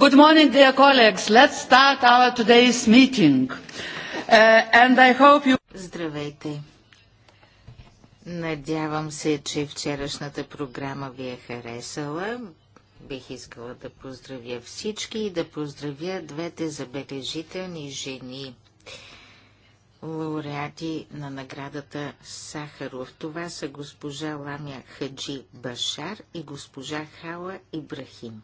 Good morning, dear colleagues. Let's start our today's meeting. Uh, and I hope you... Здравейте. Надявам се, че вчерашната програма ви е харесала. Бих искала да поздравя всички и да поздравя двете забележителни жени, лауреати на наградата Сахаров. Това са госпожа Ламя Хаджи Башар и госпожа Хала Ибрахим.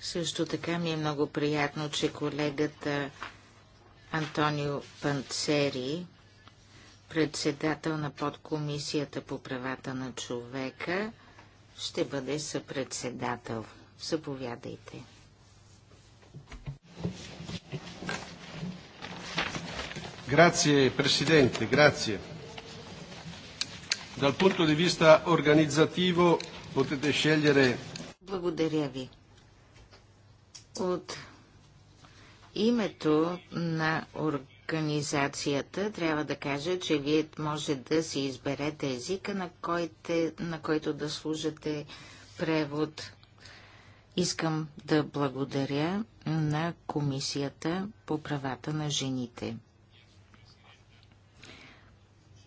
Също така ми е много приятно, че колегата Антонио Панцери, председател на подкомисията по правата на човека, ще бъде съпредседател. Заповядайте. Grazie Presidente, grazie. Dal punto di vista organizzativo potete scegliere. Благодаря ви. От името на организацията трябва да кажа, че вие може да си изберете езика, на, който, на който да служите превод. Искам да благодаря на Комисията по правата на жените.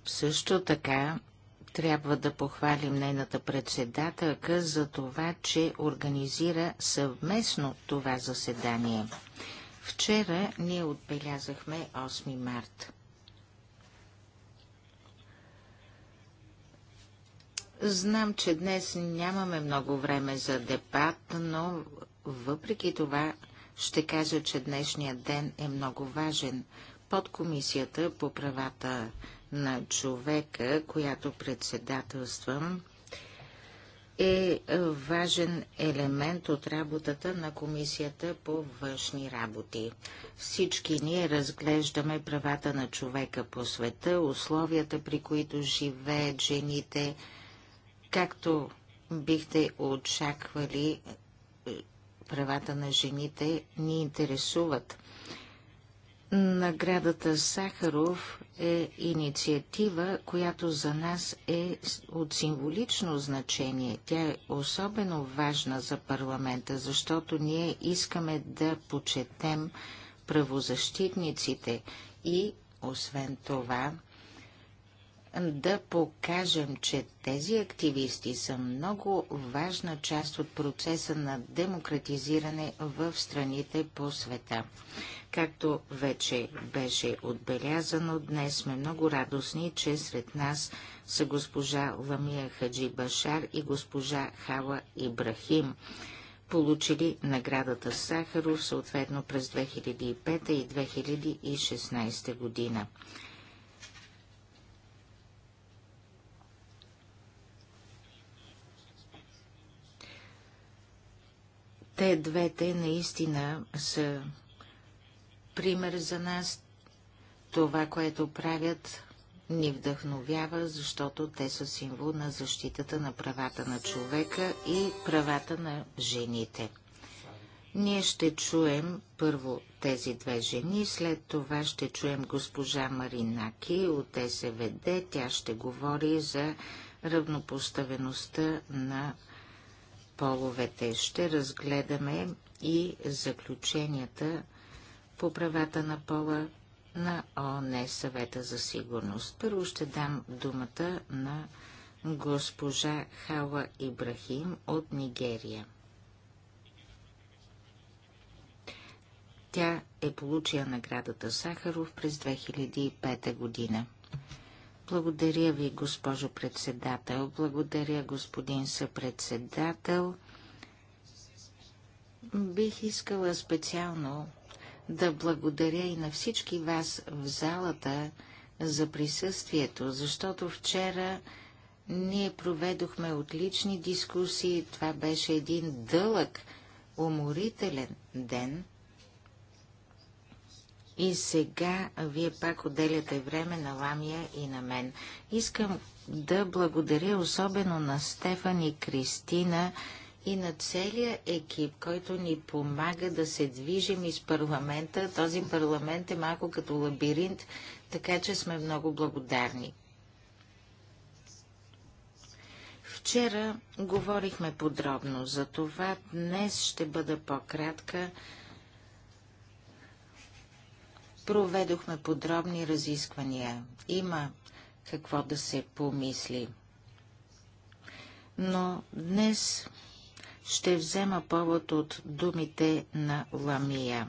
Също така трябва да похвалим нейната председателка за това, че организира съвместно това заседание. Вчера ние отбелязахме 8 март. Знам, че днес нямаме много време за дебат, но въпреки това ще кажа, че днешният ден е много важен. Под комисията по правата на човека, която председателствам, е важен елемент от работата на Комисията по външни работи. Всички ние разглеждаме правата на човека по света, условията, при които живеят жените, както бихте очаквали, е, правата на жените ни интересуват. Наградата Сахаров е инициатива, която за нас е от символично значение. Тя е особено важна за парламента, защото ние искаме да почетем правозащитниците и, освен това, да покажем, че тези активисти са много важна част от процеса на демократизиране в страните по света. Както вече беше отбелязано, днес сме много радостни, че сред нас са госпожа Ламия Хаджи Башар и госпожа Хала Ибрахим, получили наградата Сахаров съответно през 2005 и 2016 година. Те двете наистина са пример за нас. Това, което правят, ни вдъхновява, защото те са символ на защитата на правата на човека и правата на жените. Ние ще чуем първо тези две жени, след това ще чуем госпожа Маринаки от СВД. Тя ще говори за равнопоставеността на половете. Ще разгледаме и заключенията по правата на пола на ООН съвета за сигурност. Първо ще дам думата на госпожа Хала Ибрахим от Нигерия. Тя е получила наградата Сахаров през 2005 година. Благодаря ви, госпожо председател. Благодаря, господин съпредседател. Бих искала специално да благодаря и на всички вас в залата за присъствието, защото вчера ние проведохме отлични дискусии. Това беше един дълъг, уморителен ден. И сега вие пак отделяте време на Ламия и на мен. Искам да благодаря особено на Стефан и Кристина, и на целия екип, който ни помага да се движим из парламента. Този парламент е малко като лабиринт, така че сме много благодарни. Вчера говорихме подробно за това. Днес ще бъда по-кратка. Проведохме подробни разисквания. Има какво да се помисли. Но днес ще взема повод от думите на Ламия.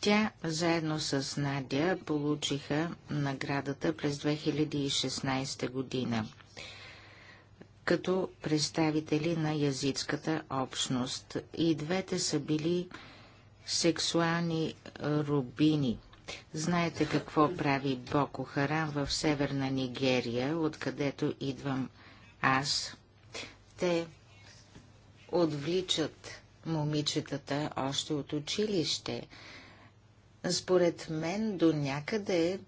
Тя заедно с Надя получиха наградата през 2016 година като представители на язитската общност. И двете са били сексуални рубини. Знаете какво прави Боко Харам в северна Нигерия, откъдето идвам аз. Те отвличат момичетата още от училище. Според мен до някъде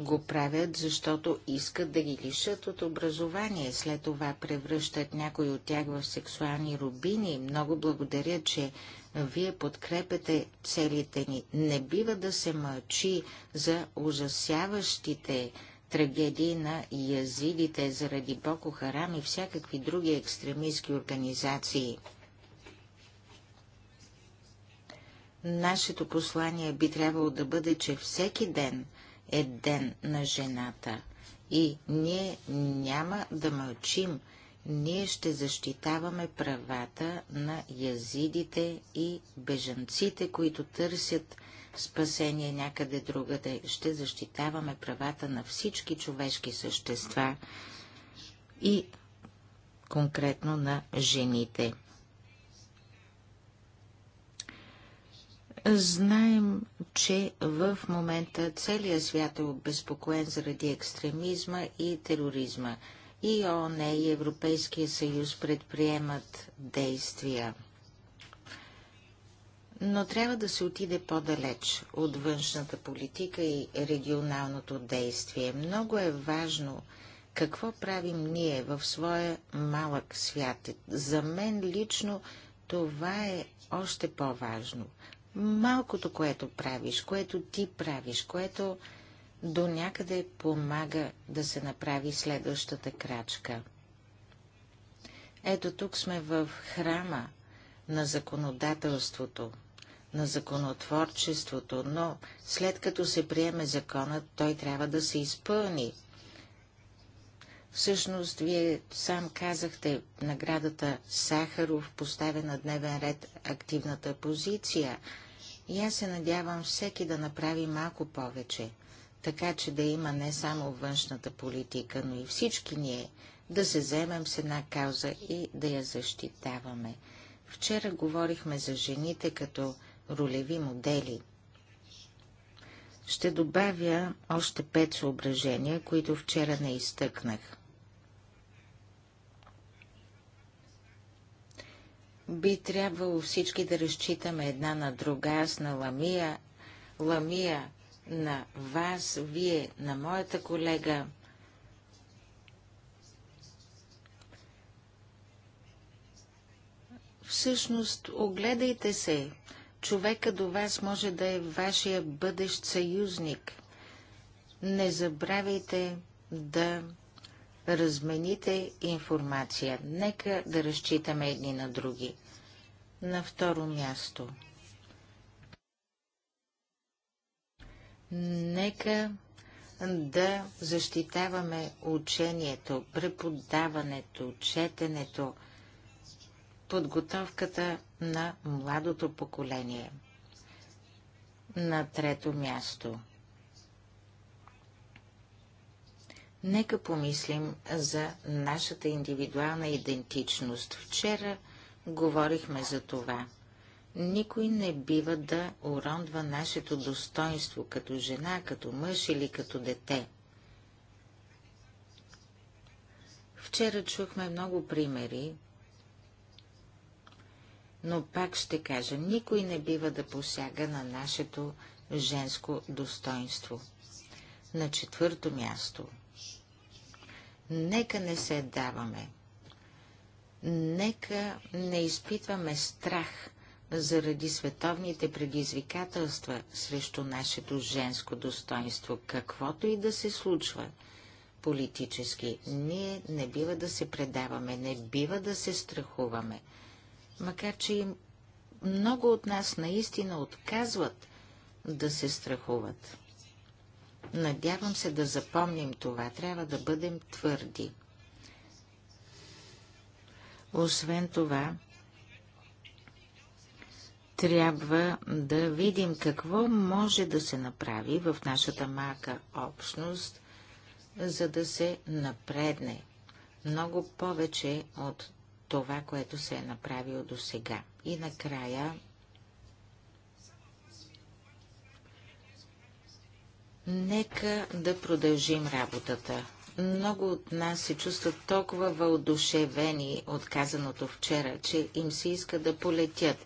го правят, защото искат да ги лишат от образование. След това превръщат някой от тях в сексуални рубини. Много благодаря, че вие подкрепяте целите ни. Не бива да се мълчи за ужасяващите трагедии на язидите заради Боко Харам и всякакви други екстремистски организации. Нашето послание би трябвало да бъде, че всеки ден е ден на жената и ние няма да мълчим. Ние ще защитаваме правата на язидите и бежанците, които търсят спасение някъде другаде. Ще защитаваме правата на всички човешки същества и конкретно на жените. Знаем, че в момента целият свят е обезпокоен заради екстремизма и тероризма. И ООН и Европейския съюз предприемат действия – но трябва да се отиде по-далеч от външната политика и регионалното действие. Много е важно какво правим ние в своя малък свят. За мен лично това е още по-важно. Малкото, което правиш, което ти правиш, което до някъде помага да се направи следващата крачка. Ето тук сме в храма на законодателството, на законотворчеството, но след като се приеме законът, той трябва да се изпълни. Всъщност, вие сам казахте, наградата Сахаров поставя на дневен ред активната позиция. И аз се надявам всеки да направи малко повече, така че да има не само външната политика, но и всички ние да се вземем с една кауза и да я защитаваме. Вчера говорихме за жените като ролеви модели. Ще добавя още пет съображения, които вчера не изтъкнах. Би трябвало всички да разчитаме една на друга, аз на Ламия, Ламия на вас, вие на моята колега. Всъщност, огледайте се, човека до вас може да е вашия бъдещ съюзник. Не забравяйте да размените информация. Нека да разчитаме едни на други. На второ място. Нека да защитаваме учението, преподаването, четенето, подготовката на младото поколение. На трето място. Нека помислим за нашата индивидуална идентичност. Вчера говорихме за това. Никой не бива да уронва нашето достоинство като жена, като мъж или като дете. Вчера чухме много примери но пак ще кажа, никой не бива да посяга на нашето женско достоинство. На четвърто място. Нека не се даваме. Нека не изпитваме страх заради световните предизвикателства срещу нашето женско достоинство, каквото и да се случва политически. Ние не бива да се предаваме, не бива да се страхуваме макар че много от нас наистина отказват да се страхуват. Надявам се да запомним това. Трябва да бъдем твърди. Освен това, трябва да видим какво може да се направи в нашата малка общност, за да се напредне много повече от това, което се е направило до сега. И накрая Нека да продължим работата. Много от нас се чувстват толкова въодушевени от казаното вчера, че им се иска да полетят.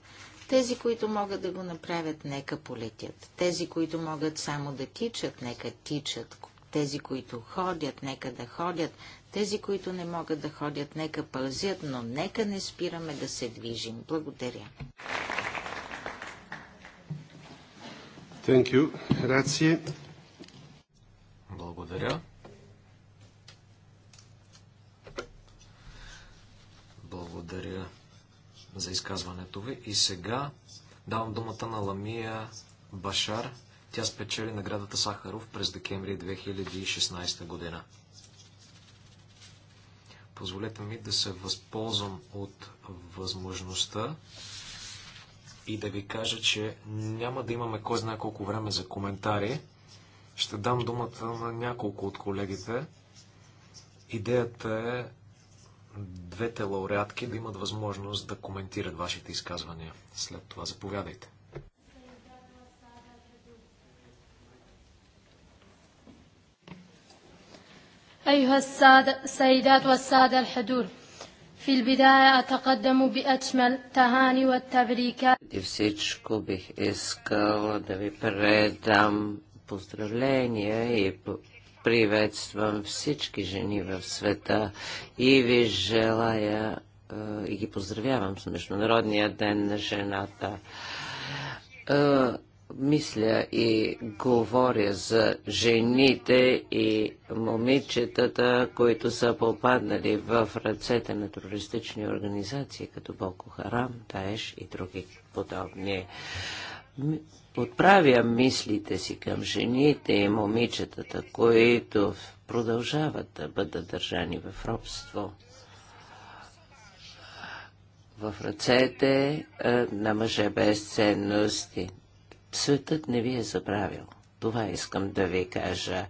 Тези, които могат да го направят, нека полетят. Тези, които могат само да тичат, нека тичат. Тези, които ходят, нека да ходят. Тези, които не могат да ходят, нека пълзят, но нека не спираме да се движим. Благодаря. Thank you. Благодаря. Благодаря за изказването ви. И сега давам думата на Ламия Башар. Тя спечели наградата Сахаров през декември 2016 година. Позволете ми да се възползвам от възможността и да ви кажа, че няма да имаме кой знае колко време за коментари. Ще дам думата на няколко от колегите. Идеята е двете лауреатки да имат възможност да коментират вашите изказвания. След това заповядайте. أيها السادة السيدات والسادة الحضور في البداية أتقدم بأجمل تهاني والتبريكات всичко бих искала да ви предам поздравления и приветствам всички жени в света и ви желая и ги поздравявам с Международния ден на жената мисля и говоря за жените и момичетата, които са попаднали в ръцете на терористични организации, като Боко Харам, Таеш и други подобни. Отправя мислите си към жените и момичетата, които продължават да бъдат държани в робство в ръцете е, на мъже без ценности. Светът не ви е забравил. Това искам да ви кажа.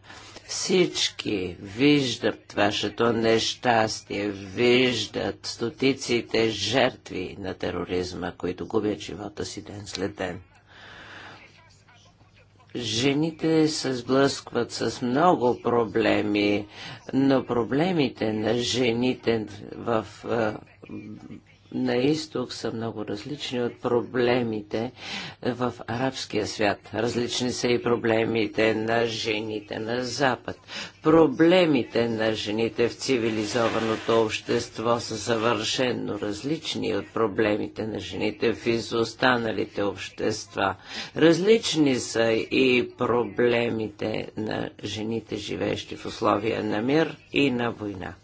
Всички виждат вашето нещастие, виждат стотиците жертви на тероризма, които губят живота си ден след ден. Жените се сблъскват с много проблеми, но проблемите на жените в на изток са много различни от проблемите в арабския свят. Различни са и проблемите на жените на запад. Проблемите на жените в цивилизованото общество са съвършенно различни от проблемите на жените в изостаналите общества. Различни са и проблемите на жените, живеещи в условия на мир и на война.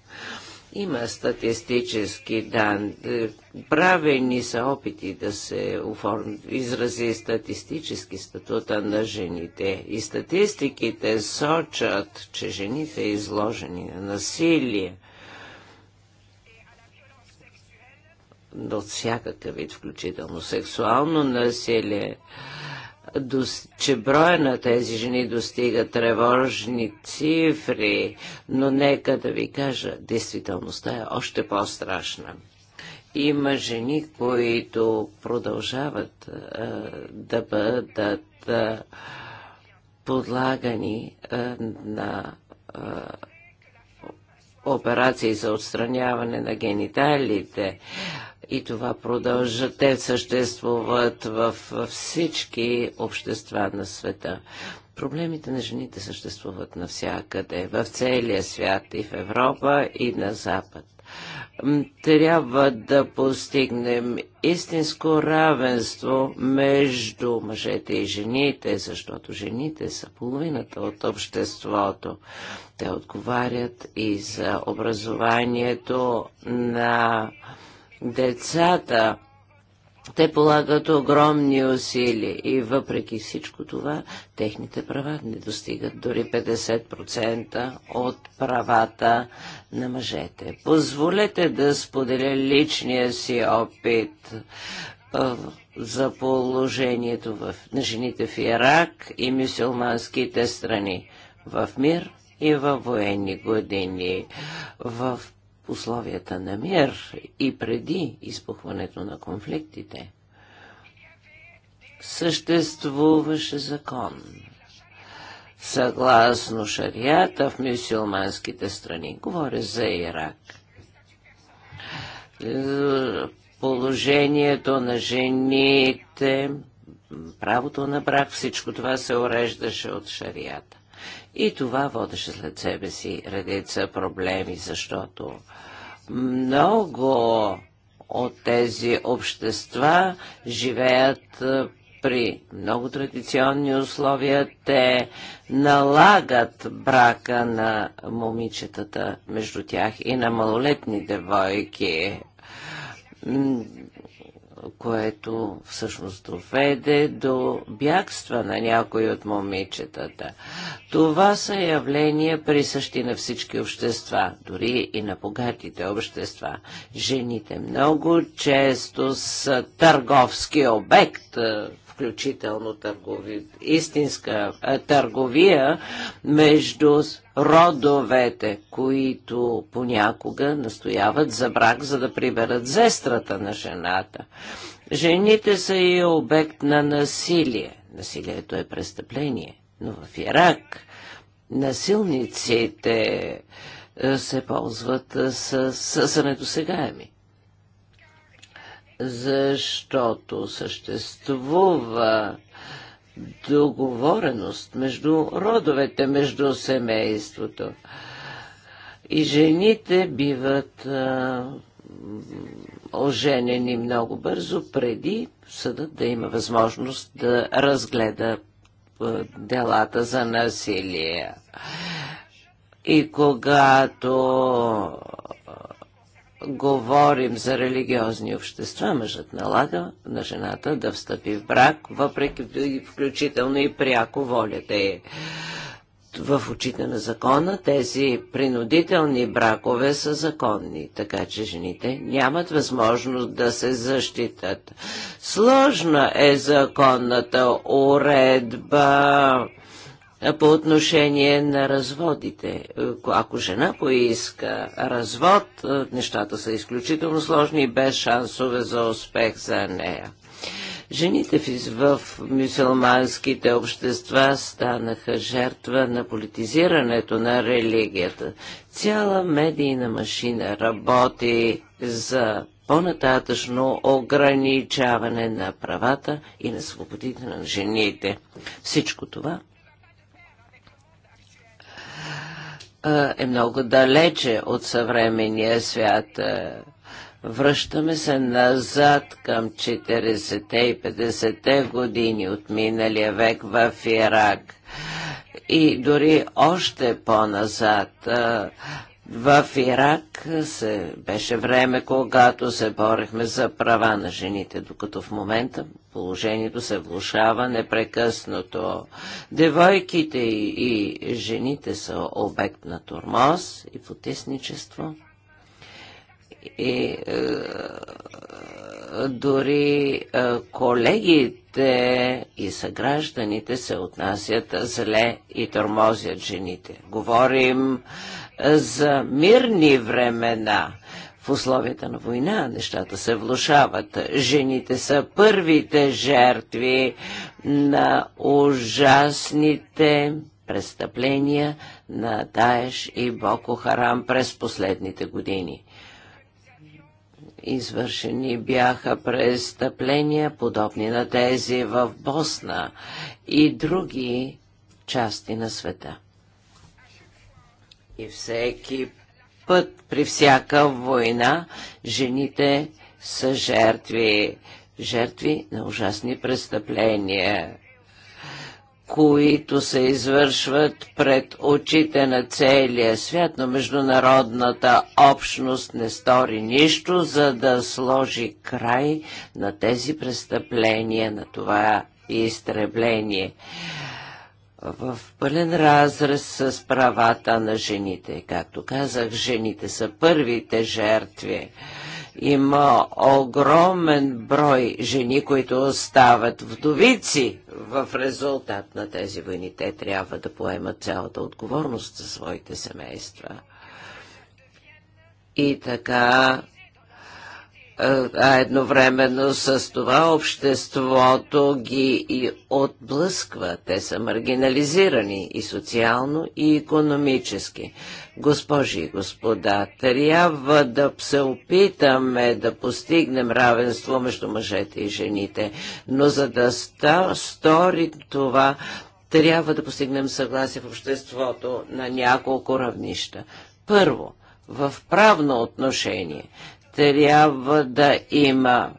Има статистически данни. Е, правени са опити да се оформ... изрази статистически статута на жените. И статистиките сочат, че жените изложени на насилие до всякакъв вид, включително сексуално насилие, че броя на тези жени достига тревожни цифри, но нека да ви кажа, действителността е още по-страшна. Има жени, които продължават а, да бъдат а, подлагани а, на а, операции за отстраняване на гениталите. А, и това продължа. Те съществуват в всички общества на света. Проблемите на жените съществуват навсякъде, в целия свят, и в Европа, и на Запад. Трябва да постигнем истинско равенство между мъжете и жените, защото жените са половината от обществото. Те отговарят и за образованието на децата. Те полагат огромни усилия и въпреки всичко това, техните права не достигат дори 50% от правата на мъжете. Позволете да споделя личния си опит за положението в, на жените в Ирак и мюсюлманските страни в мир и във военни години. В в условията на мир и преди избухването на конфликтите, съществуваше закон. Съгласно шарията в мюсюлманските страни, говоря за Ирак, е, положението на жените, правото на брак, всичко това се уреждаше от шарията. И това водеше след себе си редица проблеми, защото много от тези общества живеят при много традиционни условия. Те налагат брака на момичетата между тях и на малолетните войки което всъщност доведе до бягства на някои от момичетата. Това са явления присъщи на всички общества, дори и на богатите общества. Жените много често са търговски обект включително търгови, истинска търговия между родовете, които понякога настояват за брак, за да приберат зестрата на жената. Жените са и обект на насилие. Насилието е престъпление. Но в Ирак насилниците е, се ползват е, с, с, с недосегаеми защото съществува договореност между родовете, между семейството. И жените биват а, оженени много бързо, преди съдът да има възможност да разгледа а, делата за насилие. И когато говорим за религиозни общества, мъжът налага на жената да встъпи в брак, въпреки включително и пряко волята е. В очите на закона тези принудителни бракове са законни, така че жените нямат възможност да се защитат. Сложна е законната уредба е, по отношение на разводите. Е, ако жена поиска развод, е, нещата са изключително сложни и без шансове за успех за нея. Жените в мюсюлманските общества станаха жертва на политизирането на религията. Цяла медийна машина работи за по-нататъчно ограничаване на правата и на свободите на жените. Всичко това е много далече от съвременния свят. Връщаме се назад към 40-те и 50-те години от миналия век в Ирак и дори още по-назад в Ирак се, беше време, когато се борехме за права на жените, докато в момента положението се влушава непрекъснато. Девойките и, и жените са обект на тормоз и потисничество. И е, дори е, колегите и съгражданите се отнасят зле и тормозят жените. Говорим за мирни времена. В условията на война нещата се влушават. Жените са първите жертви на ужасните престъпления на Даеш и Боко Харам през последните години. Извършени бяха престъпления, подобни на тези в Босна и други части на света. И всеки път, при всяка война, жените са жертви, жертви на ужасни престъпления които се извършват пред очите на целия свят, но международната общност не стори нищо, за да сложи край на тези престъпления, на това изтребление в пълен разрез с правата на жените. Както казах, жените са първите жертви. Има огромен брой жени, които остават вдовици в резултат на тези войни. Те трябва да поемат цялата отговорност за своите семейства. И така а едновременно с това обществото ги и отблъсква. Те са маргинализирани и социално, и економически. Госпожи и господа, трябва да се опитаме да постигнем равенство между мъжете и жените, но за да ста, стори това, трябва да постигнем съгласие в обществото на няколко равнища. Първо, в правно отношение – трябва да има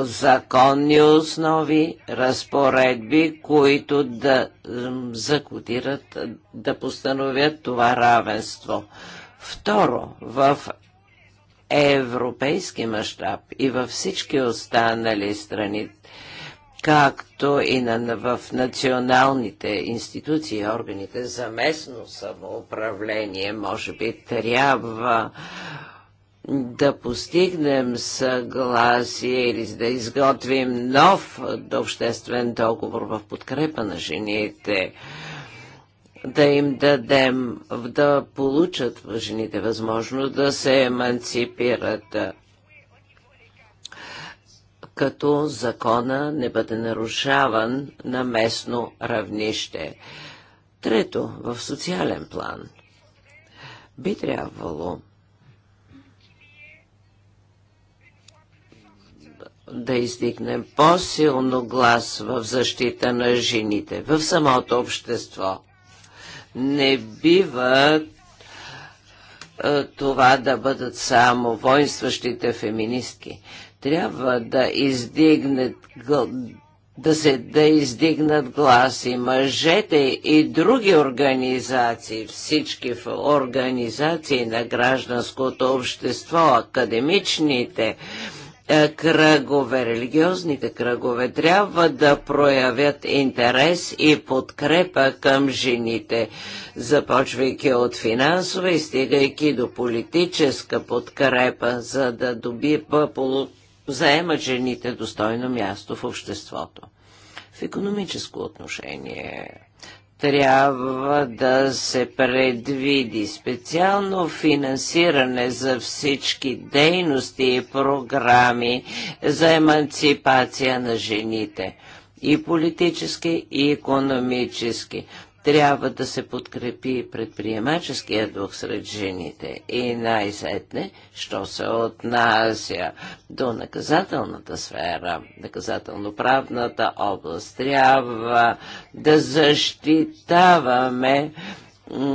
законни основи, разпоредби, които да закодират, да постановят това равенство. Второ, в европейски мащаб и във всички останали страни, както и на, в националните институции и органите за местно самоуправление, може би трябва да постигнем съгласие или да изготвим нов обществен договор в подкрепа на жените, да им дадем да получат жените възможност да се еманципират като закона не бъде нарушаван на местно равнище. Трето, в социален план. Би трябвало да издигнем по-силно глас в защита на жените в самото общество. Не бива е, това да бъдат само воинстващите феминистки. Трябва да издигнат да се да издигнат глас и мъжете и други организации, всички организации на гражданското общество, академичните, е, кръгове, религиозните кръгове трябва да проявят интерес и подкрепа към жените, започвайки от финансова и стигайки до политическа подкрепа, за да доби, заемат жените достойно място в обществото. В економическо отношение трябва да се предвиди специално финансиране за всички дейности и програми за еманципация на жените и политически, и економически. Трябва да се подкрепи предприемаческия дух сред жените и най-сетне, що се отнася до наказателната сфера, наказателно-правната област. Трябва да защитаваме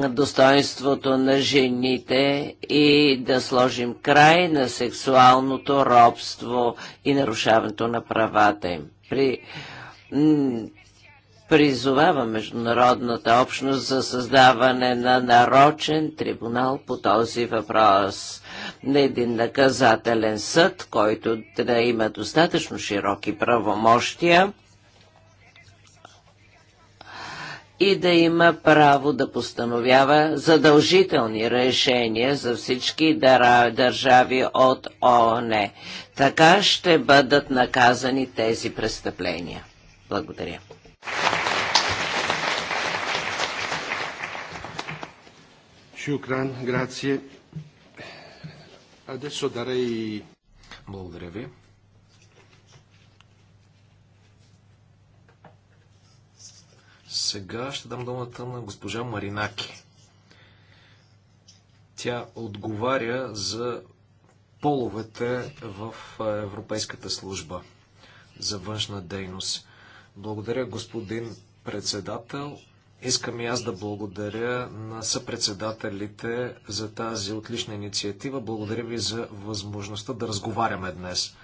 достоинството на жените и да сложим край на сексуалното робство и нарушаването на правата им. При призовава международната общност за създаване на нарочен трибунал по този въпрос. На един наказателен съд, който да има достатъчно широки правомощия и да има право да постановява задължителни решения за всички държави от ООН. Така ще бъдат наказани тези престъпления. Благодаря. Шукран, грация. Адесо дарей... Благодаря ви. Сега ще дам думата на госпожа Маринаки. Тя отговаря за половете в Европейската служба за външна дейност. Благодаря, господин председател. Искам и аз да благодаря на съпредседателите за тази отлична инициатива. Благодаря ви за възможността да разговаряме днес.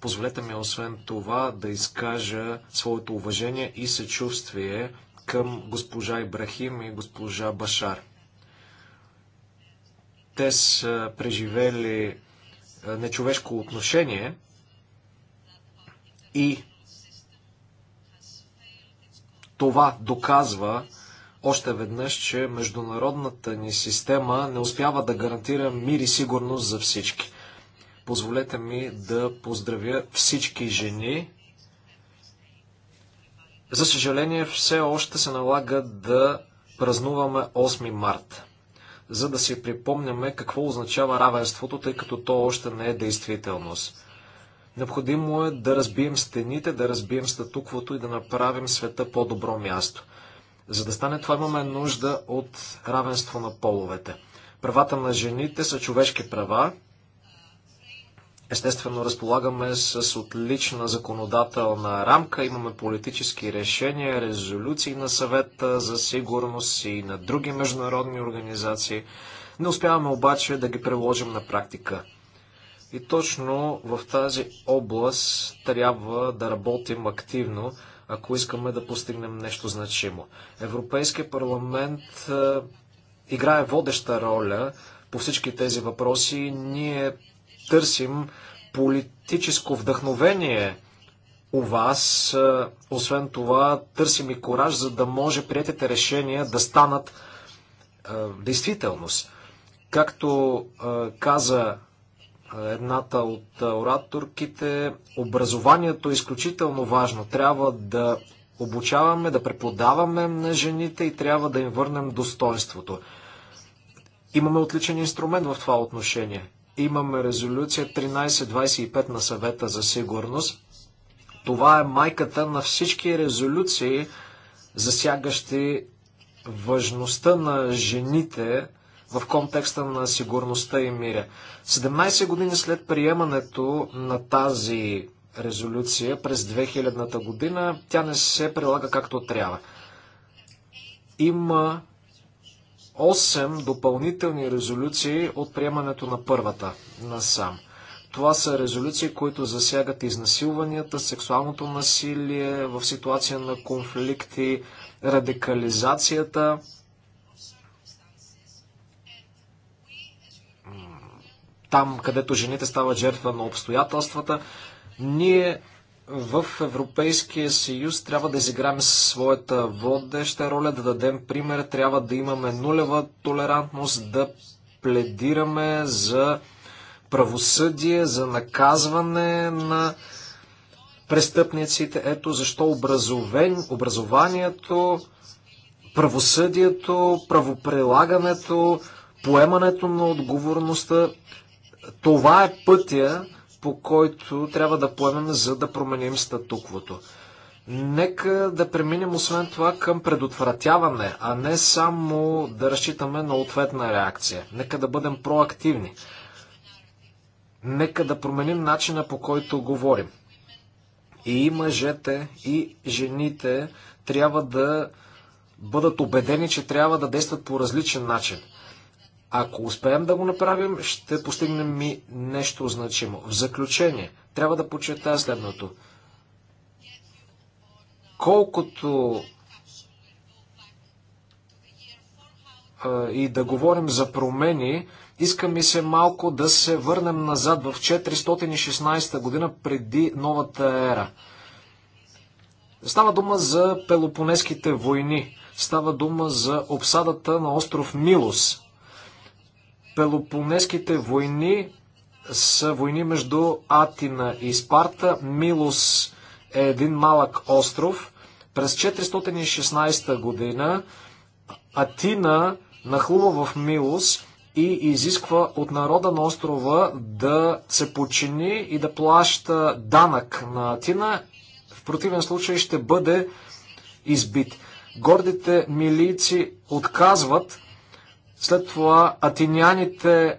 Позволете ми освен това да изкажа своето уважение и съчувствие към госпожа Ибрахим и госпожа Башар. Те са преживели нечовешко отношение и това доказва още веднъж, че международната ни система не успява да гарантира мир и сигурност за всички. Позволете ми да поздравя всички жени. За съжаление, все още се налага да празнуваме 8 март, за да си припомняме какво означава равенството, тъй като то още не е действителност. Необходимо е да разбием стените, да разбием статуквото и да направим света по-добро място. За да стане това имаме нужда от равенство на половете. Правата на жените са човешки права. Естествено, разполагаме с отлична законодателна рамка, имаме политически решения, резолюции на съвета за сигурност и на други международни организации. Не успяваме обаче да ги приложим на практика. И точно в тази област трябва да работим активно, ако искаме да постигнем нещо значимо. Европейския парламент е, играе водеща роля по всички тези въпроси. Ние търсим политическо вдъхновение у вас. Е, освен това, търсим и кораж, за да може приятите решения да станат е, действителност. Както каза едната от ораторките. Образованието е изключително важно. Трябва да обучаваме, да преподаваме на жените и трябва да им върнем достоинството. Имаме отличен инструмент в това отношение. Имаме резолюция 1325 на съвета за сигурност. Това е майката на всички резолюции, засягащи важността на жените в контекста на сигурността и миря. 17 години след приемането на тази резолюция през 2000-та година, тя не се прилага както трябва. Има 8 допълнителни резолюции от приемането на първата насам. Това са резолюции, които засягат изнасилванията, сексуалното насилие в ситуация на конфликти, радикализацията, там, където жените стават жертва на обстоятелствата. Ние в Европейския съюз трябва да изиграем своята водеща роля, да дадем пример, трябва да имаме нулева толерантност, да пледираме за правосъдие, за наказване на престъпниците. Ето защо образовен, образованието, правосъдието, правоприлагането, поемането на отговорността това е пътя, по който трябва да поемем, за да променим статуквото. Нека да преминем освен това към предотвратяване, а не само да разчитаме на ответна реакция. Нека да бъдем проактивни. Нека да променим начина по който говорим. И мъжете, и жените трябва да бъдат убедени, че трябва да действат по различен начин ако успеем да го направим, ще постигнем ми нещо значимо. В заключение, трябва да почета следното. Колкото и да говорим за промени, иска ми се малко да се върнем назад в 416 година преди новата ера. Става дума за Пелопонеските войни. Става дума за обсадата на остров Милос. Пелопонеските войни са войни между Атина и Спарта. Милос е един малък остров. През 416 година Атина нахлува в Милос и изисква от народа на острова да се почини и да плаща данък на Атина. В противен случай ще бъде избит. Гордите милийци отказват след това атиняните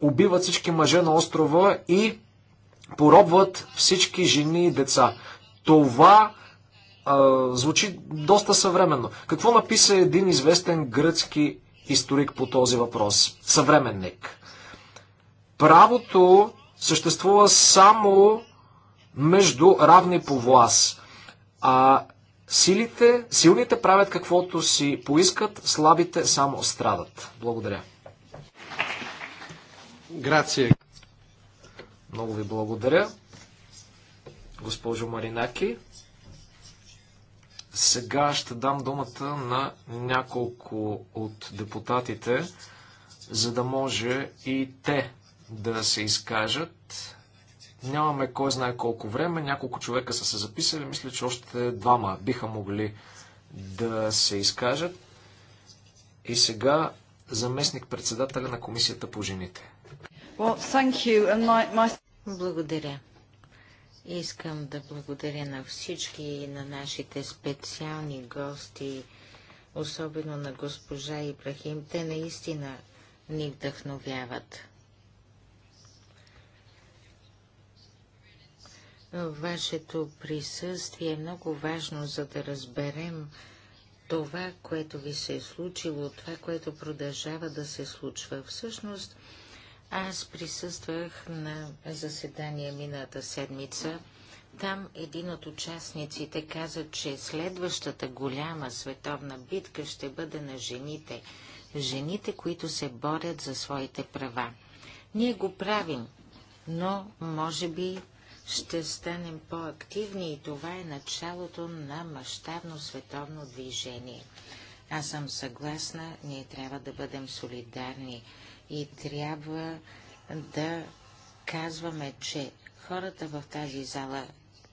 убиват всички мъже на острова и поробват всички жени и деца. Това а, звучи доста съвременно. Какво написа един известен гръцки историк по този въпрос? Съвременник. Правото съществува само между равни по власт. А Силите, силните правят каквото си поискат, слабите само страдат. Благодаря. Грация. Много ви благодаря, госпожо Маринаки. Сега ще дам думата на няколко от депутатите, за да може и те да се изкажат. Нямаме кой знае колко време. Няколко човека са се записали. Мисля, че още двама биха могли да се изкажат. И сега заместник председателя на комисията по жените. Well, my, my... Благодаря. Искам да благодаря на всички и на нашите специални гости, особено на госпожа Ибрахим. Те наистина ни вдъхновяват. Вашето присъствие е много важно, за да разберем това, което ви се е случило, това, което продължава да се случва. Всъщност, аз присъствах на заседание мината седмица. Там един от участниците каза, че следващата голяма световна битка ще бъде на жените. Жените, които се борят за своите права. Ние го правим, но може би ще станем по-активни и това е началото на мащабно световно движение. Аз съм съгласна, ние трябва да бъдем солидарни и трябва да казваме, че хората в тази зала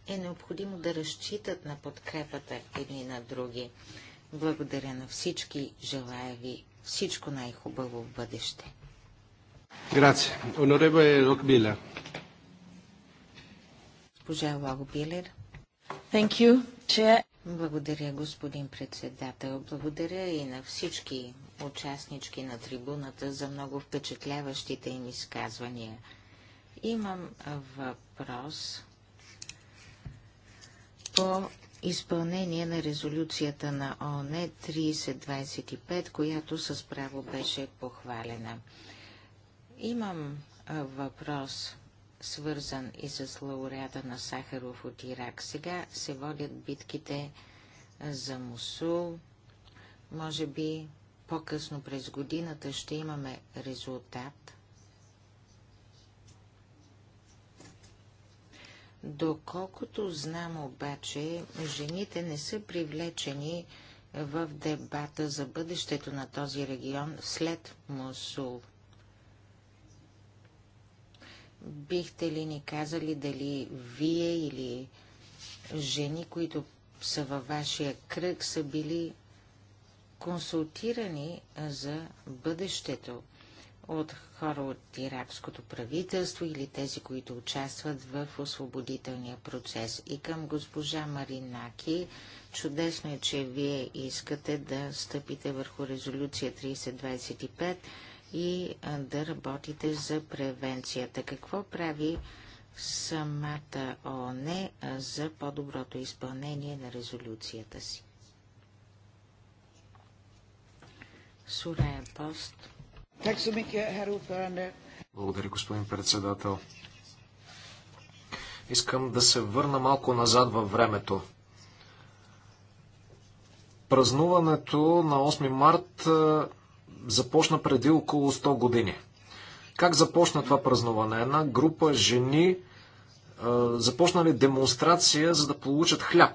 е необходимо да разчитат на подкрепата едни на други. Благодаря на всички, желая ви всичко най-хубаво в бъдеще. Grazie. Onorevole Rocbilla. Госпожа Лагопилер. Thank you, Благодаря, господин председател. Благодаря и на всички участнички на трибуната за много впечатляващите им изказвания. Имам въпрос по изпълнение на резолюцията на ОНЕ 3025, която с право беше похвалена. Имам въпрос свързан и с лауреата на Сахаров от Ирак. Сега се водят битките за Мусул. Може би по-късно през годината ще имаме резултат. Доколкото знам обаче, жените не са привлечени в дебата за бъдещето на този регион след Мусул. Бихте ли ни казали дали вие или жени, които са във вашия кръг, са били консултирани за бъдещето от хора от иракското правителство или тези, които участват в освободителния процес. И към госпожа Маринаки, чудесно е, че вие искате да стъпите върху резолюция 3025 и да работите за превенцията. Какво прави самата ООН за по-доброто изпълнение на резолюцията си? Сурая Пост. Благодаря, господин председател. Искам да се върна малко назад във времето. Празнуването на 8 март започна преди около 100 години. Как започна това празнуване? Една група жени започнали демонстрация, за да получат хляб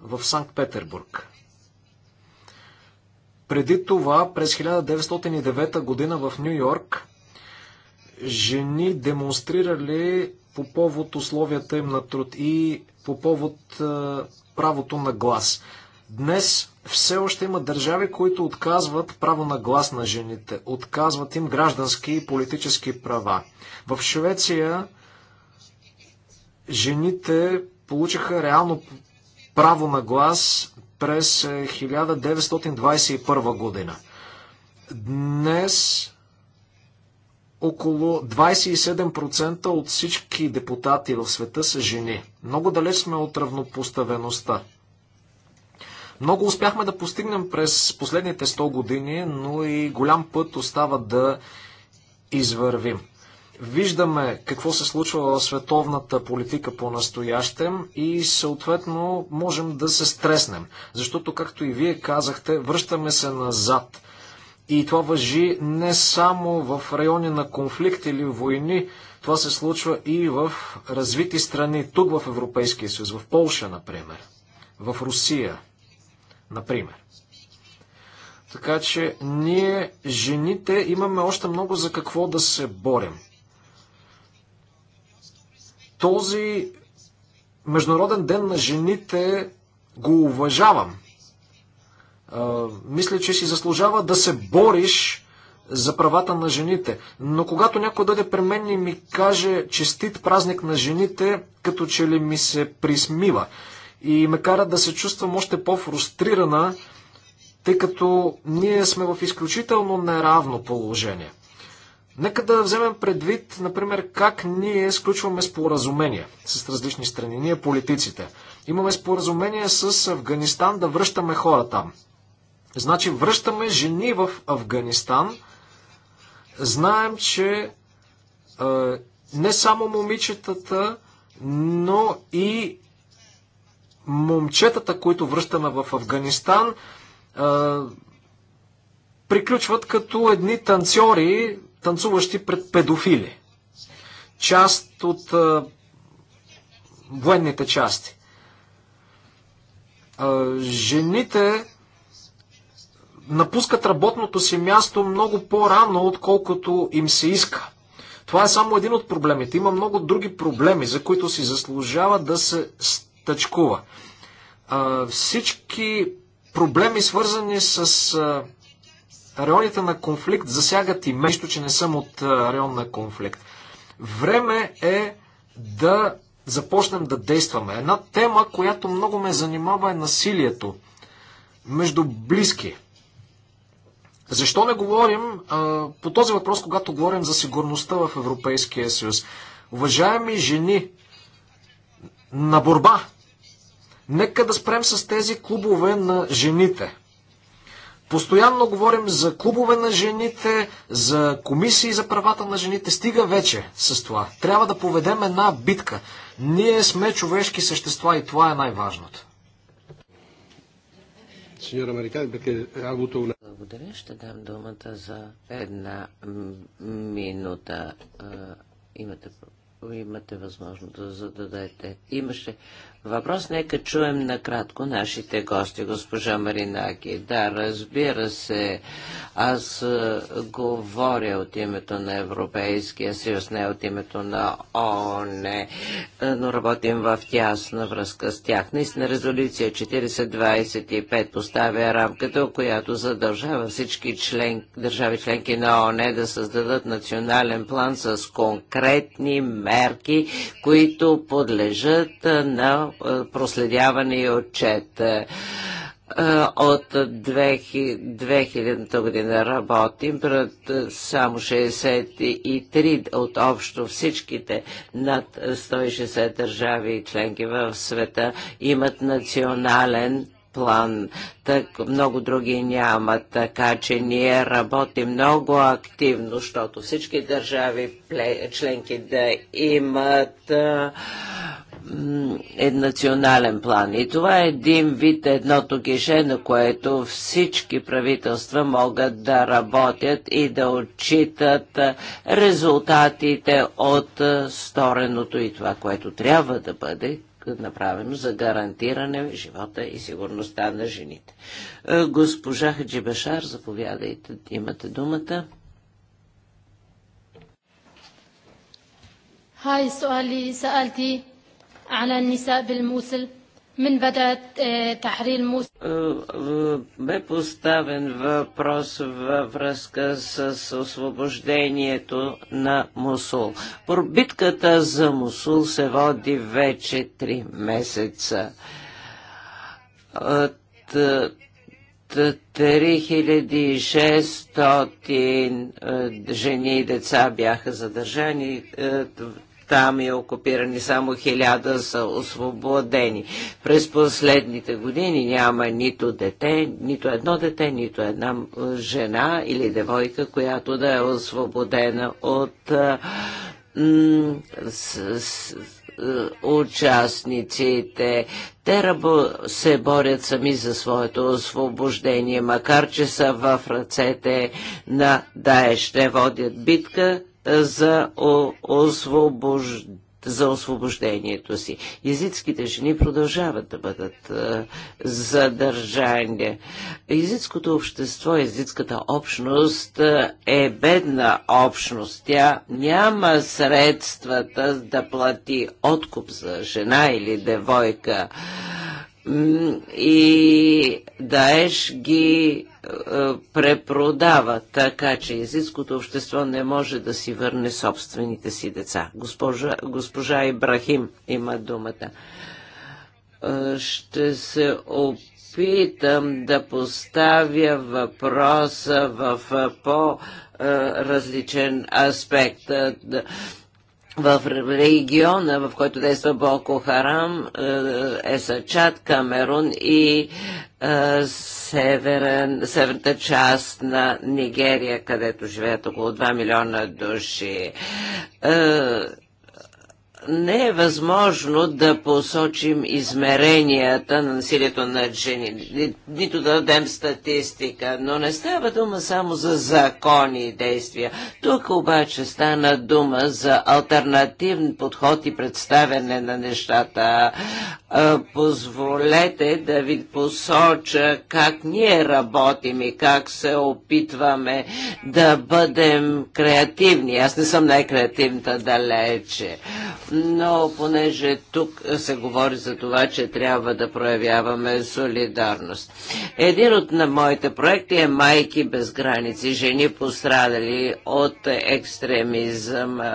в Санкт-Петербург. Преди това, през 1909 година в Нью Йорк, жени демонстрирали по повод условията им на труд и по повод правото на глас. Днес все още има държави, които отказват право на глас на жените, отказват им граждански и политически права. В Швеция жените получиха реално право на глас през 1921 е, година. Днес около 27% от всички депутати в света са жени. Много далеч сме от равнопоставеността. Много успяхме да постигнем през последните 100 години, но и голям път остава да извървим. Виждаме какво се случва в световната политика по-настоящем и съответно можем да се стреснем. Защото, както и вие казахте, връщаме се назад. И това въжи не само в райони на конфликт или войни, това се случва и в развити страни, тук в Европейския съюз, в Полша, например, в Русия например. Така че ние, жените, имаме още много за какво да се борим. Този Международен ден на жените го уважавам. А, мисля, че си заслужава да се бориш за правата на жените. Но когато някой дойде при мен и ми каже честит празник на жените, като че ли ми се присмива и ме кара да се чувствам още по-фрустрирана, тъй като ние сме в изключително неравно положение. Нека да вземем предвид, например, как ние сключваме споразумения с различни страни. Ние, политиците, имаме споразумение с Афганистан да връщаме хора там. Значи връщаме жени в Афганистан. Знаем, че е, не само момичетата, но и момчетата, които връщаме в Афганистан, приключват като едни танцори, танцуващи пред педофили. Част от военните части. Жените напускат работното си място много по-рано, отколкото им се иска. Това е само един от проблемите. Има много други проблеми, за които си заслужава да се тъчкува. Всички проблеми, свързани с районите на конфликт, засягат и нещо, че не съм от район на конфликт. Време е да започнем да действаме. Една тема, която много ме занимава е насилието между близки. Защо не говорим а, по този въпрос, когато говорим за сигурността в Европейския съюз? Уважаеми жени, на борба Нека да спрем с тези клубове на жените. Постоянно говорим за клубове на жените, за комисии за правата на жените. Стига вече с това. Трябва да поведем една битка. Ние сме човешки същества и това е най-важното. Благодаря. Ще дам думата за една минута. Имате, имате възможност да зададете. Имаше въпрос. Нека чуем накратко нашите гости, госпожа Маринаки. Да, разбира се, аз е, говоря от името на Европейския съюз, не от името на ООН, е, но работим в тясна връзка с тях. Наистина резолюция 4025 поставя рамката, която задължава всички член, държави членки на ООН да създадат национален план с конкретни мерки, които подлежат е, на е, проследяване и отчет. Е, е, от 2000 година работим пред само 63 от общо всичките над 160 държави и членки в света имат национален план. Так, много други няма, така че ние работим много активно, защото всички държави членки да имат е национален план. И това е един вид едното гише, на което всички правителства могат да работят и да отчитат резултатите от стореното и това, което трябва да бъде направено за гарантиране живота и сигурността на жените. Госпожа Хаджибашар, заповядайте, имате думата. Хай, Суали, Саалти, على النساء بالموصل من بدا تحرير موسى е، е، бе поставен въпрос във връзка с освобождението на Мусул. Битката за Мусул се води вече 3 месеца. 3600 е, жени и деца бяха задържани, там е окупирани, само хиляда са освободени. През последните години няма нито дете, нито едно дете, нито една жена или девойка, която да е освободена от с, с, участниците. Те рабо се борят сами за своето освобождение, макар че са в ръцете на Даеш. Те водят битка за, освобож... за освобождението си. Езитските жени продължават да бъдат е, задържани. Езитското общество, езитската общност е, е бедна общност. Тя няма средствата да плати откуп за жена или девойка и Даеш ги е, препродава, така че езитското общество не може да си върне собствените си деца. Госпожа, госпожа Ибрахим има думата. Е, ще се опитам да поставя въпроса в е, по- различен аспект в региона, в който действа Боко Харам, Есачат, е Камерун и е, северен, северната част на Нигерия, където живеят около 2 милиона души. Е, не е възможно да посочим измеренията на насилието над жени, нито да дадем статистика, но не става дума само за закони и действия. Тук обаче стана дума за альтернативен подход и представяне на нещата. Позволете да ви посоча как ние работим и как се опитваме да бъдем креативни. Аз не съм най-креативната далече но понеже тук се говори за това, че трябва да проявяваме солидарност. Един от на моите проекти е Майки без граници, жени пострадали от екстремизъм. Е,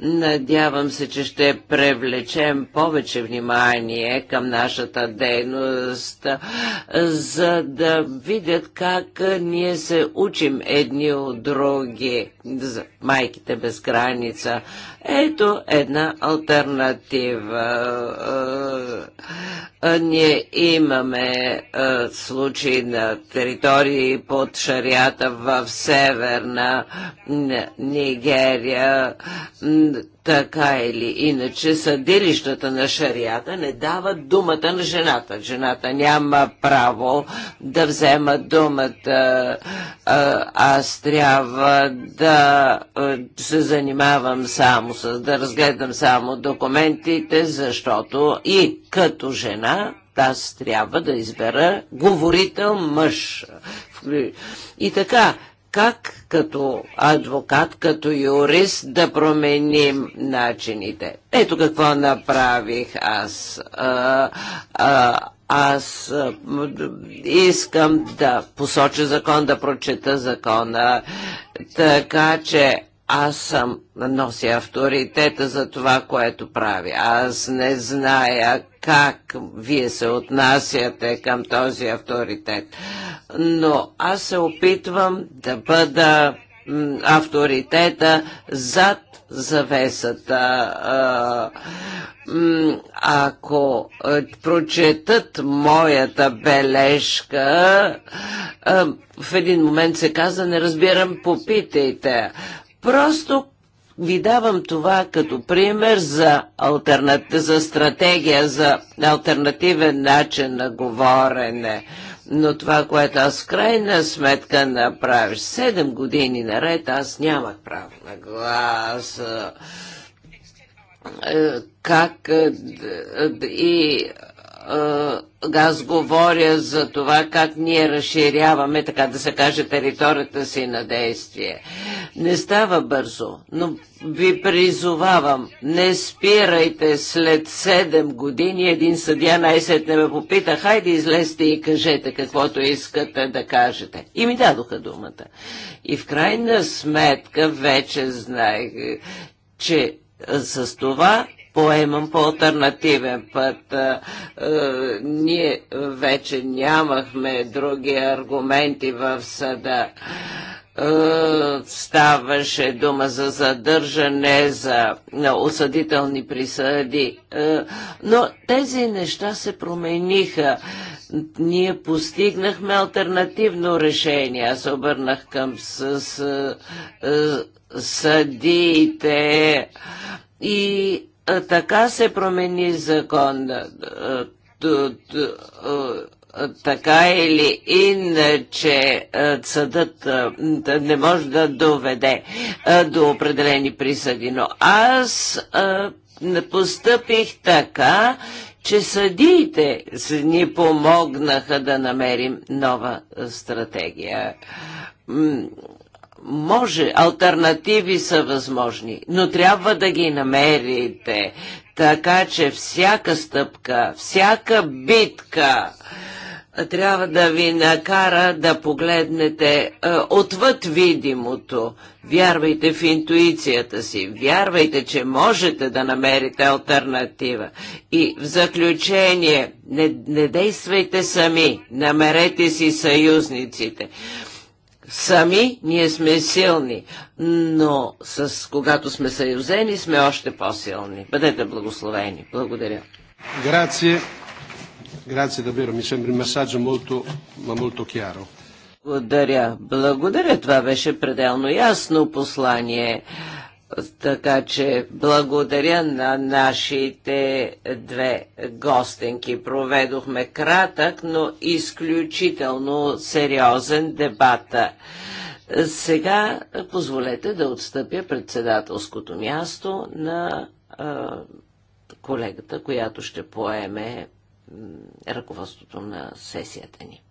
надявам се, че ще привлечем повече внимание към нашата дейност, за да видят как ние се учим едни от други майките без граница. Ето една альтернатива. Ние имаме случаи на територии под шарията в северна Нигерия, така или иначе, съдилищата на шарията не дават думата на жената. Жената няма право да взема думата. Аз трябва да се занимавам само с, да разгледам само документите, защото и като жена аз трябва да избера говорител мъж. И така, как като адвокат, като юрист да променим начините. Ето какво направих аз. А, а, аз искам да посоча закон, да прочета закона, така че аз съм нося авторитета за това, което прави. Аз не зная как вие се отнасяте към този авторитет. Но аз се опитвам да бъда авторитета зад завесата. Ако прочетат моята бележка, в един момент се каза, не разбирам, попитайте. Просто ви давам това като пример за, за стратегия, за альтернативен начин на говорене. Но това, което аз в крайна сметка направиш, седем години наред аз нямах право на глас. Е, как е, и аз говоря за това как ние разширяваме, така да се каже, територията си на действие. Не става бързо, но ви призовавам, не спирайте след 7 години. Един съдия най-сетне ме попита, хайде излезте и кажете каквото искате да кажете. И ми дадоха думата. И в крайна сметка вече знаех, че с това поемам по альтернативен път. Ние вече нямахме други аргументи в съда ставаше дума за задържане, за осъдителни присъди. Но тези неща се промениха. Ние постигнахме альтернативно решение. Аз обърнах към с, с, с съдиите и така се промени закон. Така или иначе съдът не може да доведе до определени присъди. Но аз постъпих така, че съдиите ни помогнаха да намерим нова стратегия може, альтернативи са възможни, но трябва да ги намерите. Така че всяка стъпка, всяка битка трябва да ви накара да погледнете е, отвъд видимото. Вярвайте в интуицията си, вярвайте, че можете да намерите альтернатива. И в заключение, не, не действайте сами, намерете си съюзниците. Сами ние сме силни, но с, когато сме съюзени, сме още по-силни. Бъдете благословени. Благодаря. Грация. Грация, да mi sembra un messaggio molto, ma molto Благодаря. Благодаря. Това беше пределно ясно послание. Така че благодаря на нашите две гостенки. Проведохме кратък, но изключително сериозен дебат. Сега позволете да отстъпя председателското място на а, колегата, която ще поеме ръководството на сесията ни.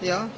Ja.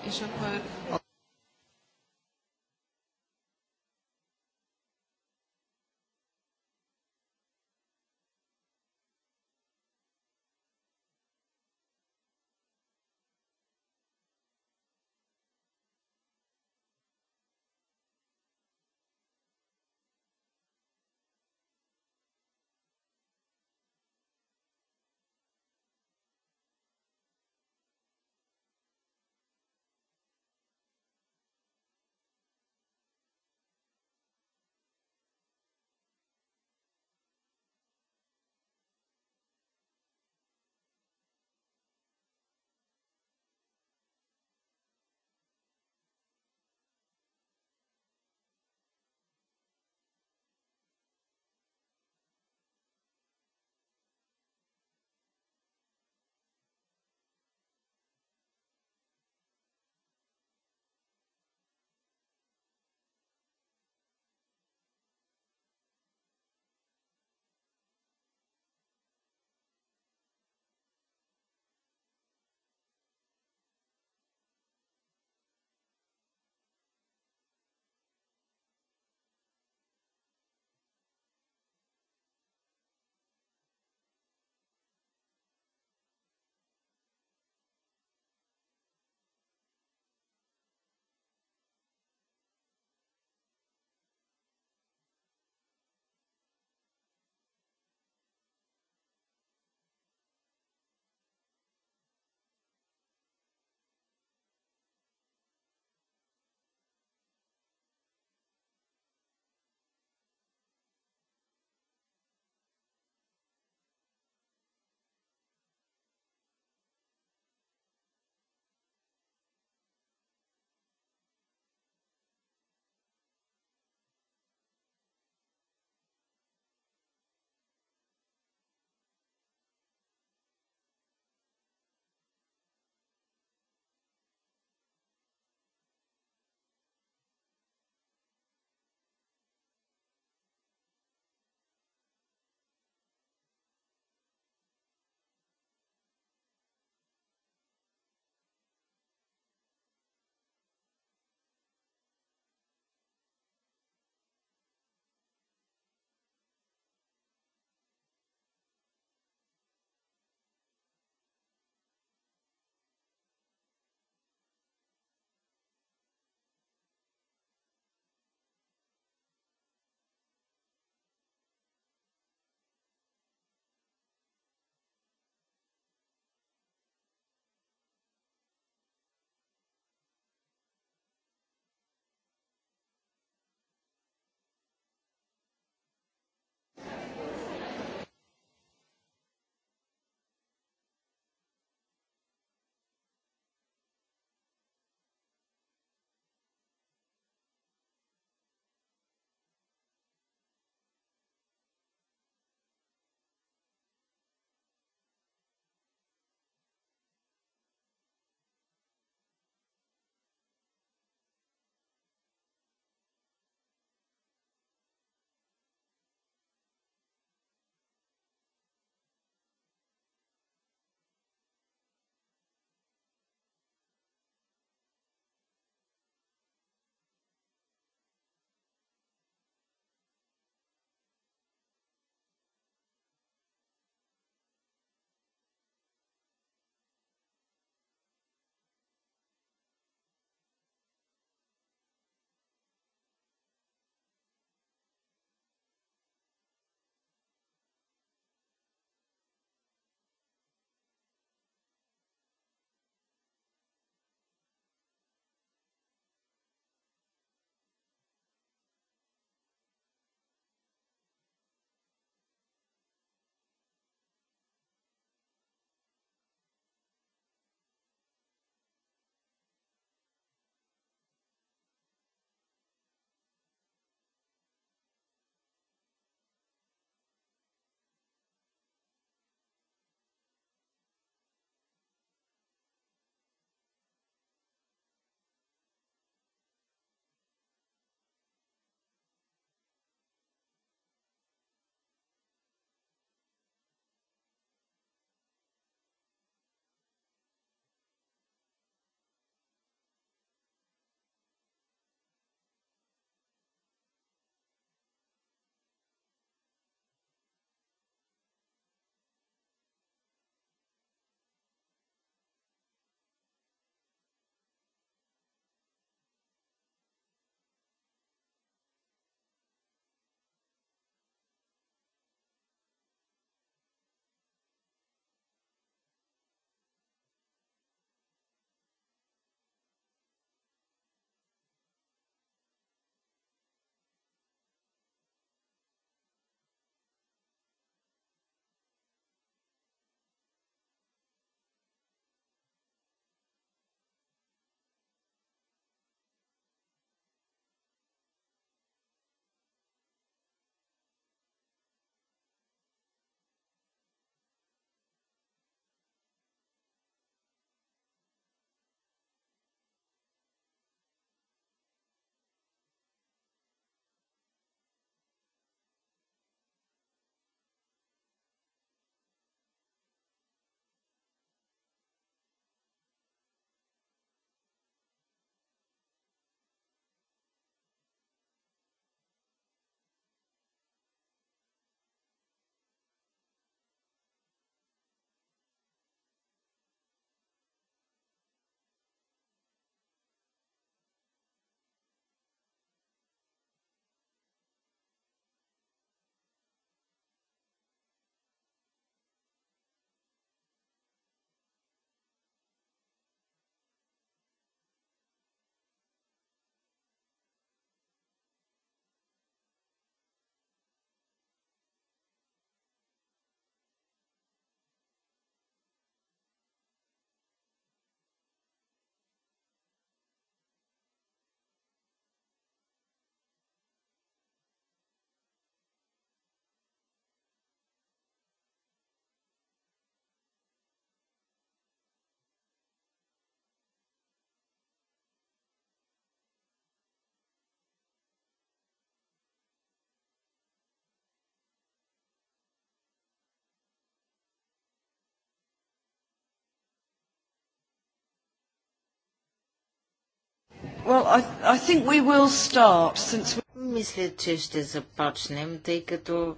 Well, I, I think we will start, since... Мисля, че ще започнем, тъй като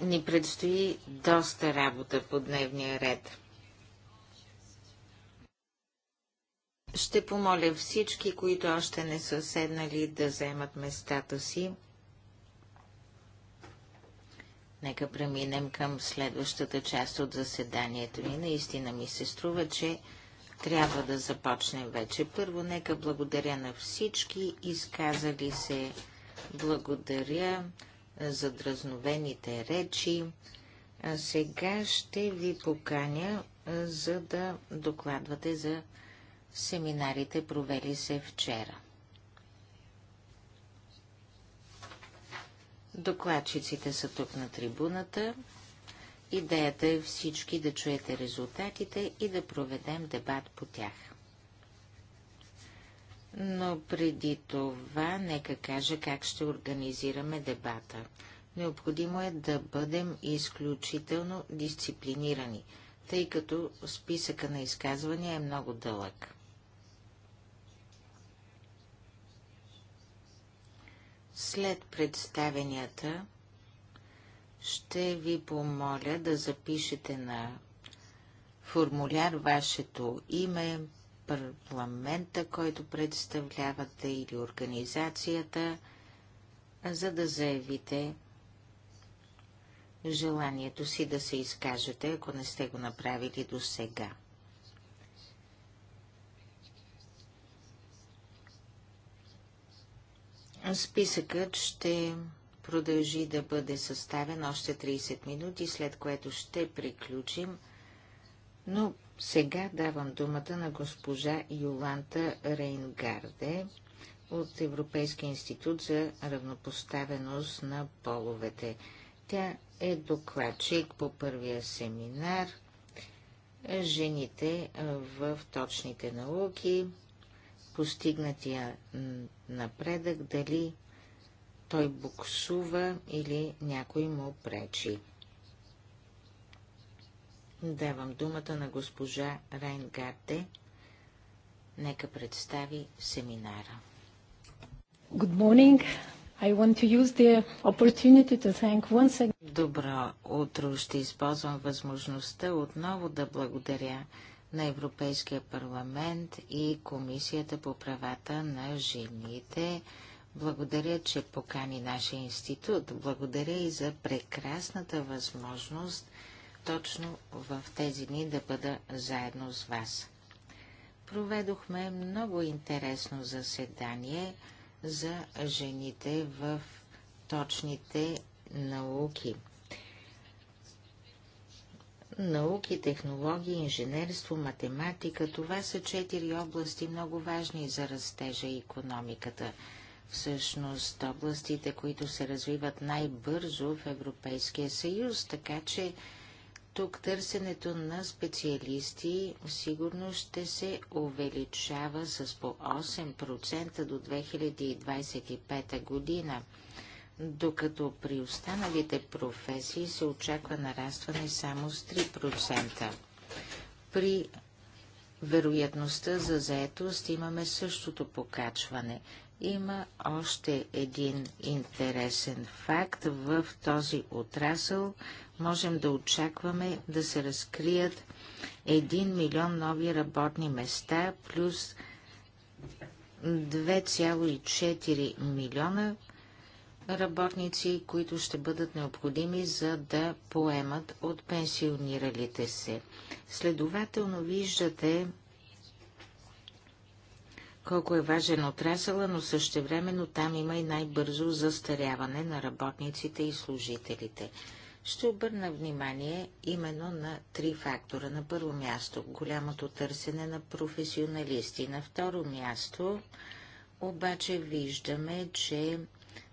ни предстои доста работа по дневния ред. Ще помоля всички, които още не са седнали, да вземат местата си. Нека преминем към следващата част от заседанието ни. Наистина ми се струва, че трябва да започнем вече. Първо, нека благодаря на всички изказали се. Благодаря за дразновените речи. А сега ще ви поканя, за да докладвате за семинарите, провели се вчера. Докладчиците са тук на трибуната. Идеята е всички да чуете резултатите и да проведем дебат по тях. Но преди това, нека кажа как ще организираме дебата. Необходимо е да бъдем изключително дисциплинирани, тъй като списъка на изказвания е много дълъг. След представенията ще ви помоля да запишете на формуляр вашето име, парламента, който представлявате или организацията, за да заявите желанието си да се изкажете, ако не сте го направили до сега. Списъкът ще продължи да бъде съставен още 30 минути, след което ще приключим. Но сега давам думата на госпожа Йоланта Рейнгарде от Европейския институт за равнопоставеност на половете. Тя е докладчик по първия семинар Жените в точните науки, постигнатия напредък, дали той буксува или някой му пречи. Давам думата на госпожа Райнгарте. Нека представи семинара. Good morning. I want to use the opportunity to thank once again. Добро утро. Ще използвам възможността отново да благодаря на Европейския парламент и Комисията по правата на жените благодаря, че покани нашия институт. Благодаря и за прекрасната възможност точно в тези дни да бъда заедно с вас. Проведохме много интересно заседание за жените в точните науки. Науки, технологии, инженерство, математика – това са четири области, много важни за растежа и економиката – всъщност областите, които се развиват най-бързо в Европейския съюз, така че тук търсенето на специалисти сигурно ще се увеличава с по 8% до 2025 година, докато при останалите професии се очаква нарастване само с 3%. При вероятността за заетост имаме същото покачване – има още един интересен факт. В този отрасъл можем да очакваме да се разкрият 1 милион нови работни места, плюс 2,4 милиона работници, които ще бъдат необходими за да поемат от пенсиониралите се. Следователно виждате колко е важен отрасъла, но същевременно там има и най-бързо застаряване на работниците и служителите. Ще обърна внимание именно на три фактора. На първо място голямото търсене на професионалисти. На второ място обаче виждаме, че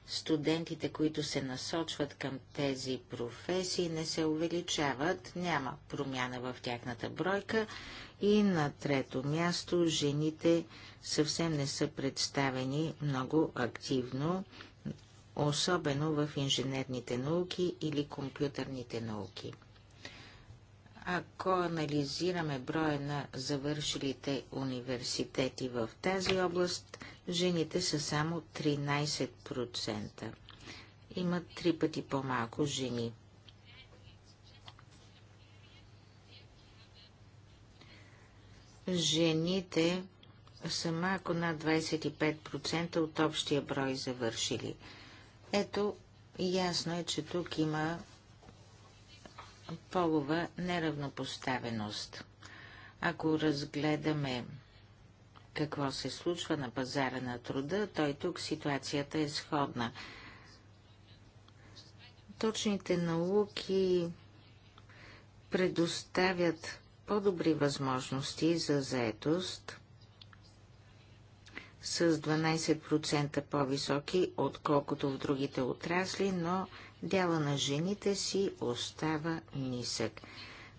студентите, които се насочват към тези професии, не се увеличават, няма промяна в тяхната бройка. И на трето място жените съвсем не са представени много активно, особено в инженерните науки или компютърните науки. Ако анализираме броя на завършилите университети в тази област, жените са само 13%. Има три пъти по-малко жени. Жените сама, ако над 25% от общия брой завършили. Ето, ясно е, че тук има полова неравнопоставеност. Ако разгледаме какво се случва на пазара на труда, той тук ситуацията е сходна. Точните науки предоставят по-добри възможности за заетост – с 12% по-високи, отколкото в другите отрасли, но дяла на жените си остава нисък.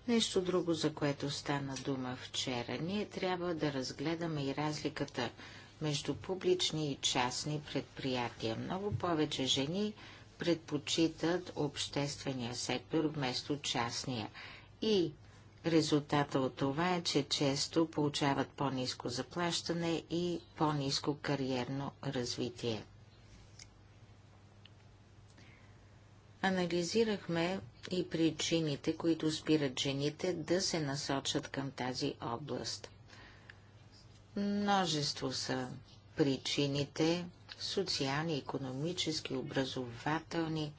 Нещо друго, за което стана дума вчера. Ние трябва да разгледаме и разликата между публични и частни предприятия. Много повече жени предпочитат обществения сектор вместо частния. И Резултата от това е, че често получават по-низко заплащане и по-низко кариерно развитие. Анализирахме и причините, които спират жените да се насочат към тази област. Множество са причините социални, економически, образователни.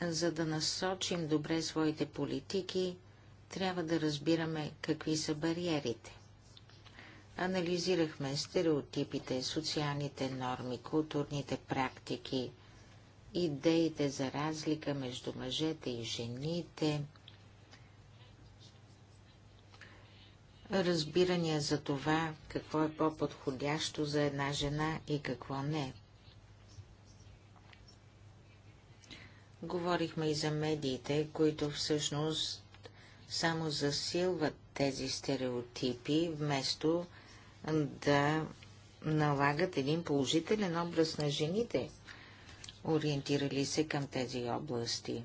За да насочим добре своите политики, трябва да разбираме какви са бариерите. Анализирахме стереотипите, социалните норми, културните практики, идеите за разлика между мъжете и жените, разбирания за това, какво е по-подходящо за една жена и какво не. Говорихме и за медиите, които всъщност само засилват тези стереотипи, вместо да налагат един положителен образ на жените, ориентирали се към тези области.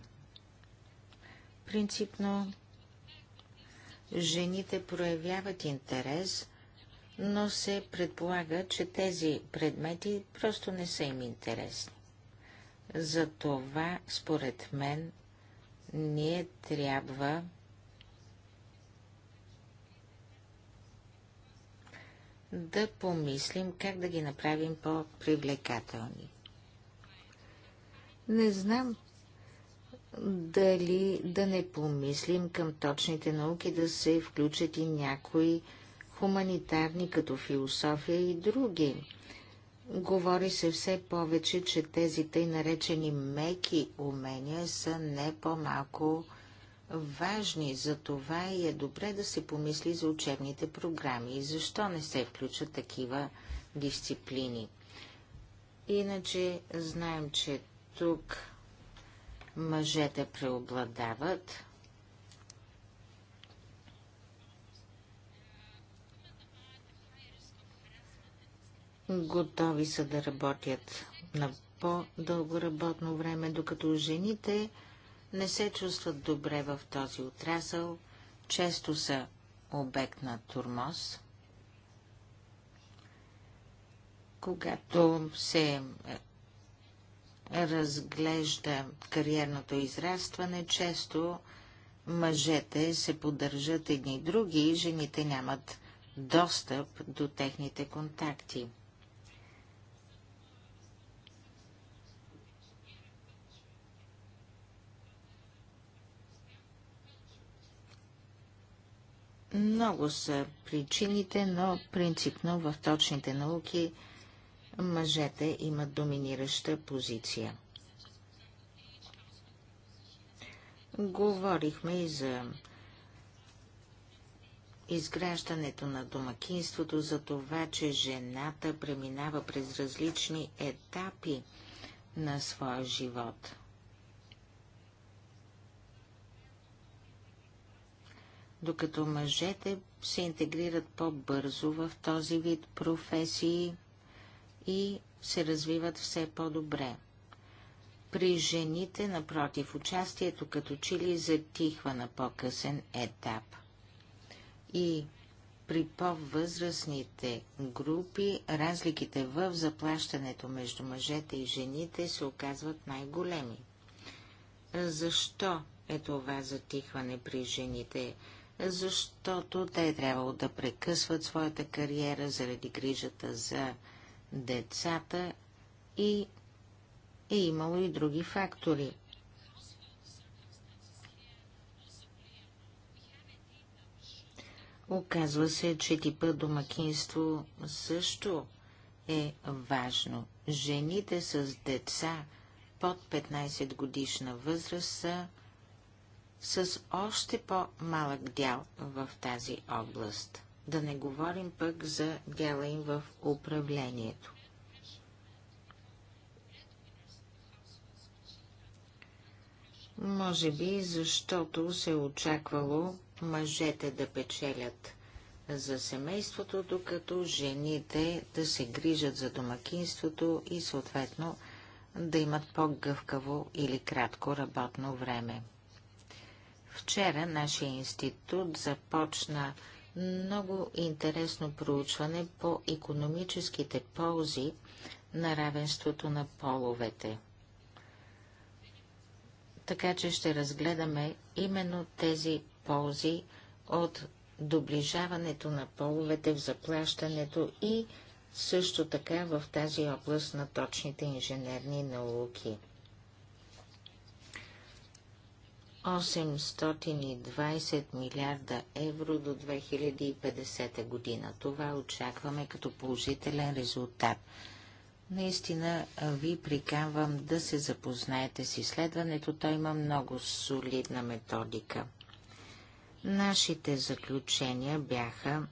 Принципно, жените проявяват интерес, но се предполага, че тези предмети просто не са им интересни. Затова, според мен, ние трябва да помислим как да ги направим по-привлекателни. Не знам дали да не помислим към точните науки да се включат и някои хуманитарни, като философия и други. Говори се все повече, че тези тъй наречени меки умения са не по-малко важни. За това и е добре да се помисли за учебните програми и защо не се включат такива дисциплини. Иначе знаем, че тук мъжете преобладават. Готови са да работят на по-дълго работно време, докато жените не се чувстват добре в този отрасъл, често са обект на турмоз. Когато се е, разглежда кариерното израстване, често мъжете се поддържат едни други и жените нямат достъп до техните контакти. Много са причините, но принципно в точните науки мъжете имат доминираща позиция. Говорихме и за изграждането на домакинството, за това, че жената преминава през различни етапи на своя живот – докато мъжете се интегрират по-бързо в този вид професии и се развиват все по-добре. При жените, напротив, участието като че ли затихва на по-късен етап. И при по-възрастните групи разликите в заплащането между мъжете и жените се оказват най-големи. Защо е това затихване при жените? защото те е трябвало да прекъсват своята кариера заради грижата за децата и е имало и други фактори. Оказва се, че типа домакинство също е важно. Жените с деца под 15 годишна възраст са с още по-малък дял в тази област. Да не говорим пък за дяла им в управлението. Може би, защото се е очаквало мъжете да печелят за семейството, докато жените да се грижат за домакинството и съответно да имат по-гъвкаво или кратко работно време. Вчера нашия институт започна много интересно проучване по економическите ползи на равенството на половете. Така че ще разгледаме именно тези ползи от доближаването на половете в заплащането и също така в тази област на точните инженерни науки. 820 милиарда евро до 2050 година. Това очакваме като положителен резултат. Наистина ви приканвам да се запознаете с изследването. Той има много солидна методика. Нашите заключения бяха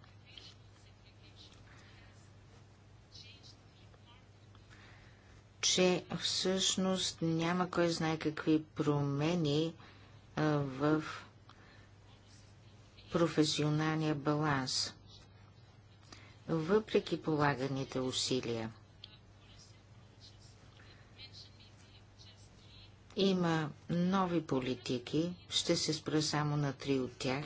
че всъщност няма кой знае какви промени в професионалния баланс, въпреки полаганите усилия. Има нови политики, ще се спра само на три от тях.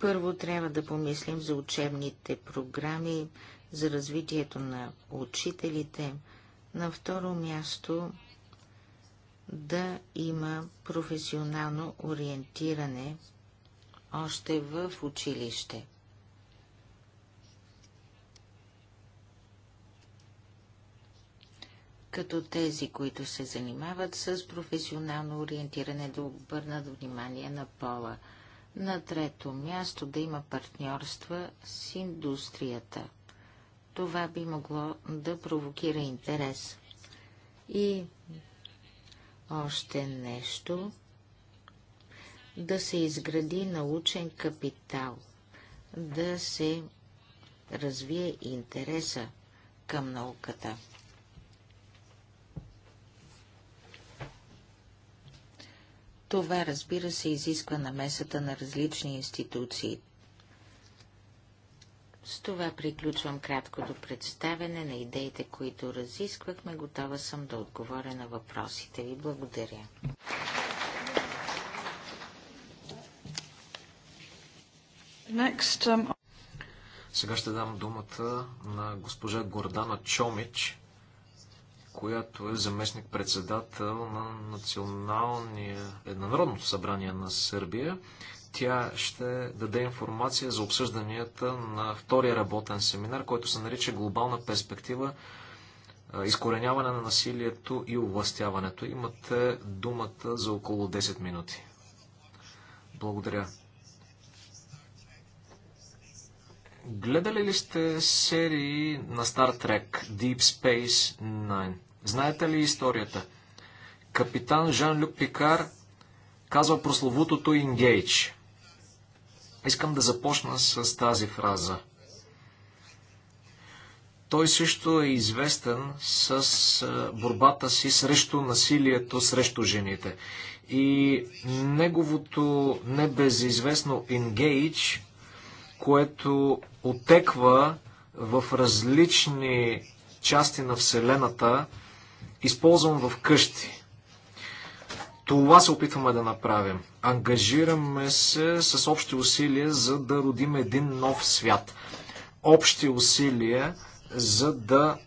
Първо трябва да помислим за учебните програми, за развитието на учителите. На второ място да има професионално ориентиране още в училище. като тези, които се занимават с професионално ориентиране, да обърнат внимание на пола. На трето място да има партньорства с индустрията. Това би могло да провокира интерес. И още нещо да се изгради научен капитал, да се развие интереса към науката. Това, разбира се, изисква намесата на различни институции. С това приключвам краткото представене на идеите, които разисквахме. Готова съм да отговоря на въпросите ви. Благодаря. Next, um... Сега ще дам думата на госпожа Гордана Чомич, която е заместник-председател на Националния, на Народното събрание на Сърбия. Тя ще даде информация за обсъжданията на втория работен семинар, който се нарича Глобална перспектива изкореняване на насилието и овластяването. Имате думата за около 10 минути. Благодаря. Гледали ли сте серии на Star Trek Deep Space Nine? Знаете ли историята? Капитан Жан-Люк Пикар казва прословутото Engage. Искам да започна с тази фраза. Той също е известен с борбата си срещу насилието срещу жените. И неговото небезизвестно Engage, което отеква в различни части на Вселената, използвам в къщи. Това се опитваме да направим. Ангажираме се с общи усилия, за да родим един нов свят. Общи усилия, за да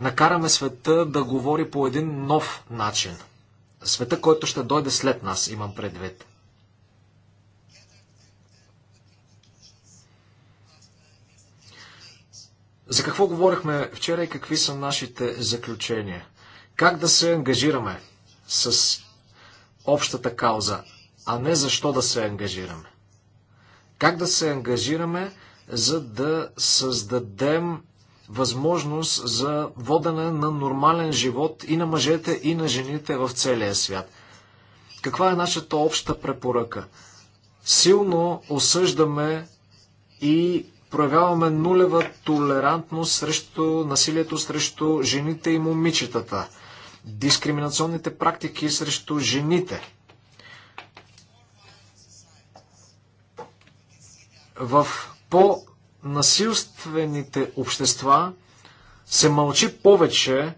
накараме света да говори по един нов начин. Света, който ще дойде след нас, имам предвид. За какво говорихме вчера и какви са нашите заключения? Как да се ангажираме с общата кауза? а не защо да се ангажираме. Как да се ангажираме, за да създадем възможност за водене на нормален живот и на мъжете, и на жените в целия свят. Каква е нашата обща препоръка? Силно осъждаме и проявяваме нулева толерантност срещу насилието срещу жените и момичетата, дискриминационните практики срещу жените, В по-насилствените общества се мълчи повече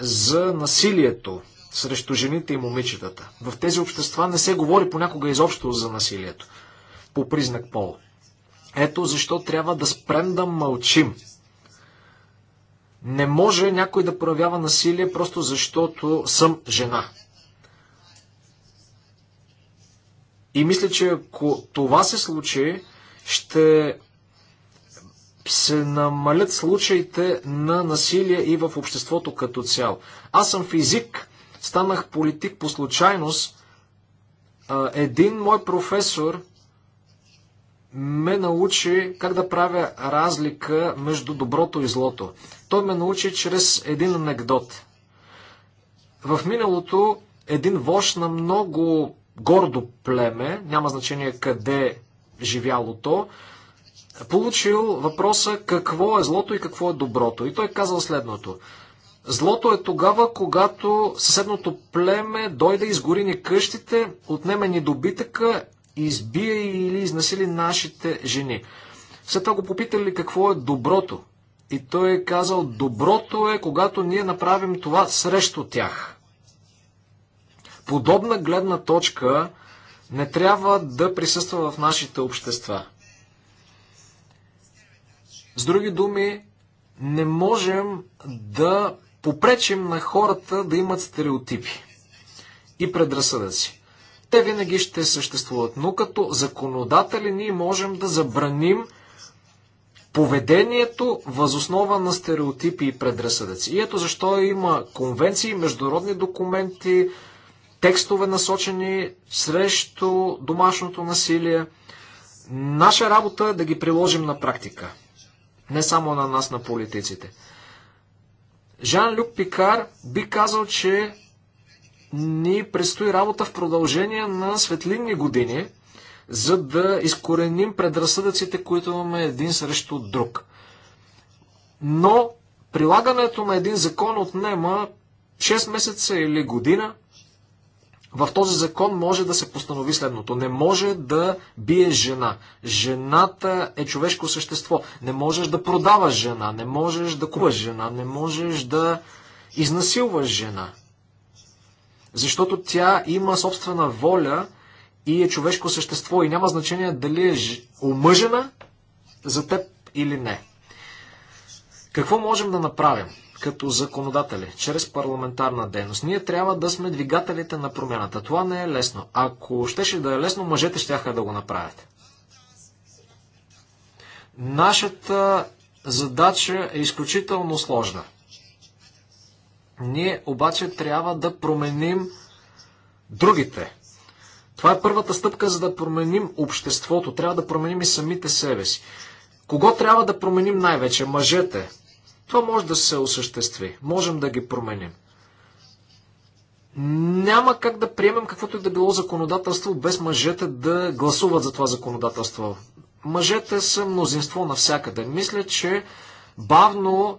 за насилието срещу жените и момичетата. В тези общества не се говори понякога изобщо за насилието по признак пол. Ето защо трябва да спрем да мълчим. Не може някой да проявява насилие просто защото съм жена. И мисля, че ако това се случи, ще се намалят случаите на насилие и в обществото като цяло. Аз съм физик, станах политик по случайност. Един мой професор ме научи как да правя разлика между доброто и злото. Той ме научи чрез един анекдот. В миналото един вож на много гордо племе, няма значение къде то, получил въпроса какво е злото и какво е доброто. И той е казал следното. Злото е тогава, когато съседното племе дойде, изгори ни къщите, отнеме ни добитъка, избие или изнасили нашите жени. След това го попитали какво е доброто. И той е казал, доброто е, когато ние направим това срещу тях. Подобна гледна точка не трябва да присъства в нашите общества. С други думи, не можем да попречим на хората да имат стереотипи и предразсъдъци. Те винаги ще съществуват, но като законодатели ние можем да забраним поведението възоснова на стереотипи и предразсъдъци. И ето защо има конвенции, международни документи, текстове насочени срещу домашното насилие. Наша работа е да ги приложим на практика. Не само на нас, на политиците. Жан-Люк Пикар би казал, че ни предстои работа в продължение на светлинни години, за да изкореним предразсъдъците, които имаме един срещу друг. Но прилагането на един закон отнема 6 месеца или година в този закон може да се постанови следното. Не може да бие жена. Жената е човешко същество. Не можеш да продаваш жена, не можеш да куваш жена, не можеш да изнасилваш жена. Защото тя има собствена воля и е човешко същество и няма значение дали е омъжена за теб или не. Какво можем да направим? като законодатели, чрез парламентарна дейност. Ние трябва да сме двигателите на промяната. Това не е лесно. Ако щеше да е лесно, мъжете ще да го направят. Нашата задача е изключително сложна. Ние обаче трябва да променим другите. Това е първата стъпка, за да променим обществото. Трябва да променим и самите себе си. Кого трябва да променим най-вече? Мъжете. Това може да се осъществи. Можем да ги променим. Няма как да приемем каквото и да било законодателство без мъжете да гласуват за това законодателство. Мъжете са мнозинство навсякъде. Мисля, че бавно,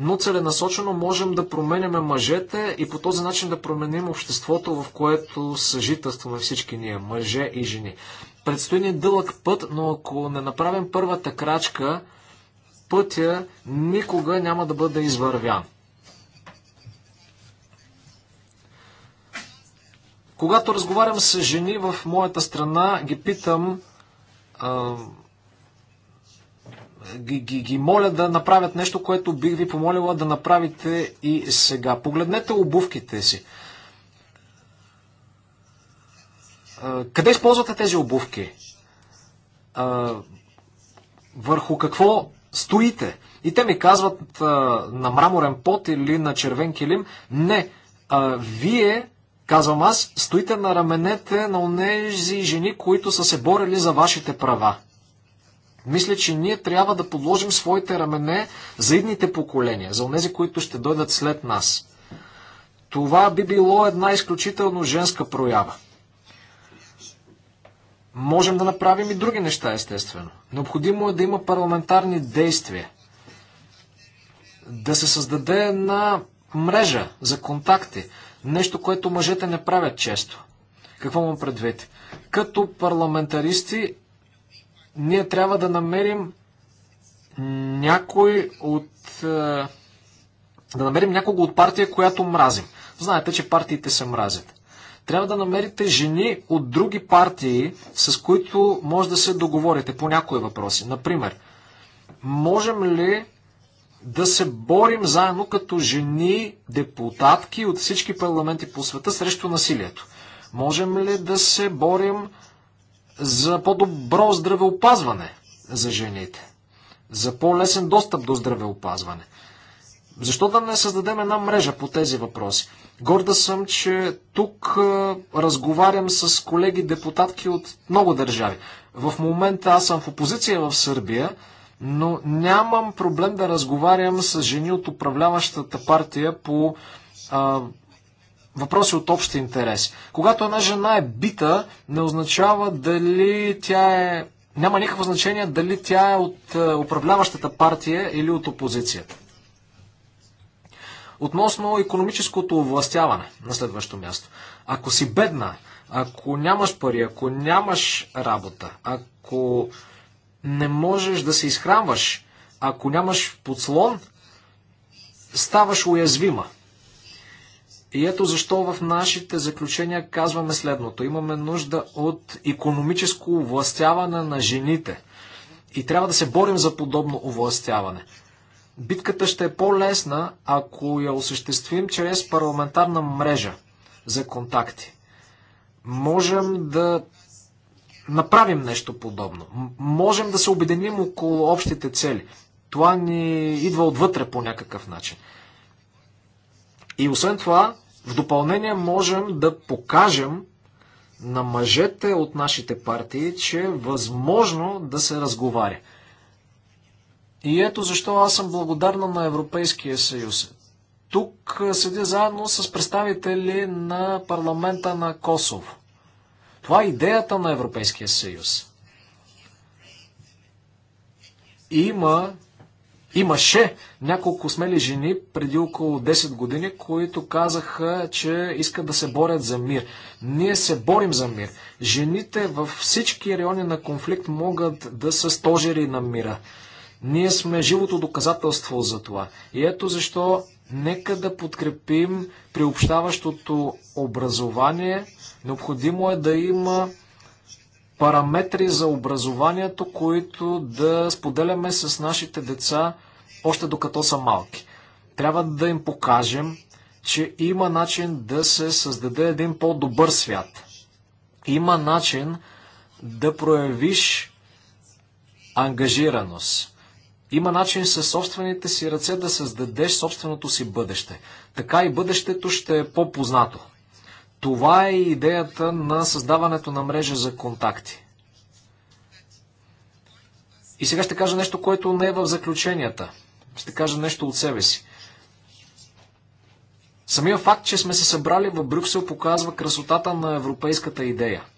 но целенасочено можем да променяме мъжете и по този начин да променим обществото, в което съжителстваме всички ние, мъже и жени. Предстои ни дълъг път, но ако не направим първата крачка, пътя никога няма да бъде извървян. Когато разговарям с жени в моята страна, ги питам, а, ги, ги, ги моля да направят нещо, което бих ви помолила да направите и сега. Погледнете обувките си. А, къде използвате тези обувки? А, върху какво стоите. И те ми казват а, на мраморен пот или на червен килим, не, а, вие, казвам аз, стоите на раменете на онези жени, които са се борили за вашите права. Мисля, че ние трябва да подложим своите рамене за идните поколения, за онези, които ще дойдат след нас. Това би било една изключително женска проява. Можем да направим и други неща, естествено. Необходимо е да има парламентарни действия. Да се създаде една мрежа за контакти. Нещо, което мъжете не правят често. Какво му предвид? Като парламентаристи, ние трябва да намерим някой от. Е, да намерим някого от партия, която мразим. Знаете, че партиите се мразят. Трябва да намерите жени от други партии, с които може да се договорите по някои въпроси. Например, можем ли да се борим заедно като жени депутатки от всички парламенти по света срещу насилието? Можем ли да се борим за по-добро здравеопазване за жените? За по-лесен достъп до здравеопазване? Защо да не създадем една мрежа по тези въпроси? Горда съм, че тук а, разговарям с колеги депутатки от много държави. В момента аз съм в опозиция в Сърбия, но нямам проблем да разговарям с жени от управляващата партия по а, въпроси от общи интерес. Когато една жена е бита, не означава дали тя е. Няма никакво значение дали тя е от управляващата партия или от опозицията. Относно економическото овластяване на следващо място. Ако си бедна, ако нямаш пари, ако нямаш работа, ако не можеш да се изхранваш, ако нямаш подслон, ставаш уязвима. И ето защо в нашите заключения казваме следното. Имаме нужда от економическо овластяване на жените. И трябва да се борим за подобно овластяване. Битката ще е по-лесна, ако я осъществим чрез парламентарна мрежа за контакти. Можем да направим нещо подобно. Можем да се обединим около общите цели. Това ни идва отвътре по някакъв начин. И освен това, в допълнение можем да покажем на мъжете от нашите партии, че е възможно да се разговаря. И ето защо аз съм благодарна на Европейския съюз. Тук седя заедно с представители на парламента на Косово. Това е идеята на Европейския съюз. Има, имаше няколко смели жени преди около 10 години, които казаха, че искат да се борят за мир. Ние се борим за мир. Жените във всички райони на конфликт могат да са стожери на мира. Ние сме живото доказателство за това. И ето защо нека да подкрепим приобщаващото образование. Необходимо е да има параметри за образованието, които да споделяме с нашите деца още докато са малки. Трябва да им покажем, че има начин да се създаде един по-добър свят. Има начин да проявиш ангажираност има начин със собствените си ръце да създадеш собственото си бъдеще. Така и бъдещето ще е по-познато. Това е идеята на създаването на мрежа за контакти. И сега ще кажа нещо, което не е в заключенията. Ще кажа нещо от себе си. Самия факт, че сме се събрали в Брюксел, показва красотата на европейската идея –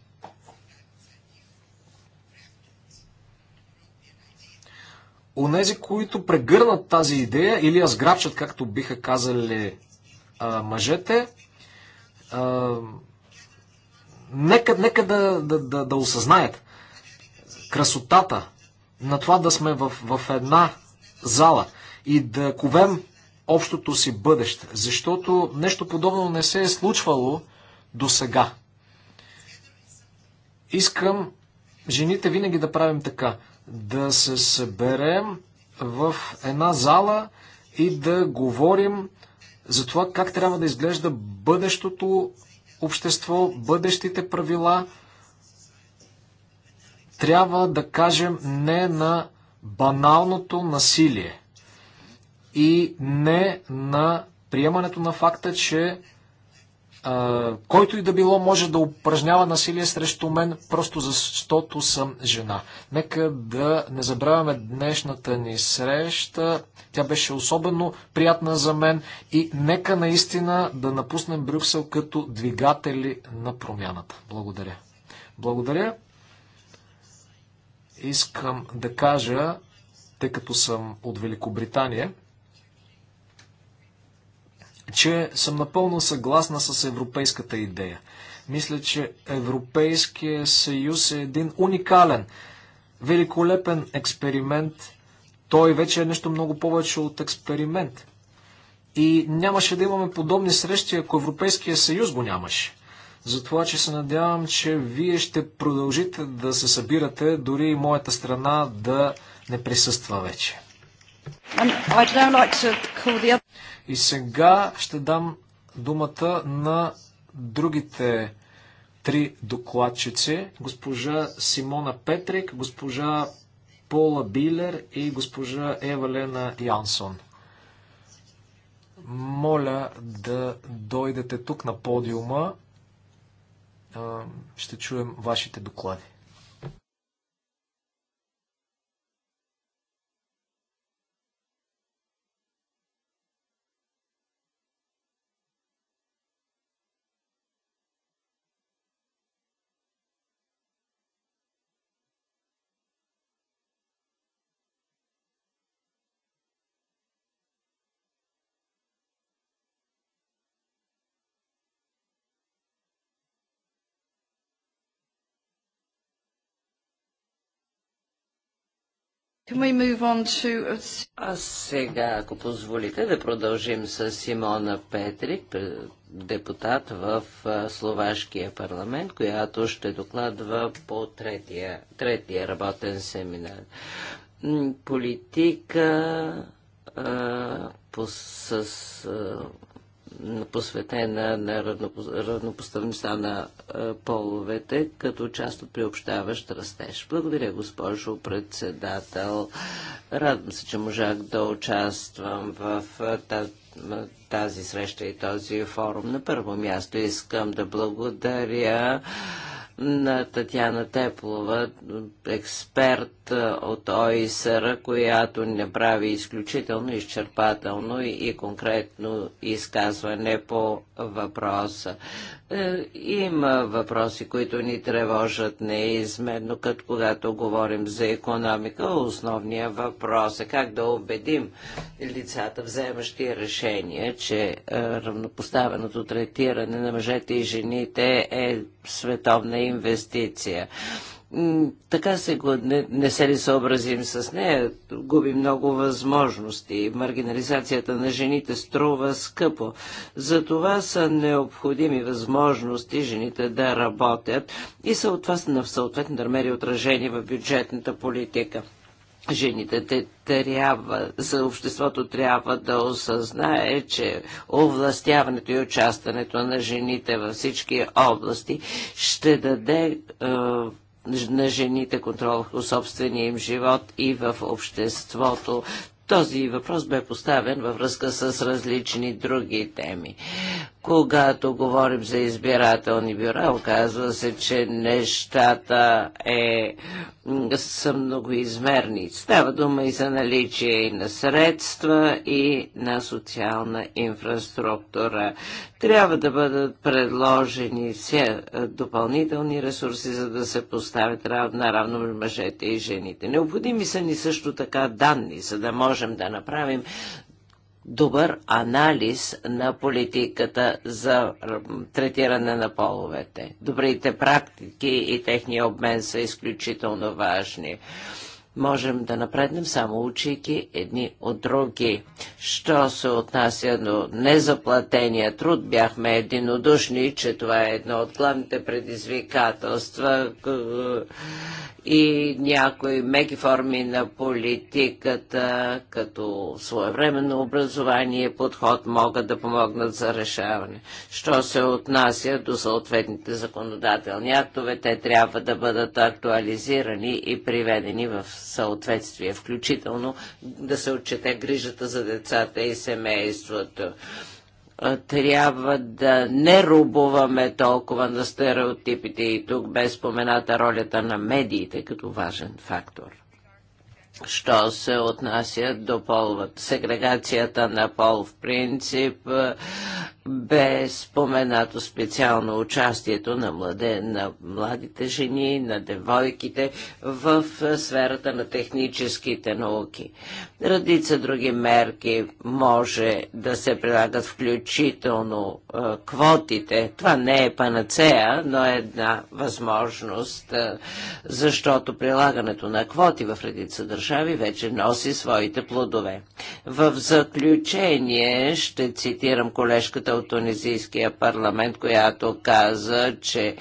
Онези, които прегърнат тази идея или я сграбчат, както биха казали а, мъжете, а, нека, нека да, да, да, да осъзнаят красотата на това да сме в, в една зала и да ковем общото си бъдеще, защото нещо подобно не се е случвало до сега. Искам жените винаги да правим така да се съберем в една зала и да говорим за това как трябва да изглежда бъдещото общество, бъдещите правила. Трябва да кажем не на баналното насилие и не на приемането на факта, че който и да било може да упражнява насилие срещу мен, просто защото съм жена. Нека да не забравяме днешната ни среща. Тя беше особено приятна за мен и нека наистина да напуснем Брюксел като двигатели на промяната. Благодаря. Благодаря. Искам да кажа, тъй като съм от Великобритания, че съм напълно съгласна с европейската идея. Мисля, че Европейския съюз е един уникален, великолепен експеримент. Той вече е нещо много повече от експеримент. И нямаше да имаме подобни срещи, ако Европейския съюз го нямаше. Затова, че се надявам, че вие ще продължите да се събирате, дори и моята страна да не присъства вече. like the... И сега ще дам думата на другите три докладчици. Госпожа Симона Петрик, госпожа Пола Билер и госпожа Евалена Янсон. Моля да дойдете тук на подиума. Ще чуем вашите доклади. Аз uh, А сега, ако позволите, да продължим с Симона Петрик, депутат в Словашкия парламент, която ще докладва по третия, третия работен семинар. Политика а, по, с а, посветена на равнопоставността на е, половете като част от приобщаващ растеж. Благодаря, госпожо председател. Радвам се, че можах да участвам в е, тази е, тази среща и този форум. На първо място искам да благодаря на Татьяна Теплова, експерт е, от ОИСР, която не прави изключително изчерпателно и конкретно изказване по въпроса. Е, има въпроси, които ни тревожат неизменно, като когато говорим за економика. основния въпрос е как да убедим лицата, вземащи решения, че е, равнопоставеното третиране на мъжете и жените е световна и инвестиция така се го, не, не се ли съобразим с нея, губи много възможности. Маргинализацията на жените струва скъпо. За това са необходими възможности жените да работят и са от на съответно да намери отражение в бюджетната политика жените. Те трябва, за обществото трябва да осъзнае, че овластяването и участването на жените във всички области ще даде е, на жените контрол върху собствения им живот и в обществото. Този въпрос бе поставен във връзка с различни други теми. Когато говорим за избирателни бюра, оказва се, че нещата е, са многоизмерни. Става дума и за наличие и на средства, и на социална инфраструктура. Трябва да бъдат предложени все е, допълнителни ресурси, за да се поставят на равно мъжете и жените. Необходими са ни също така данни, за да можем да направим добър анализ на политиката за третиране на половете. Добрите практики и техния обмен са изключително важни. Можем да напреднем само учики едни от други. Що се отнася до незаплатения труд, бяхме единодушни, че това е едно от главните предизвикателства и някои меки форми на политиката, като своевременно образование, подход могат да помогнат за решаване. Що се отнася до съответните законодателни актове, те трябва да бъдат актуализирани и приведени в съответствие, включително да се отчете грижата за децата и семейството трябва да не рубуваме толкова на стереотипите и тук бе спомената ролята на медиите като важен фактор. Що се отнася до пол, сегрегацията на пол в принцип бе споменато специално участието на, младе, на младите жени, на девойките в е, сферата на техническите науки. Радица други мерки може да се прилагат включително е, квотите. Това не е панацея, но е една възможност, е, защото прилагането на квоти в редица държави вече носи своите плодове. В заключение ще цитирам колежката резолюцията от Тунизийския парламент, която каза, че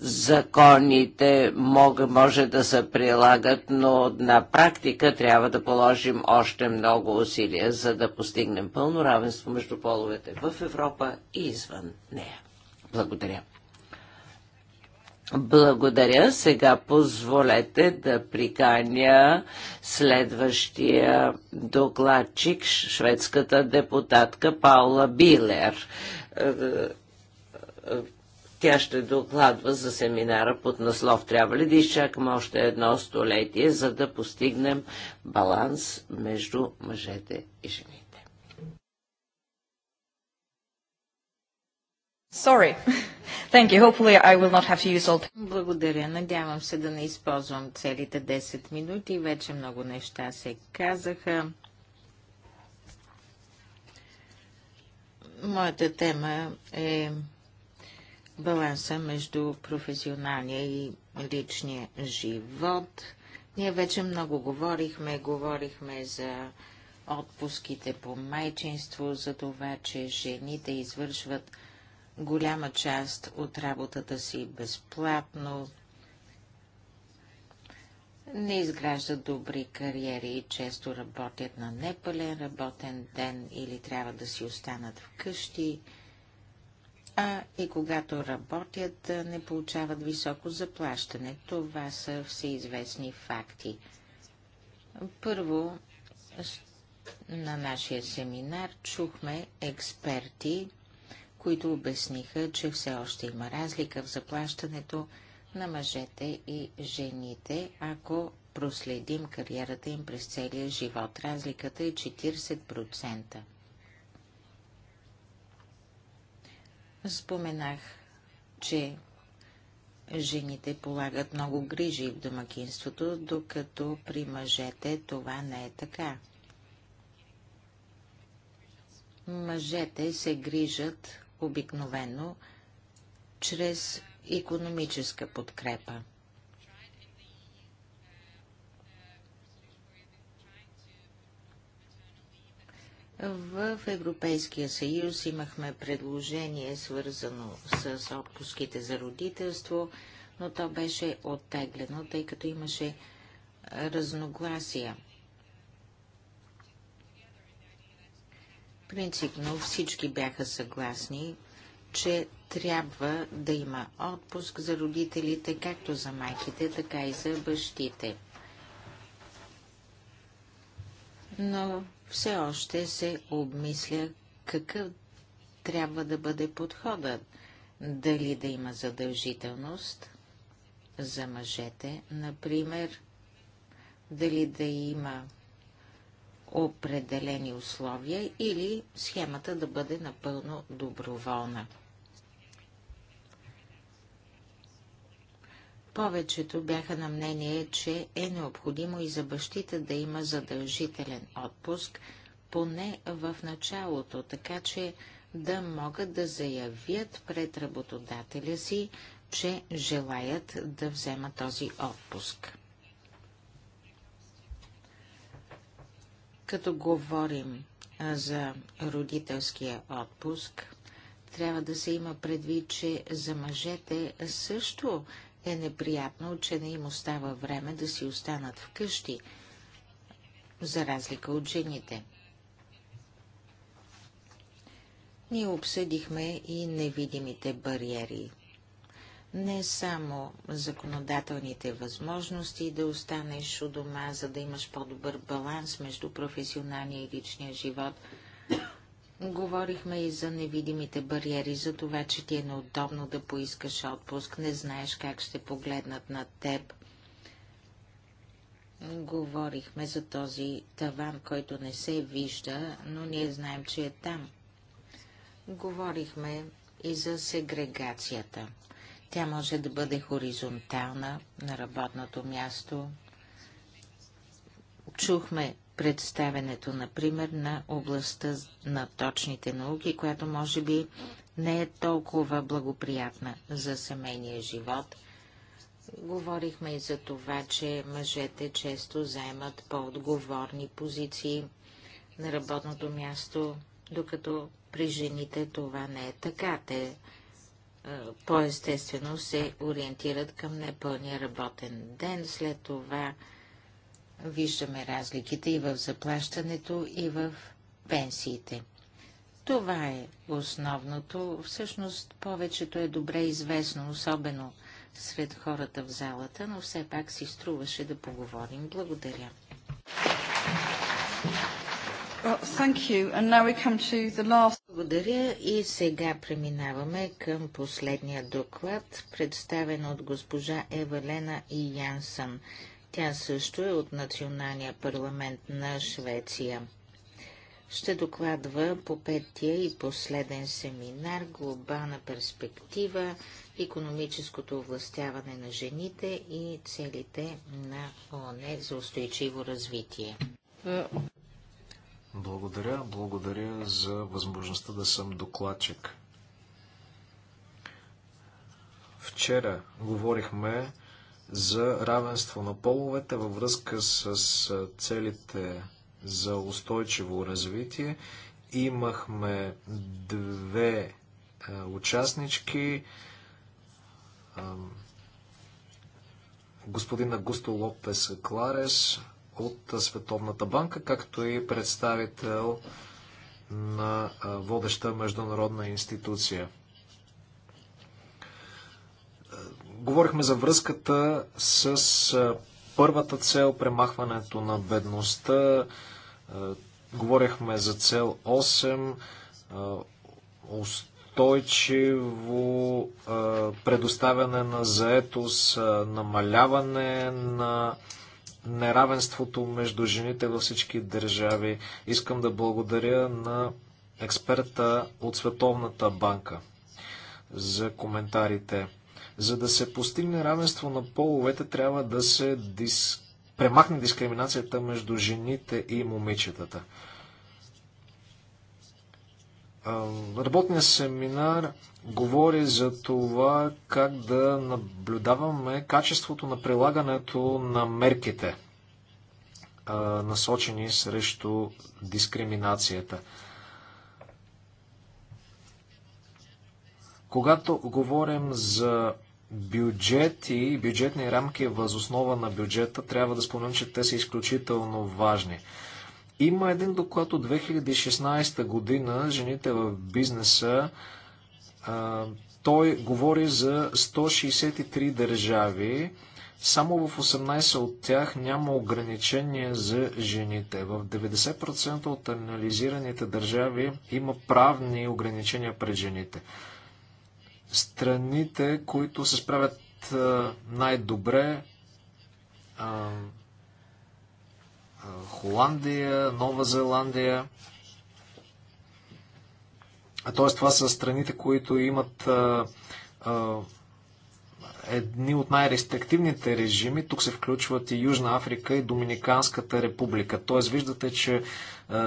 законите може да се прилагат, но на практика трябва да положим още много усилия, за да постигнем пълно равенство между половете в Европа и извън нея. Благодаря. Благодаря. Сега позволете да приканя следващия докладчик, шведската депутатка Паула Билер. Е, е, тя ще докладва за семинара под наслов. Трябва ли да изчакаме още едно столетие, за да постигнем баланс между мъжете и жените? Sorry. Thank you. Hopefully I will not have to use all... Благодаря. Надявам се да не използвам целите 10 минути. Вече много неща се казаха. Моята тема е баланса между професионалния и личния живот. Ние вече много говорихме, говорихме за отпуските по майчинство, за това, че жените извършват голяма част от работата си безплатно, не изграждат добри кариери и често работят на непълен работен ден или трябва да си останат вкъщи, а и когато работят не получават високо заплащане. Това са всеизвестни факти. Първо, на нашия семинар чухме експерти, които обясниха, че все още има разлика в заплащането на мъжете и жените, ако проследим кариерата им през целия живот. Разликата е 40%. Споменах, че жените полагат много грижи в домакинството, докато при мъжете това не е така. Мъжете се грижат обикновено чрез економическа подкрепа. В Европейския съюз имахме предложение, свързано с отпуските за родителство, но то беше оттеглено, тъй като имаше разногласия Принципно всички бяха съгласни, че трябва да има отпуск за родителите, както за майките, така и за бащите. Но все още се обмисля какъв трябва да бъде подходът. Дали да има задължителност за мъжете, например, дали да има определени условия или схемата да бъде напълно доброволна. Повечето бяха на мнение, че е необходимо и за бащите да има задължителен отпуск, поне в началото, така че да могат да заявят пред работодателя си, че желаят да вземат този отпуск. Като говорим за родителския отпуск, трябва да се има предвид, че за мъжете също е неприятно, че не им остава време да си останат вкъщи, за разлика от жените. Ние обсъдихме и невидимите бариери не само законодателните възможности да останеш у дома, за да имаш по-добър баланс между професионалния и личния живот. Говорихме и за невидимите бариери, за това, че ти е неудобно да поискаш отпуск, не знаеш как ще погледнат на теб. Говорихме за този таван, който не се вижда, но ние знаем, че е там. Говорихме и за сегрегацията. Тя може да бъде хоризонтална на работното място. Чухме представенето, например, на областта на точните науки, която може би не е толкова благоприятна за семейния живот. Говорихме и за това, че мъжете често заемат по-отговорни позиции на работното място, докато при жените това не е така. Те по-естествено се ориентират към непълния работен ден. След това виждаме разликите и в заплащането, и в пенсиите. Това е основното. Всъщност повечето е добре известно, особено сред хората в залата, но все пак си струваше да поговорим. Благодаря. Благодаря и сега преминаваме към последния доклад, представен от госпожа Евелена и Янсън. Тя също е от Националния парламент на Швеция. Ще докладва по петия и последен семинар «Глобална перспектива, економическото овластяване на жените и целите на ОНЕ за устойчиво развитие». Благодаря. Благодаря за възможността да съм докладчик. Вчера говорихме за равенство на половете във връзка с целите за устойчиво развитие. Имахме две участнички. Господин Агусто Лопес Кларес от Световната банка, както и представител на водеща международна институция. Говорихме за връзката с първата цел премахването на бедността. Говорихме за цел 8 устойчиво предоставяне на заетост, намаляване на неравенството между жените във всички държави. Искам да благодаря на експерта от Световната банка за коментарите. За да се постигне равенство на половете, трябва да се дис... премахне дискриминацията между жените и момичетата. Работният семинар говори за това как да наблюдаваме качеството на прилагането на мерките, насочени срещу дискриминацията. Когато говорим за бюджет и бюджетни рамки възоснова на бюджета, трябва да спомням, че те са изключително важни. Има един доклад от 2016 година, жените в бизнеса. А, той говори за 163 държави. Само в 18 от тях няма ограничения за жените. В 90% от анализираните държави има правни ограничения пред жените. Страните, които се справят най-добре, Холандия, Нова Зеландия. Т.е. това са страните, които имат а, а, едни от най-рестриктивните режими. Тук се включват и Южна Африка и Доминиканската република. Т.е. виждате, че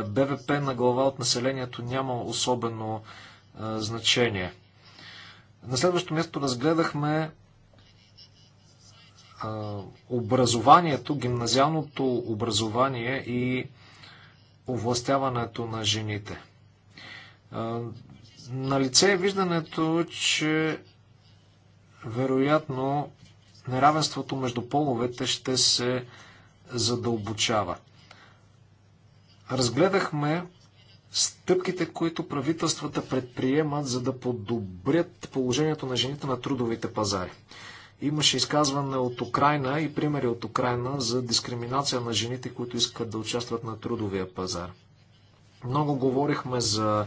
БВП на глава от населението няма особено а, значение. На следващо място разгледахме образованието, гимназиалното образование и овластяването на жените. На лице е виждането, че вероятно неравенството между половете ще се задълбочава. Разгледахме стъпките, които правителствата предприемат, за да подобрят положението на жените на трудовите пазари. Имаше изказване от Украина и примери от Украина за дискриминация на жените, които искат да участват на трудовия пазар. Много говорихме за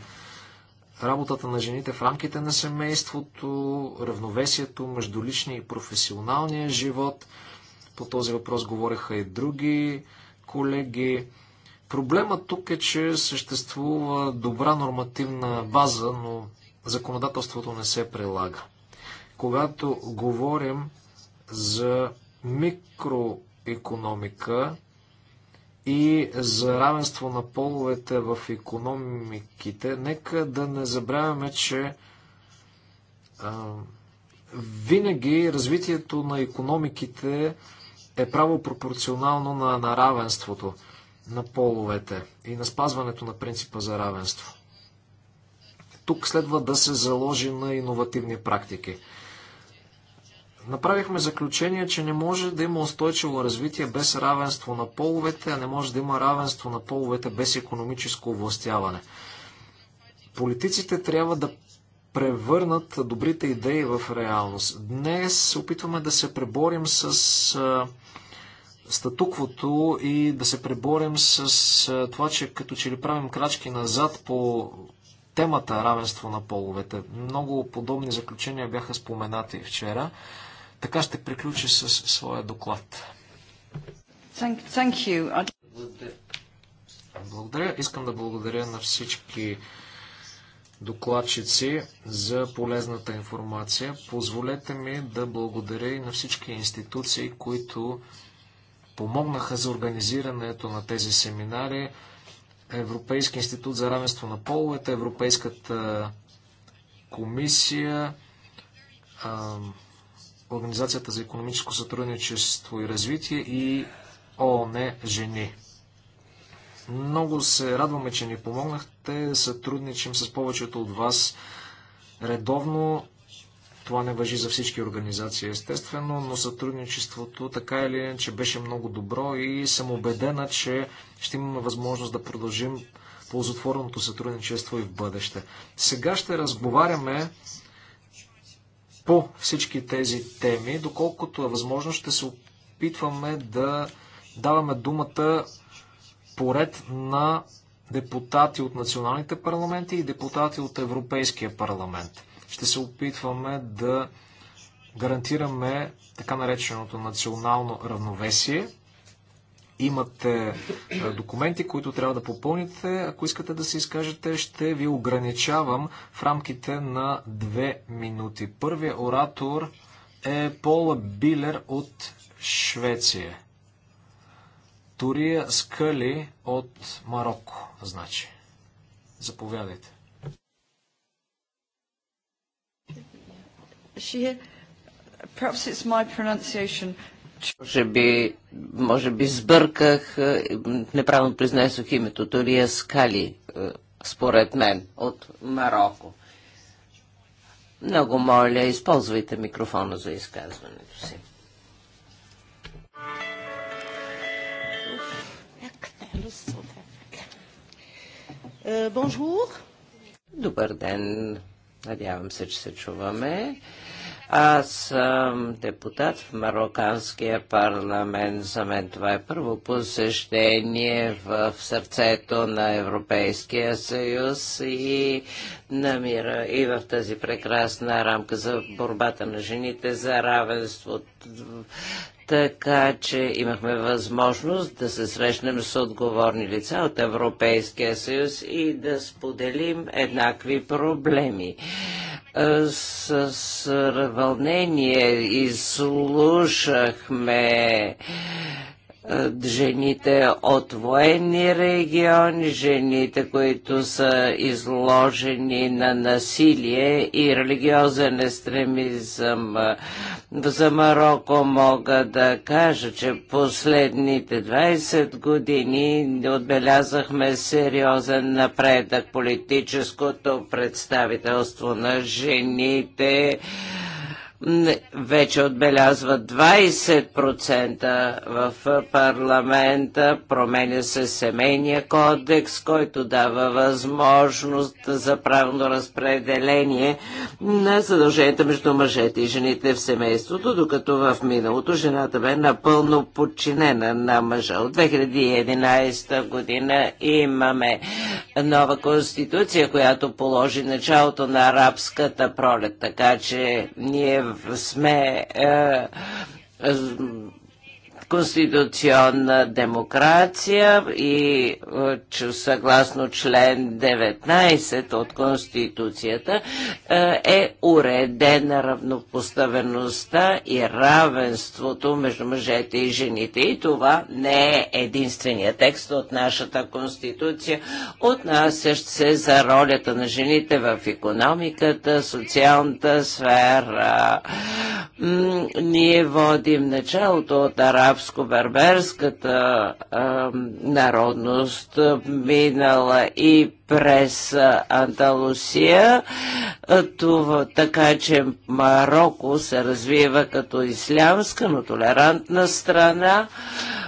работата на жените в рамките на семейството, равновесието между личния и професионалния живот. По този въпрос говореха и други колеги. Проблемът тук е, че съществува добра нормативна база, но законодателството не се прилага. Когато говорим за микроекономика и за равенство на половете в економиките, нека да не забравяме, че а, винаги развитието на економиките е право пропорционално на, на равенството на половете и на спазването на принципа за равенство. Тук следва да се заложи на иновативни практики. Направихме заключение, че не може да има устойчиво развитие без равенство на половете, а не може да има равенство на половете без економическо овластяване. Политиците трябва да превърнат добрите идеи в реалност. Днес се опитваме да се преборим с статуквото и да се преборим с това, че като че ли правим крачки назад по темата равенство на половете. Много подобни заключения бяха споменати вчера. Така ще приключи с своя доклад. Благодаря. благодаря. Искам да благодаря на всички докладчици за полезната информация. Позволете ми да благодаря и на всички институции, които помогнаха за организирането на тези семинари. Европейски институт за равенство на половете, Европейската комисия, Организацията за економическо сътрудничество и развитие и ООН Жени. Много се радваме, че ни помогнахте. Сътрудничим с повечето от вас редовно. Това не въжи за всички организации, естествено, но сътрудничеството така или иначе беше много добро и съм убедена, че ще имаме възможност да продължим ползотворното сътрудничество и в бъдеще. Сега ще разговаряме по всички тези теми. Доколкото е възможно, ще се опитваме да даваме думата поред на депутати от националните парламенти и депутати от Европейския парламент. Ще се опитваме да гарантираме така нареченото национално равновесие. Имате документи, които трябва да попълните. Ако искате да се изкажете, ще ви ограничавам в рамките на две минути. Първият оратор е Пола Билер от Швеция. Тория Скали от Марокко, значи. Заповядайте. She, perhaps it's my pronunciation, може би, може би сбърках, е, неправилно произнесох името, Тория Скали, е, според мен, от Марокко. Много моля, използвайте микрофона за изказването си. Е, Добър ден! Надявам се, че се чуваме. Аз съм депутат в Марокканския парламент. За мен това е първо посещение в сърцето на Европейския съюз и намира и в тази прекрасна рамка за борбата на жените за равенство. Така че имахме възможност да се срещнем с отговорни лица от Европейския съюз и да споделим еднакви проблеми. С, с вълнение и слушахме. Е, жените от военни региони, жените, които са изложени на насилие и религиозен естремизъм. Е, за Марокко мога да кажа, че последните 20 години отбелязахме сериозен напредък политическото представителство на жените вече отбелязва 20% в парламента, променя се семейния кодекс, който дава възможност за правно разпределение на задълженията между мъжете и жените в семейството, докато в миналото жената бе напълно подчинена на мъжа. От 2011 година имаме нова конституция, която положи началото на арабската пролет, така че ние сме е, е, конституционна демокрация и че съгласно член 19 от Конституцията е, е уредена равнопоставеността и равенството между мъжете и жените. И това не е единствения текст от нашата Конституция, отнасящ се за ролята на жените в економиката, социалната сфера. ние водим началото от араб арабско-барберската народност минала и през Андалусия, това, така че Марокко се развива като ислямска, но толерантна страна. А,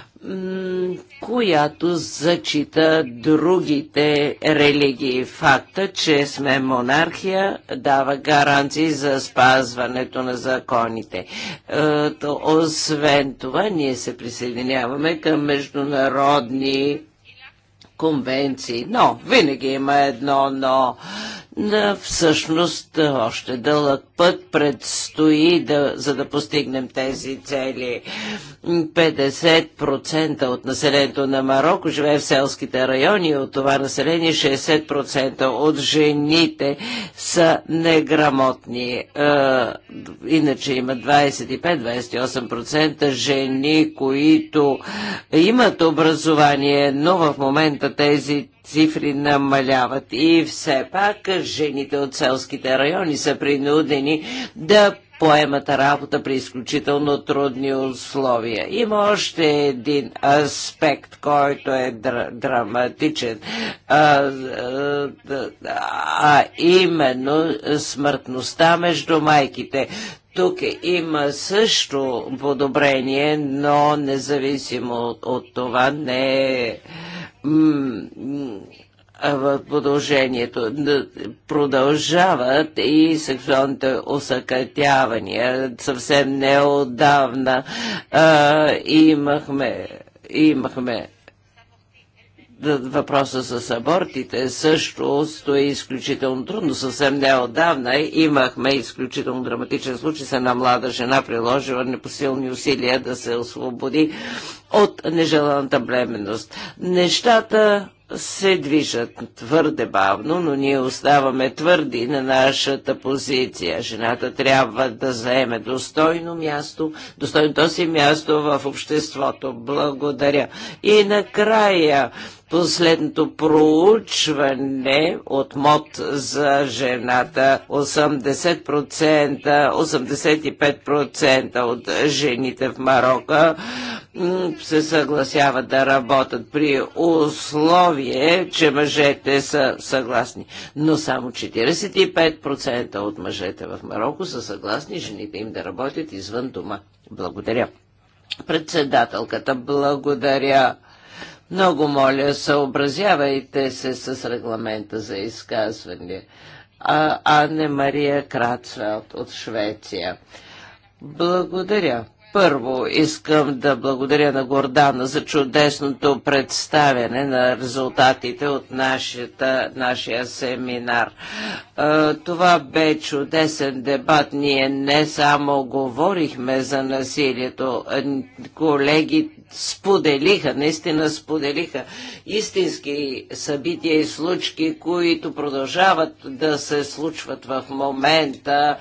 която зачита другите религии. Факта, че сме монархия, дава гаранции за спазването на законите. Е, освен това, ние се присъединяваме към международни конвенции. Но винаги има едно но. Да, всъщност е, още дълъг път предстои, да, за да постигнем тези цели. 50% от населението на Марокко живее в селските райони, от това население 60% от жените са неграмотни. Е, иначе има 25-28% жени, които имат образование, но в момента тези цифри намаляват. И все пак жените от селските райони са принудени да поемата работа при изключително трудни условия. Има още един аспект, който е др- драматичен, а, а, а именно смъртността между майките. Тук има също подобрение, но независимо от, от това не е в продължението. Продължават и сексуалните осъкътявания. Съвсем неодавна а, имахме, имахме въпроса с абортите също стои изключително трудно. Съвсем неодавна имахме изключително драматичен случай с една млада жена, приложила непосилни усилия да се освободи от нежеланата бременност. Нещата се движат твърде бавно, но ние оставаме твърди на нашата позиция. Жената трябва да заеме достойно място, достойното си място в обществото. Благодаря. И накрая Последното проучване от МОД за жената 80%, 85% от жените в Марокко се съгласяват да работят при условие, че мъжете са съгласни. Но само 45% от мъжете в Марокко са съгласни жените им да работят извън дома. Благодаря. Председателката, благодаря. Много моля, съобразявайте се с регламента за изказване. А, Анне Мария Крацвелт от Швеция. Благодаря. Първо искам да благодаря на Гордана за чудесното представяне на резултатите от нашата, нашия семинар. Това бе чудесен дебат. Ние не само говорихме за насилието, колеги споделиха, наистина споделиха истински събития и случки, които продължават да се случват в момента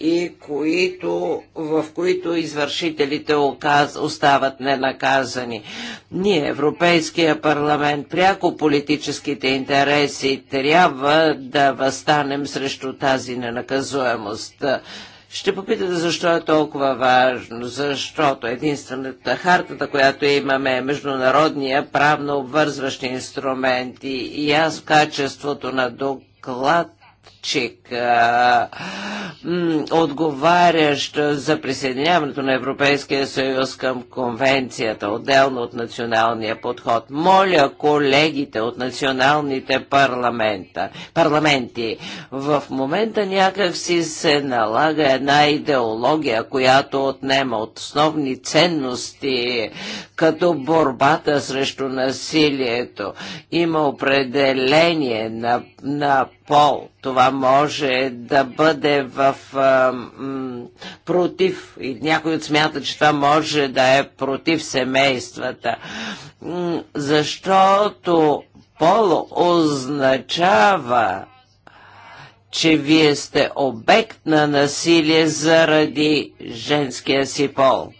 и които, в които извърши нарушителите остават ненаказани. Ние, Европейския парламент, пряко политическите интереси трябва да възстанем срещу тази ненаказуемост. Ще попитате защо е толкова важно, защото единствената хартата, която имаме е международния правно обвързващ инструмент и аз в качеството на доклад докладчик, отговарящ за присъединяването на Европейския съюз към конвенцията, отделно от националния подход. Моля колегите от националните парламента, парламенти, в момента някак си се налага една идеология, която отнема от основни ценности, като борбата срещу насилието. Има определение на, на пол. Това може да бъде в а, м, против и някой от смята, че това може да е против семействата. М, защото пол означава че вие сте обект на насилие заради женския си пол.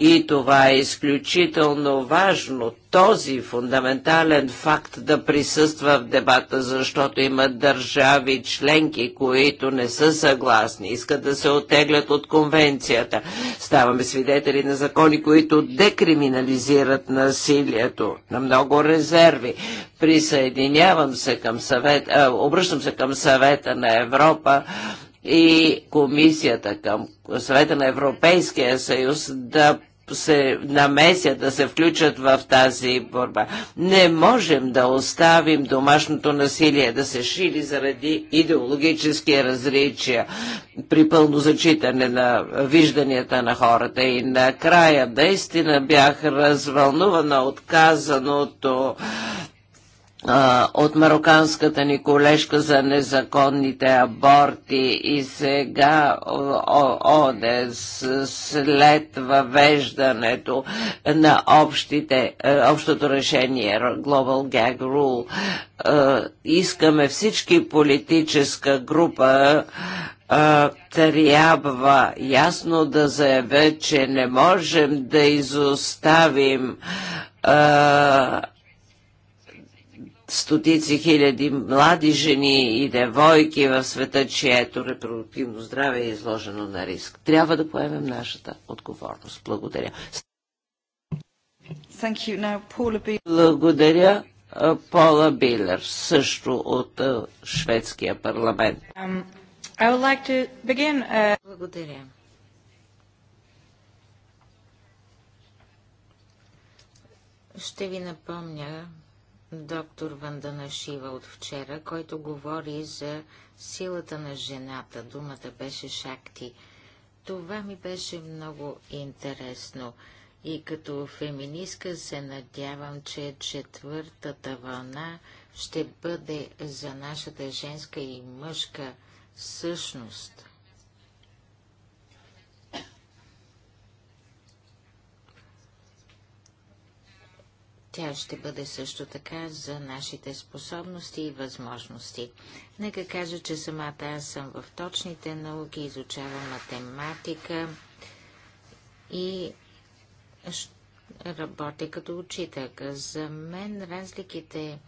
И това е изключително важно, този фундаментален факт да присъства в дебата, защото има държави членки, които не са съгласни, искат да се отеглят от конвенцията. Ставаме свидетели на закони, които декриминализират насилието на много резерви. Присъединявам се към съвет, а, обръщам се към съвета на Европа и комисията към съвета на Европейския съюз да се намесят, да се включат в тази борба. Не можем да оставим домашното насилие да се шили заради идеологически различия при пълно зачитане на вижданията на хората. И накрая наистина бях развълнувана от казаното от мароканската ни колежка за незаконните аборти и сега ОДЕ след въвеждането на общите, е, общото решение Global Gag Rule искаме всички политическа група трябва ясно да заявя, че не можем да изоставим стотици хиляди млади жени и девойки в света, чието репродуктивно здраве е изложено на риск. Трябва да поемем нашата отговорност. Благодаря. Now, Благодаря. Пола Билер, също от шведския парламент. Um, like begin, uh... Благодаря. Ще ви напомня доктор Шива от вчера, който говори за силата на жената. Думата беше Шакти. Това ми беше много интересно. И като феминистка се надявам, че четвъртата вълна ще бъде за нашата женска и мъжка същност. Тя ще бъде също така за нашите способности и възможности. Нека кажа, че самата аз съм в точните науки, изучавам математика и работя като учителка. За мен разликите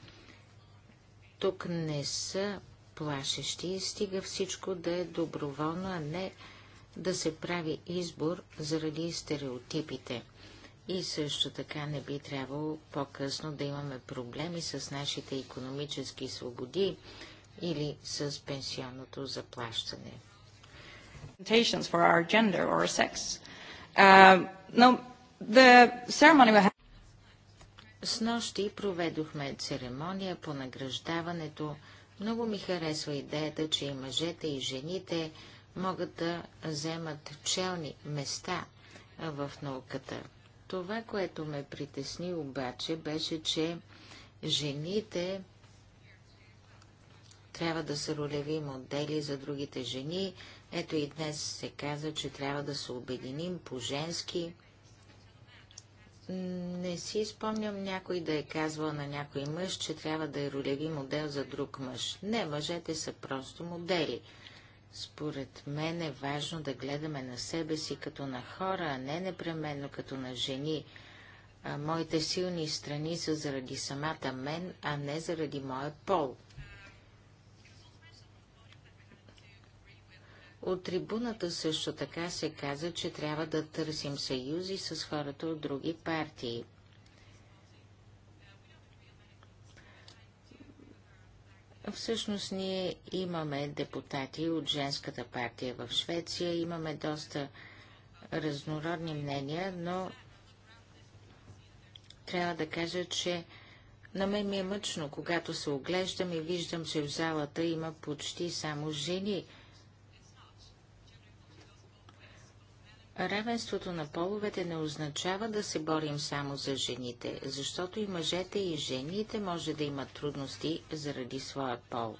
тук не са плашещи, и стига всичко да е доброволно, а не да се прави избор заради стереотипите. И също така не би трябвало по-късно да имаме проблеми с нашите економически свободи или с пенсионното заплащане. Uh, с нощи проведохме церемония по награждаването. Много ми харесва идеята, че и мъжете, и жените могат да вземат челни места в науката. Това, което ме притесни обаче, беше, че жените трябва да са ролеви модели за другите жени. Ето и днес се каза, че трябва да се обединим по-женски. Не си спомням някой да е казвал на някой мъж, че трябва да е ролеви модел за друг мъж. Не, мъжете са просто модели. Според мен е важно да гледаме на себе си като на хора, а не непременно като на жени. А моите силни страни са заради самата мен, а не заради моя пол. От трибуната също така се каза, че трябва да търсим съюзи с хората от други партии. Всъщност ние имаме депутати от женската партия в Швеция, имаме доста разнородни мнения, но трябва да кажа, че на мен ми е мъчно, когато се оглеждам и виждам, че в залата има почти само жени – Равенството на половете не означава да се борим само за жените, защото и мъжете и жените може да имат трудности заради своя пол.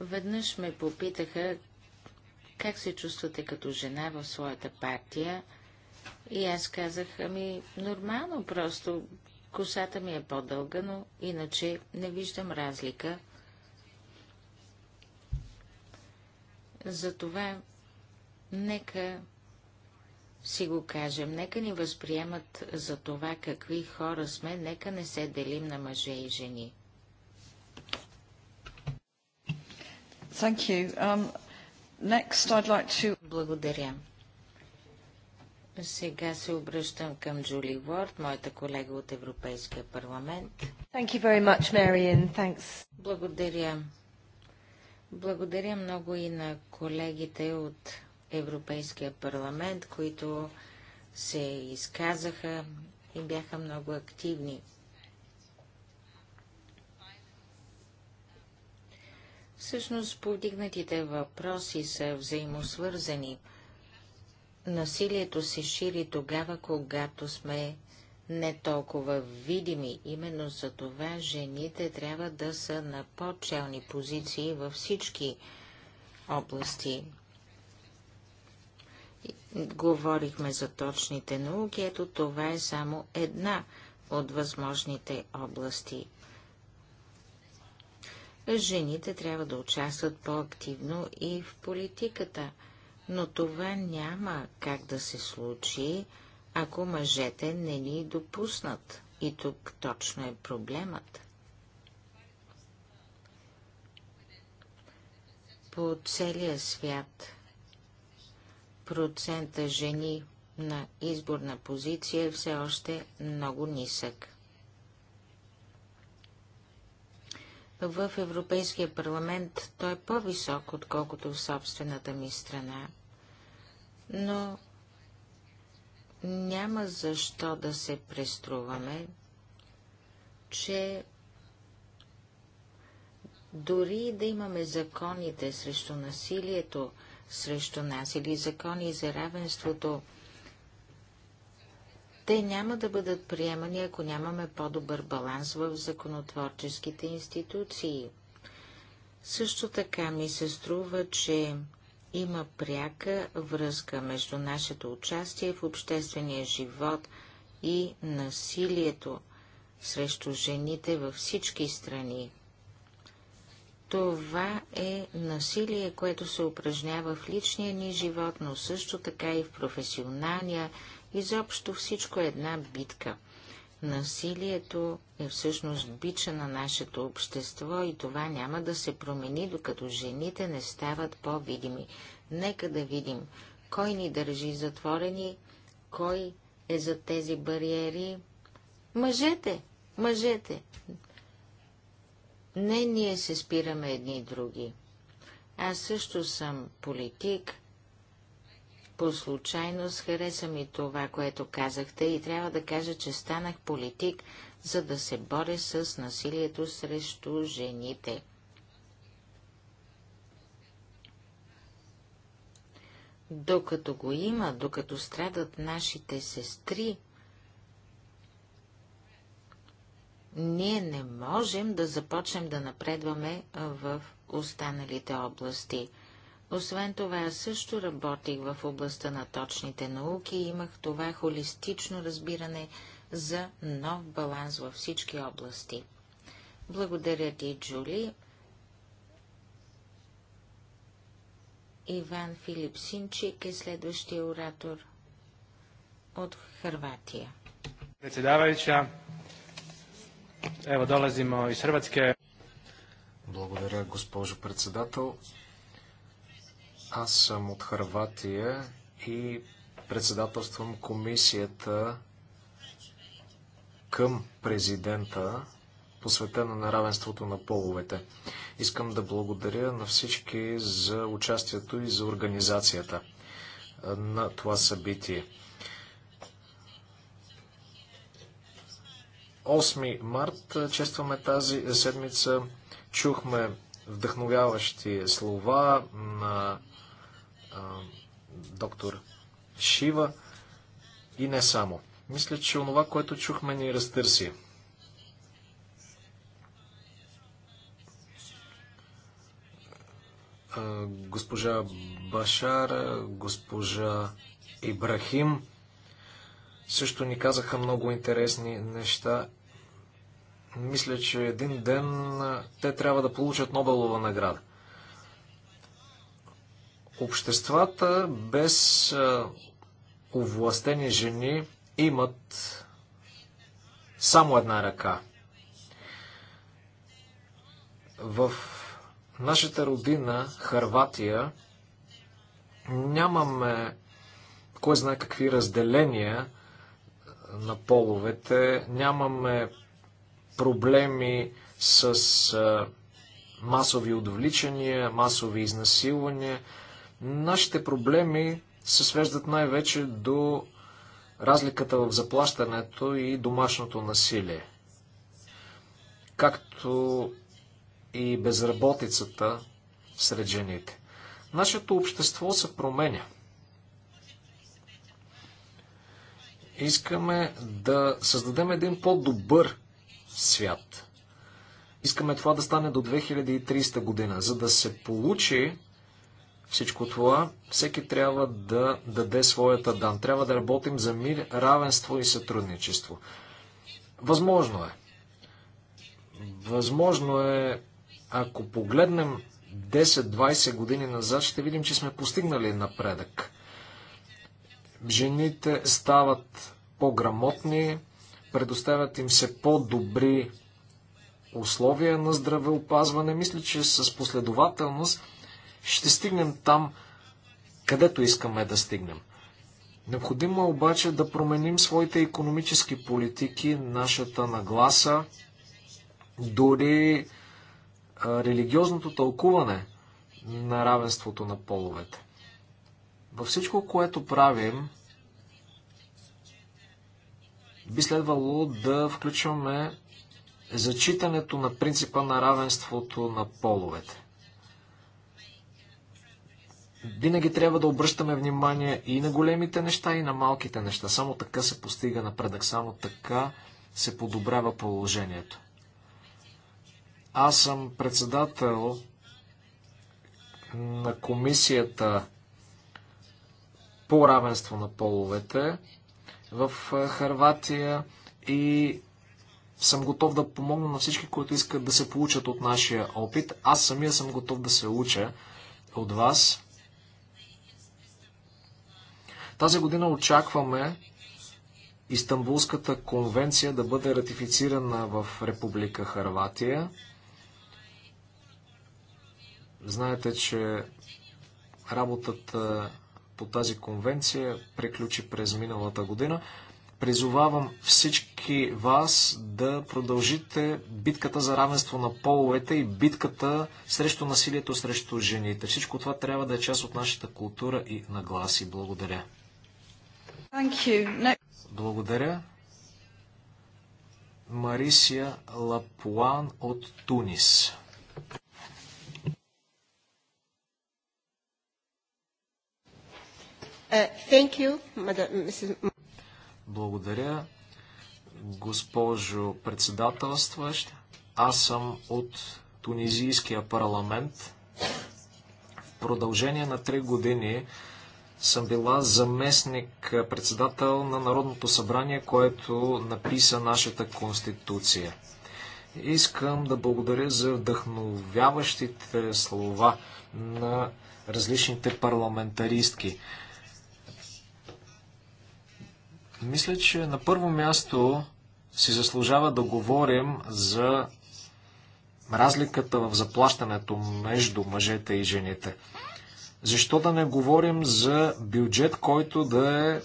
Веднъж ме попитаха как се чувствате като жена в своята партия и аз казах, ами нормално, просто косата ми е по-дълга, но иначе не виждам разлика. Затова Нека си го кажем, нека ни възприемат за това какви хора сме, нека не се делим на мъже и жени. Thank you. Um, next I'd like to... Благодаря. Сега се обръщам към Джули Уорд, моята колега от Европейския парламент. Thank you very much, Marian. Thanks. Благодаря. Благодаря много и на колегите от Европейския парламент, които се изказаха и бяха много активни. Всъщност повдигнатите въпроси са взаимосвързани. Насилието се шири тогава, когато сме не толкова видими. Именно за това жените трябва да са на по-челни позиции във всички области Говорихме за точните науки, ето това е само една от възможните области. Жените трябва да участват по-активно и в политиката, но това няма как да се случи, ако мъжете не ни допуснат. И тук точно е проблемът. По целия свят – процента жени на изборна позиция е все още много нисък. В Европейския парламент той е по-висок, отколкото в собствената ми страна, но няма защо да се преструваме, че дори да имаме законите срещу насилието, срещу нас или закони за равенството. Те няма да бъдат приемани, ако нямаме по-добър баланс в законотворческите институции. Също така ми се струва, че има пряка връзка между нашето участие в обществения живот и насилието срещу жените във всички страни. Това е насилие, което се упражнява в личния ни живот, но също така и в професионалния. Изобщо всичко е една битка. Насилието е всъщност бича на нашето общество и това няма да се промени, докато жените не стават по-видими. Нека да видим, кой ни държи затворени, кой е за тези бариери. Мъжете, мъжете, не, ние се спираме едни и други. Аз също съм политик. По случайност хареса ми това, което казахте и трябва да кажа, че станах политик, за да се боря с насилието срещу жените. Докато го има, докато страдат нашите сестри, ние не можем да започнем да напредваме в останалите области. Освен това, аз също работих в областта на точните науки и имах това холистично разбиране за нов баланс във всички области. Благодаря ти, Джули. Иван Филип Синчик е следващия оратор от Харватия. Председавайча, Evo, dolazimo iz Hrvatske. Благодаря, госпожо председател. Аз съм от Харватия и председателствам комисията към президента, посветена на равенството на половете. Искам да благодаря на всички за участието и за организацията на това събитие. 8 март честваме тази седмица. Чухме вдъхновяващи слова на а, доктор Шива и не само. Мисля, че онова, което чухме, ни разтърси. госпожа Башара, госпожа Ибрахим също ни казаха много интересни неща. Мисля, че един ден те трябва да получат Нобелова награда. Обществата без овластени жени имат само една ръка. В нашата родина, Харватия, нямаме кой знае какви разделения на половете. Нямаме проблеми с масови отвличания, масови изнасилвания. Нашите проблеми се свеждат най-вече до разликата в заплащането и домашното насилие. Както и безработицата сред жените. Нашето общество се променя – Искаме да създадем един по-добър свят. Искаме това да стане до 2300 година. За да се получи всичко това, всеки трябва да даде своята дан. Трябва да работим за мир, равенство и сътрудничество. Възможно е. Възможно е, ако погледнем 10-20 години назад, ще видим, че сме постигнали напредък. Жените стават по-грамотни, предоставят им се по-добри условия на здравеопазване. Мисля, че с последователност ще стигнем там, където искаме да стигнем. Необходимо е обаче да променим своите економически политики, нашата нагласа, дори религиозното тълкуване на равенството на половете. Във всичко, което правим, би следвало да включваме зачитането на принципа на равенството на половете. Винаги трябва да обръщаме внимание и на големите неща, и на малките неща. Само така се постига напредък, само така се подобрява положението. Аз съм председател на комисията по равенство на половете в Харватия и съм готов да помогна на всички, които искат да се получат от нашия опит. Аз самия съм готов да се уча от вас. Тази година очакваме Истанбулската конвенция да бъде ратифицирана в Република Харватия. Знаете, че работата по тази конвенция приключи през миналата година. Призовавам всички вас да продължите битката за равенство на половете и битката срещу насилието срещу жените. Всичко това трябва да е част от нашата култура и нагласи. Благодаря. Благодаря. Марисия Лапуан от Тунис. Uh, you, Благодаря, госпожо председателстващ. Аз съм от Тунизийския парламент. В продължение на три години съм била заместник председател на Народното събрание, което написа нашата конституция. Искам да благодаря за вдъхновяващите слова на различните парламентаристки. Мисля, че на първо място си заслужава да говорим за разликата в заплащането между мъжете и жените. Защо да не говорим за бюджет, който да е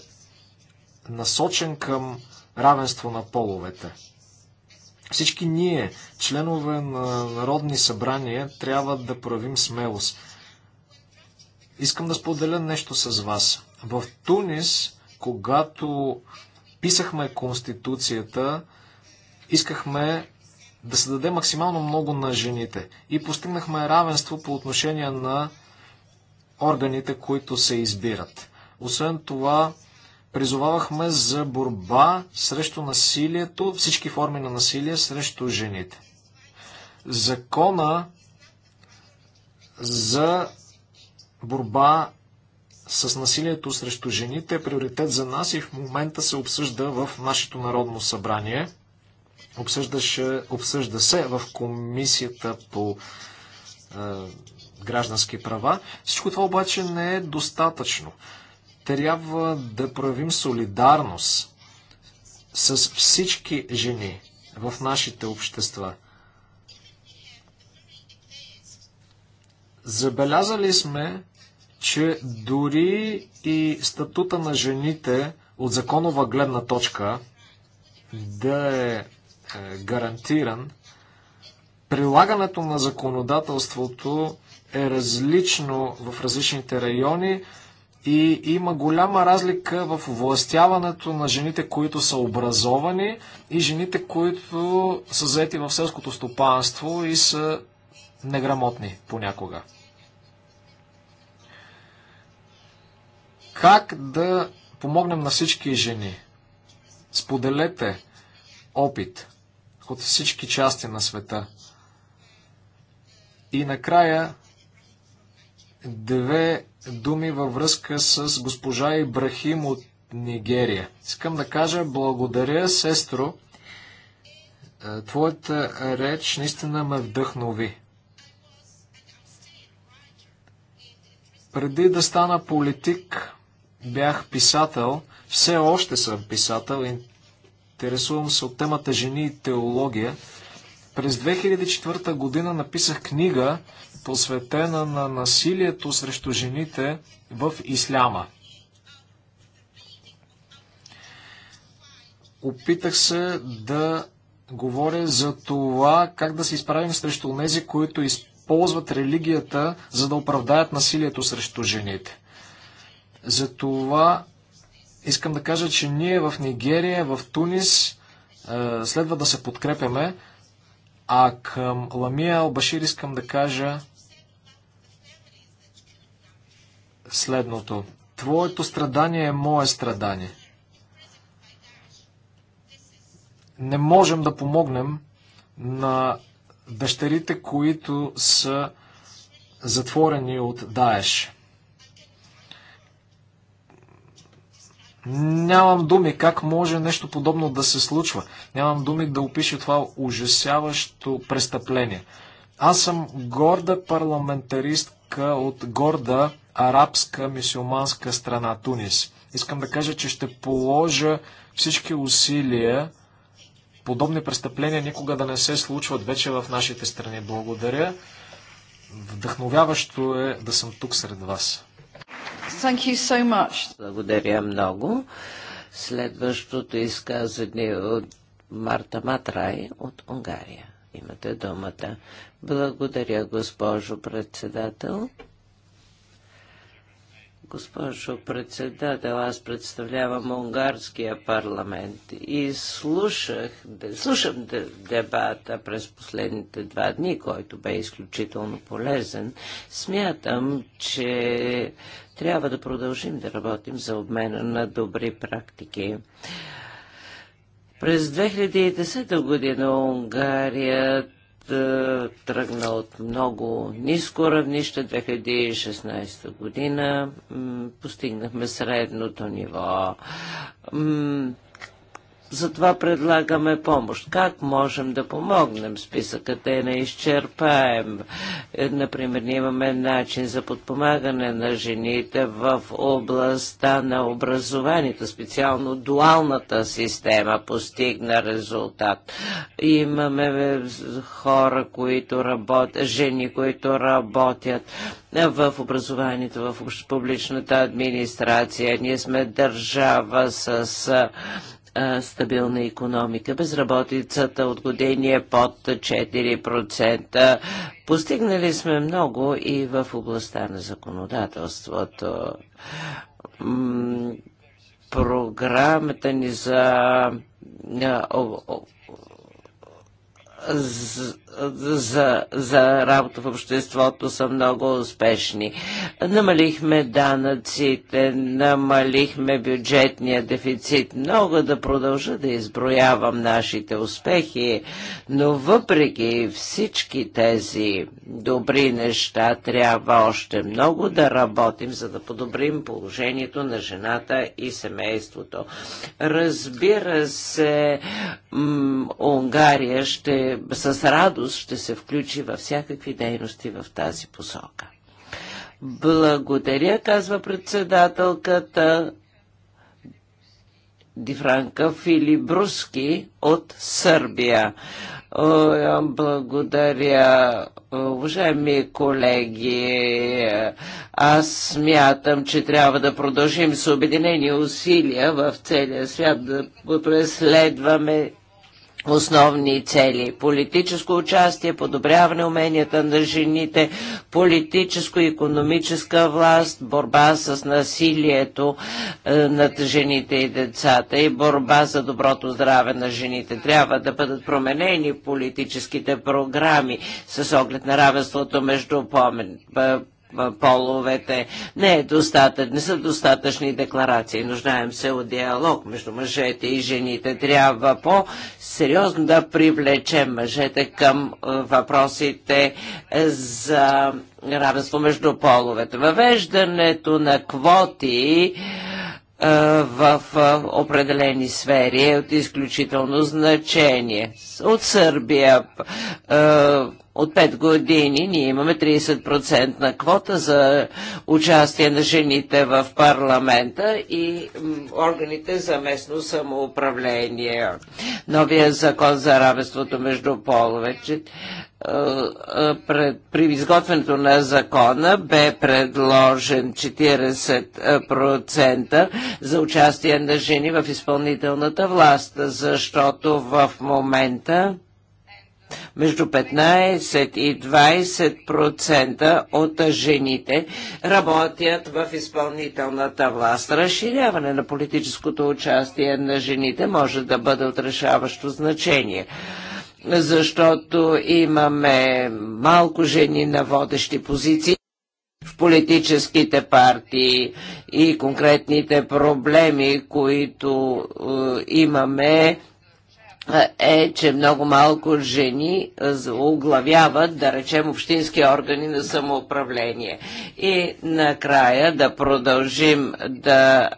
насочен към равенство на половете? Всички ние, членове на народни събрания, трябва да проявим смелост. Искам да споделя нещо с вас. В Тунис когато писахме Конституцията, искахме да се даде максимално много на жените и постигнахме равенство по отношение на органите, които се избират. Освен това, призовавахме за борба срещу насилието, всички форми на насилие срещу жените. Закона за борба с насилието срещу жените е приоритет за нас и в момента се обсъжда в нашето народно събрание. Обсъждаше, обсъжда се в комисията по е, граждански права. Всичко това обаче не е достатъчно. Трябва да проявим солидарност с всички жени в нашите общества. Забелязали сме, че дори и статута на жените от законова гледна точка да е, е гарантиран, прилагането на законодателството е различно в различните райони и има голяма разлика в властяването на жените, които са образовани и жените, които са заети в селското стопанство и са неграмотни понякога. Как да помогнем на всички жени? Споделете опит от всички части на света. И накрая две думи във връзка с госпожа Ибрахим от Нигерия. Искам да кажа благодаря, сестро. Е, твоята реч наистина ме вдъхнови. Преди да стана политик, бях писател, все още съм писател, интересувам се от темата жени и теология. През 2004 година написах книга, посветена на насилието срещу жените в исляма. Опитах се да говоря за това как да се изправим срещу тези, които използват религията, за да оправдаят насилието срещу жените. Затова искам да кажа, че ние в Нигерия, в Тунис е, следва да се подкрепяме, а към Ламия Албашир искам да кажа следното. Твоето страдание е мое страдание. Не можем да помогнем на дъщерите, които са затворени от Даеш. Нямам думи как може нещо подобно да се случва. Нямам думи да опиша това ужасяващо престъпление. Аз съм горда парламентаристка от горда арабска мисиоманска страна Тунис. Искам да кажа, че ще положа всички усилия подобни престъпления никога да не се случват вече в нашите страни. Благодаря. Вдъхновяващо е да съм тук сред вас. Thank you so much. Благодаря много. Следващото изказване е от Марта Матрай от Унгария. Имате думата. Благодаря, госпожо председател. Госпожо председател, аз представлявам унгарския парламент и слушах, слушам дебата през последните два дни, който бе изключително полезен. Смятам, че трябва да продължим да работим за обмена на добри практики. През 2010 година Унгария е, тръгна от много ниско равнище. 2016 година постигнахме средното ниво. Затова предлагаме помощ. Как можем да помогнем? Списъкът е неизчерпаем. Е, например, ние имаме начин за подпомагане на жените в областта на образованието. Специално дуалната система постигна резултат. Имаме е, хора, които работят, жени, които работят е, в образованието, в публичната администрация. Ние сме държава с стабилна економика. Безработицата от години е под 4%. Постигнали сме много и в областта на законодателството. програмата ни за за, за работа в обществото са много успешни. Намалихме данъците, намалихме бюджетния дефицит. Много да продължа да изброявам нашите успехи, но въпреки всички тези добри неща, трябва още много да работим, за да подобрим положението на жената и семейството. Разбира се, Унгария ще с радост Исус ще се включи във всякакви дейности в тази посока. Благодаря, казва председателката Дифранка Филибруски от Сърбия. Благодаря, уважаеми колеги. Аз смятам, че трябва да продължим с обединени усилия в целия свят да преследваме основни цели. Политическо участие, подобряване уменията на жените, политическо-економическа власт, борба с насилието е, над жените и децата и борба за доброто здраве на жените. Трябва да бъдат променени политическите програми с оглед на равенството между е, половете. Не, е достатъч, не са достатъчни декларации. Нуждаем се от диалог между мъжете и жените. Трябва по-сериозно да привлечем мъжете към е, въпросите е, за равенство между половете. Въвеждането на квоти е, в определени сфери е от изключително значение. От Сърбия от 5 години ние имаме 30% на квота за участие на жените в парламента и органите за местно самоуправление. Новия закон за равенството между половече. Е, е, при изготвянето на закона бе предложен 40% за участие на жени в изпълнителната власт, защото в момента между 15 и 20% от жените работят в изпълнителната власт. Разширяване на политическото участие на жените може да бъде от решаващо значение защото имаме малко жени на водещи позиции в политическите партии и конкретните проблеми, които е, имаме, е, че много малко жени е, оглавяват, да речем, общински органи на самоуправление. И накрая да продължим да е,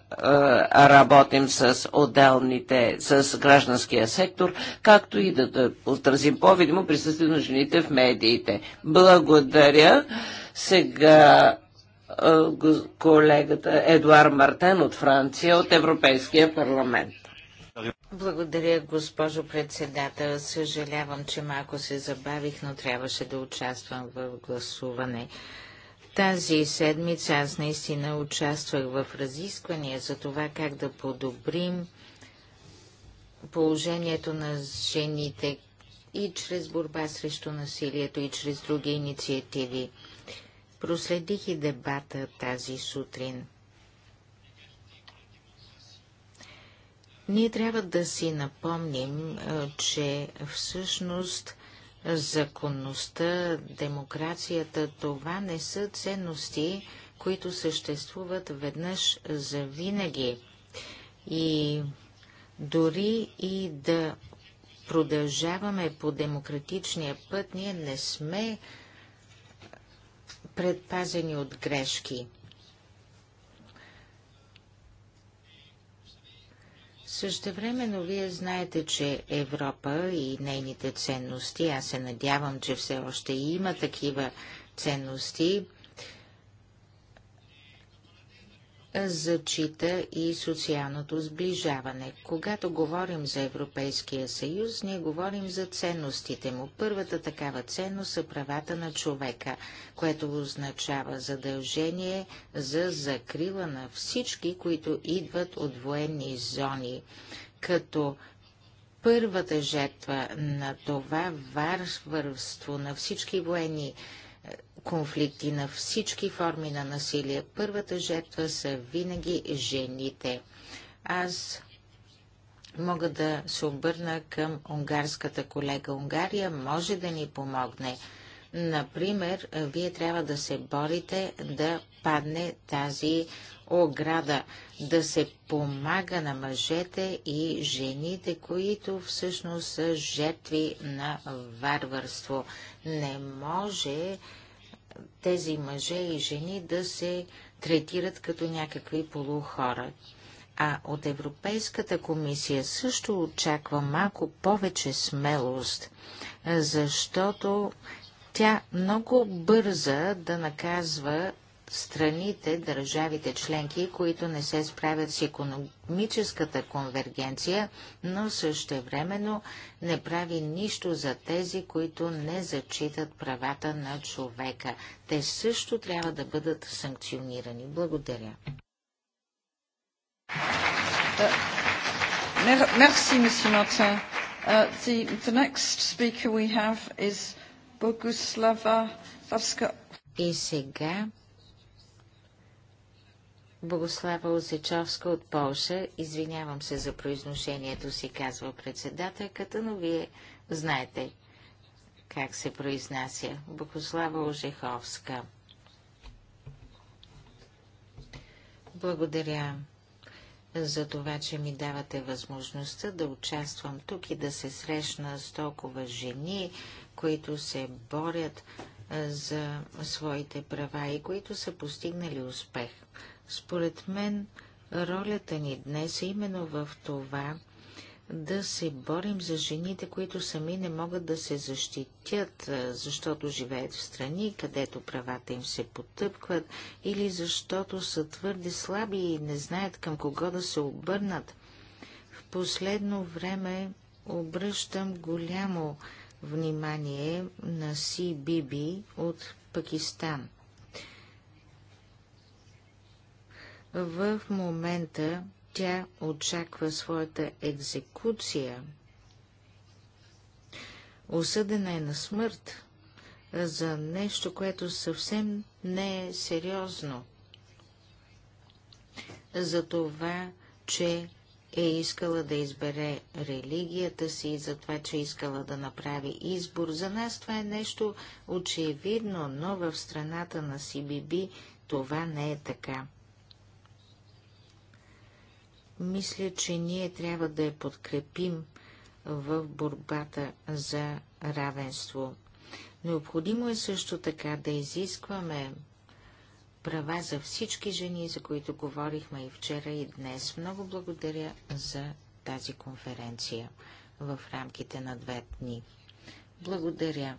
работим с отделните, с гражданския сектор, както и да, да отразим по-видимо присъствието на жените в медиите. Благодаря. Сега е, колегата Едуар Мартен от Франция, от Европейския парламент. Благодаря, госпожо председател. Съжалявам, че малко се забавих, но трябваше да участвам в гласуване. Тази седмица аз наистина участвах в разисквания за това как да подобрим положението на жените и чрез борба срещу насилието и чрез други инициативи. Проследих и дебата тази сутрин. Ние трябва да си напомним, че всъщност законността, демокрацията, това не са ценности, които съществуват веднъж за винаги. И дори и да продължаваме по демократичния път, ние не сме предпазени от грешки. Същевременно вие знаете, че Европа и нейните ценности, аз се надявам, че все още има такива ценности, зачита и социалното сближаване. Когато говорим за Европейския съюз, ние говорим за ценностите му. Първата такава ценност са правата на човека, което означава задължение за закрила на всички, които идват от военни зони. Като първата жертва на това варварство на всички военни конфликти, на всички форми на насилие. Първата жертва са винаги жените. Аз мога да се обърна към унгарската колега. Унгария може да ни помогне. Например, вие трябва да се борите да падне тази ограда, да се помага на мъжете и жените, които всъщност са жертви на варварство. Не може тези мъже и жени да се третират като някакви полухора. А от Европейската комисия също очаква малко повече смелост, защото тя много бърза да наказва страните, държавите членки, които не се справят с економическата конвергенция, но същевременно не прави нищо за тези, които не зачитат правата на човека. Те също трябва да бъдат санкционирани. Благодаря. Мерси, uh, Monsieur Uh, the, the next speaker we have is Boguslava Vaska. И сега Богослава Осечовска от Полша. Извинявам се за произношението си, казва председателката, но вие знаете как се произнася. Богослава Ожеховска. Благодаря за това, че ми давате възможността да участвам тук и да се срещна с толкова жени, които се борят за своите права и които са постигнали успех. Според мен, ролята ни днес е именно в това да се борим за жените, които сами не могат да се защитят, защото живеят в страни, където правата им се потъпкват, или защото са твърде слаби и не знаят към кого да се обърнат. В последно време обръщам голямо внимание на Си Биби от Пакистан. В момента тя очаква своята екзекуция. Осъдена е на смърт за нещо, което съвсем не е сериозно. За това, че е искала да избере религията си, за това, че е искала да направи избор. За нас това е нещо очевидно, но в страната на Сибиби това не е така. Мисля, че ние трябва да я подкрепим в борбата за равенство. Необходимо е също така да изискваме права за всички жени, за които говорихме и вчера и днес. Много благодаря за тази конференция в рамките на две дни. Благодаря.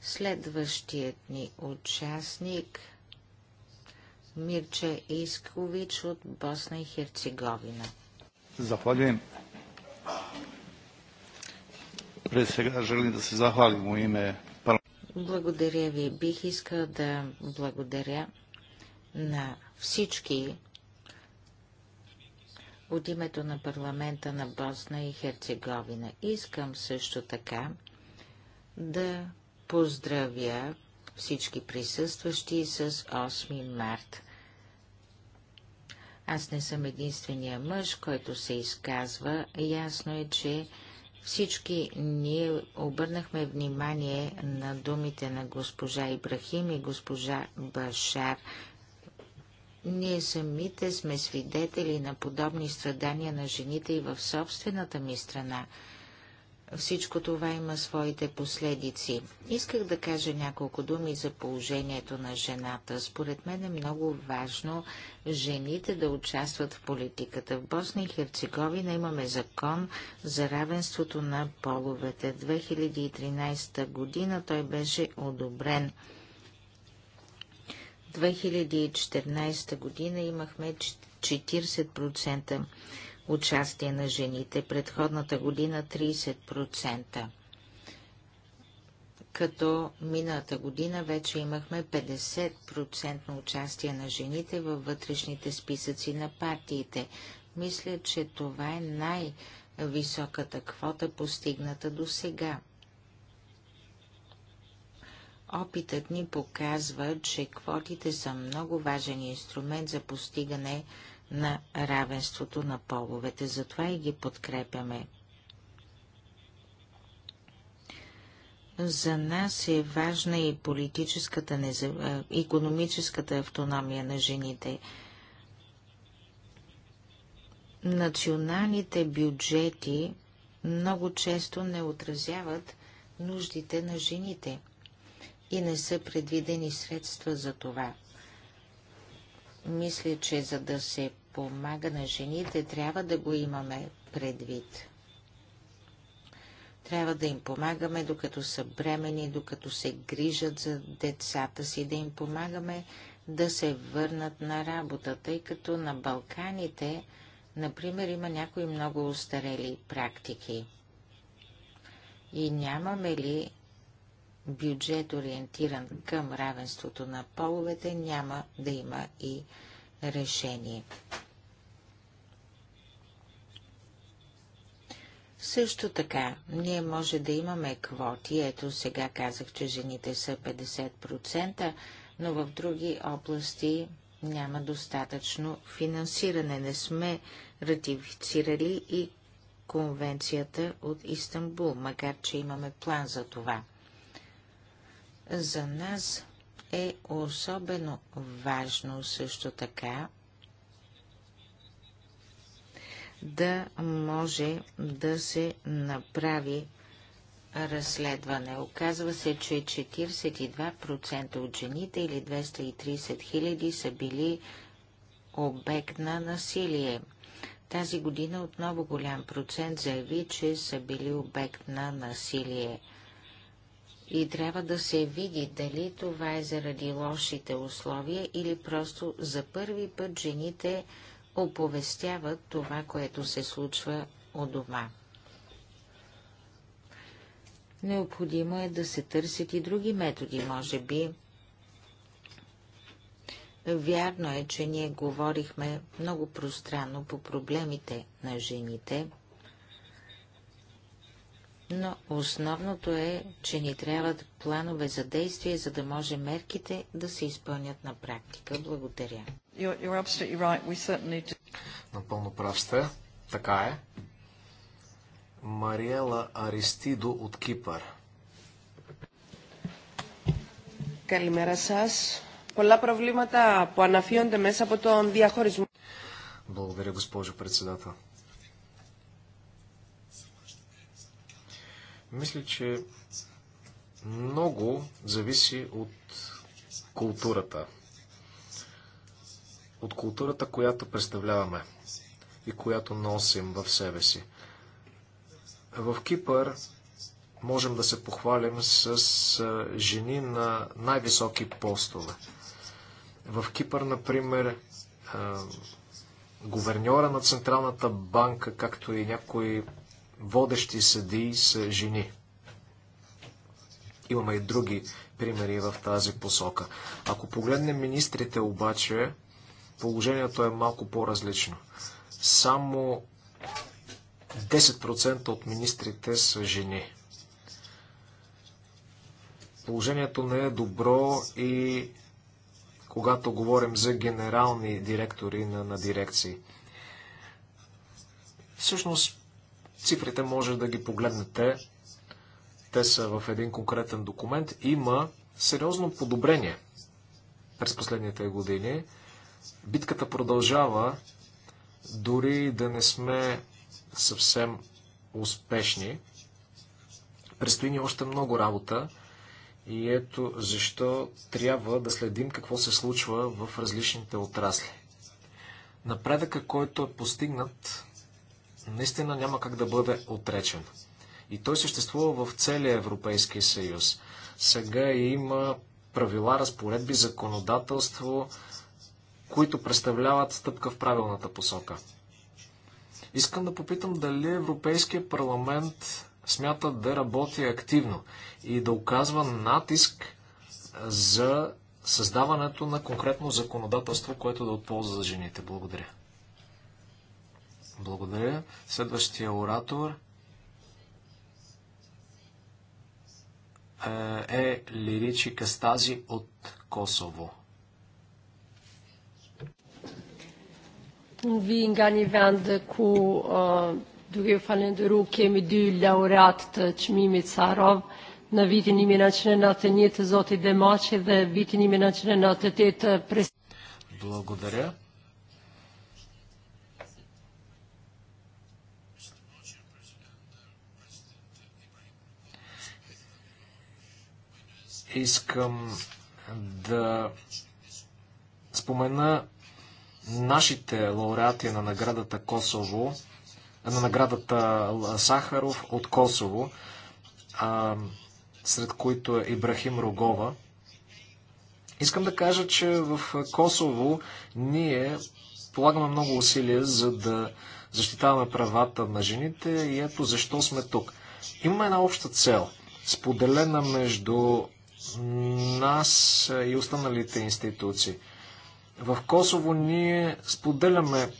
Следващият ни участник – Mirče Isković od Босна i Hercegovina. Zahvaljujem. Pre svega želim da se zahvalim u ime Благодаря ви. Бих искал да благодаря на всички от името на парламента на Босна и Херцеговина. Искам също така да поздравя всички присъстващи с 8 март. Аз не съм единствения мъж, който се изказва. Ясно е, че всички ние обърнахме внимание на думите на госпожа Ибрахим и госпожа Башар. Ние самите сме свидетели на подобни страдания на жените и в собствената ми страна. Всичко това има своите последици. Исках да кажа няколко думи за положението на жената. Според мен е много важно жените да участват в политиката. В Босна и Херцеговина имаме закон за равенството на половете. 2013 година той беше одобрен. 2014 година имахме 40% участие на жените, предходната година 30%, като миналата година вече имахме 50% участие на жените във вътрешните списъци на партиите. Мисля, че това е най-високата квота, постигната до сега. Опитът ни показва, че квотите са много важен инструмент за постигане на на равенството на половете. Затова и ги подкрепяме. За нас е важна и политическата, економическата автономия на жените. Националните бюджети много често не отразяват нуждите на жените и не са предвидени средства за това. Мисля, че за да се помага на жените, трябва да го имаме предвид. Трябва да им помагаме, докато са бремени, докато се грижат за децата си, да им помагаме да се върнат на работа, тъй като на Балканите, например, има някои много устарели практики. И нямаме ли бюджет ориентиран към равенството на половете, няма да има и решение. Също така, ние може да имаме квоти, ето сега казах, че жените са 50%, но в други области няма достатъчно финансиране. Не сме ратифицирали и конвенцията от Истанбул, макар че имаме план за това. За нас е особено важно също така да може да се направи разследване. Оказва се, че 42% от жените или 230 хиляди са били обект на насилие. Тази година отново голям процент заяви, че са били обект на насилие. И трябва да се види дали това е заради лошите условия или просто за първи път жените оповестяват това, което се случва у дома. Необходимо е да се търсят и други методи, може би. Вярно е, че ние говорихме много пространно по проблемите на жените – но основното е, че ни трябват планове за действие, за да може мерките да се изпълнят на практика. Благодаря. Напълно прав сте. Така е. Мариела Аристидо от Кипър. Калимера сас. Пола проблемата по анафионте меса по τον диахоризм. Благодаря, госпожо председател. Мисля, че много зависи от културата. От културата, която представляваме и която носим в себе си. В Кипър можем да се похвалим с жени на най-високи постове. В Кипър, например, говерньора на Централната банка, както и някои водещи съдии са жени. Имаме и други примери в тази посока. Ако погледнем министрите обаче, положението е малко по-различно. Само 10% от министрите са жени. Положението не е добро и когато говорим за генерални директори на, на дирекции. Всъщност, Цифрите може да ги погледнете. Те са в един конкретен документ. Има сериозно подобрение през последните години. Битката продължава, дори да не сме съвсем успешни. Предстои ни още много работа и ето защо трябва да следим какво се случва в различните отрасли. Напредъка, който е постигнат, наистина няма как да бъде отречен. И той съществува в целия Европейски съюз. Сега има правила, разпоредби, законодателство, които представляват стъпка в правилната посока. Искам да попитам дали Европейския парламент смята да работи активно и да оказва натиск за създаването на конкретно законодателство, което да отползва за жените. Благодаря. Благодаря. Следващия оратор е Лиричи Кастази от Косово. Vi ingan i vände ku duge falen dru kemi dy laureat të çmimit Sarov në vitin 1991 të Zotit Demaçi dhe vitin 1998 të pres Благодаря. Искам да спомена нашите лауреати на наградата Косово, на наградата Сахаров от Косово, а, сред които е Ибрахим Рогова. Искам да кажа, че в Косово ние полагаме много усилия за да защитаваме правата на жените и ето защо сме тук. Имаме една обща цел, споделена между нас и останалите институции. В Косово ние споделяме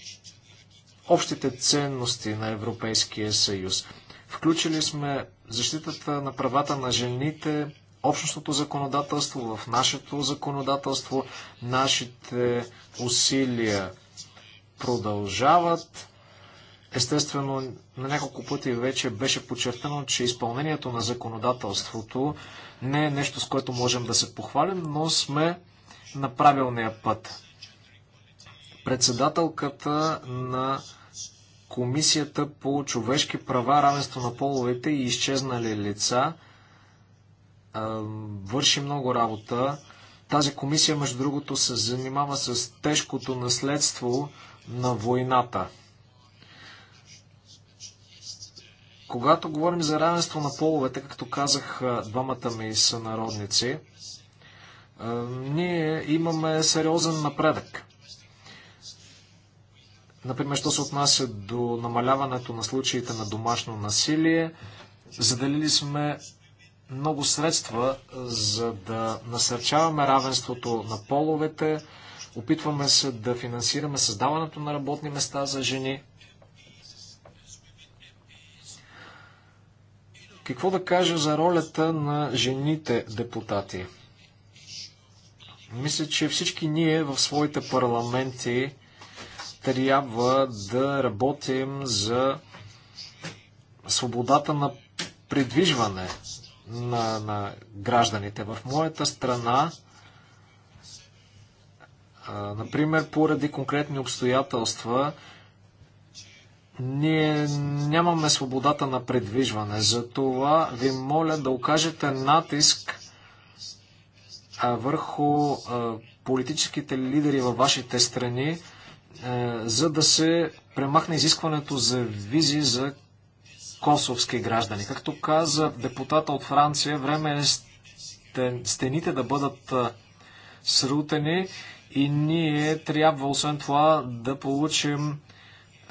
общите ценности на Европейския съюз. Включили сме защитата на правата на жените, общностното законодателство в нашето законодателство, нашите усилия продължават. Естествено, на няколко пъти вече беше подчертано, че изпълнението на законодателството не е нещо, с което можем да се похвалим, но сме на правилния път. Председателката на Комисията по човешки права, равенство на половете и изчезнали лица върши много работа. Тази комисия, между другото, се занимава с тежкото наследство на войната. Когато говорим за равенство на половете, както казах двамата ми сънародници, ние имаме сериозен напредък. Например, що се отнася до намаляването на случаите на домашно насилие, заделили сме много средства, за да насърчаваме равенството на половете. Опитваме се да финансираме създаването на работни места за жени. Какво да кажа за ролята на жените депутати? Мисля, че всички ние в своите парламенти трябва да работим за свободата на придвижване на, на гражданите. В моята страна, а, например, поради конкретни обстоятелства, ние нямаме свободата на предвижване. Затова ви моля да окажете натиск върху политическите лидери във вашите страни, за да се премахне изискването за визи за косовски граждани. Както каза депутата от Франция, време е стените да бъдат срутени и ние трябва, освен това, да получим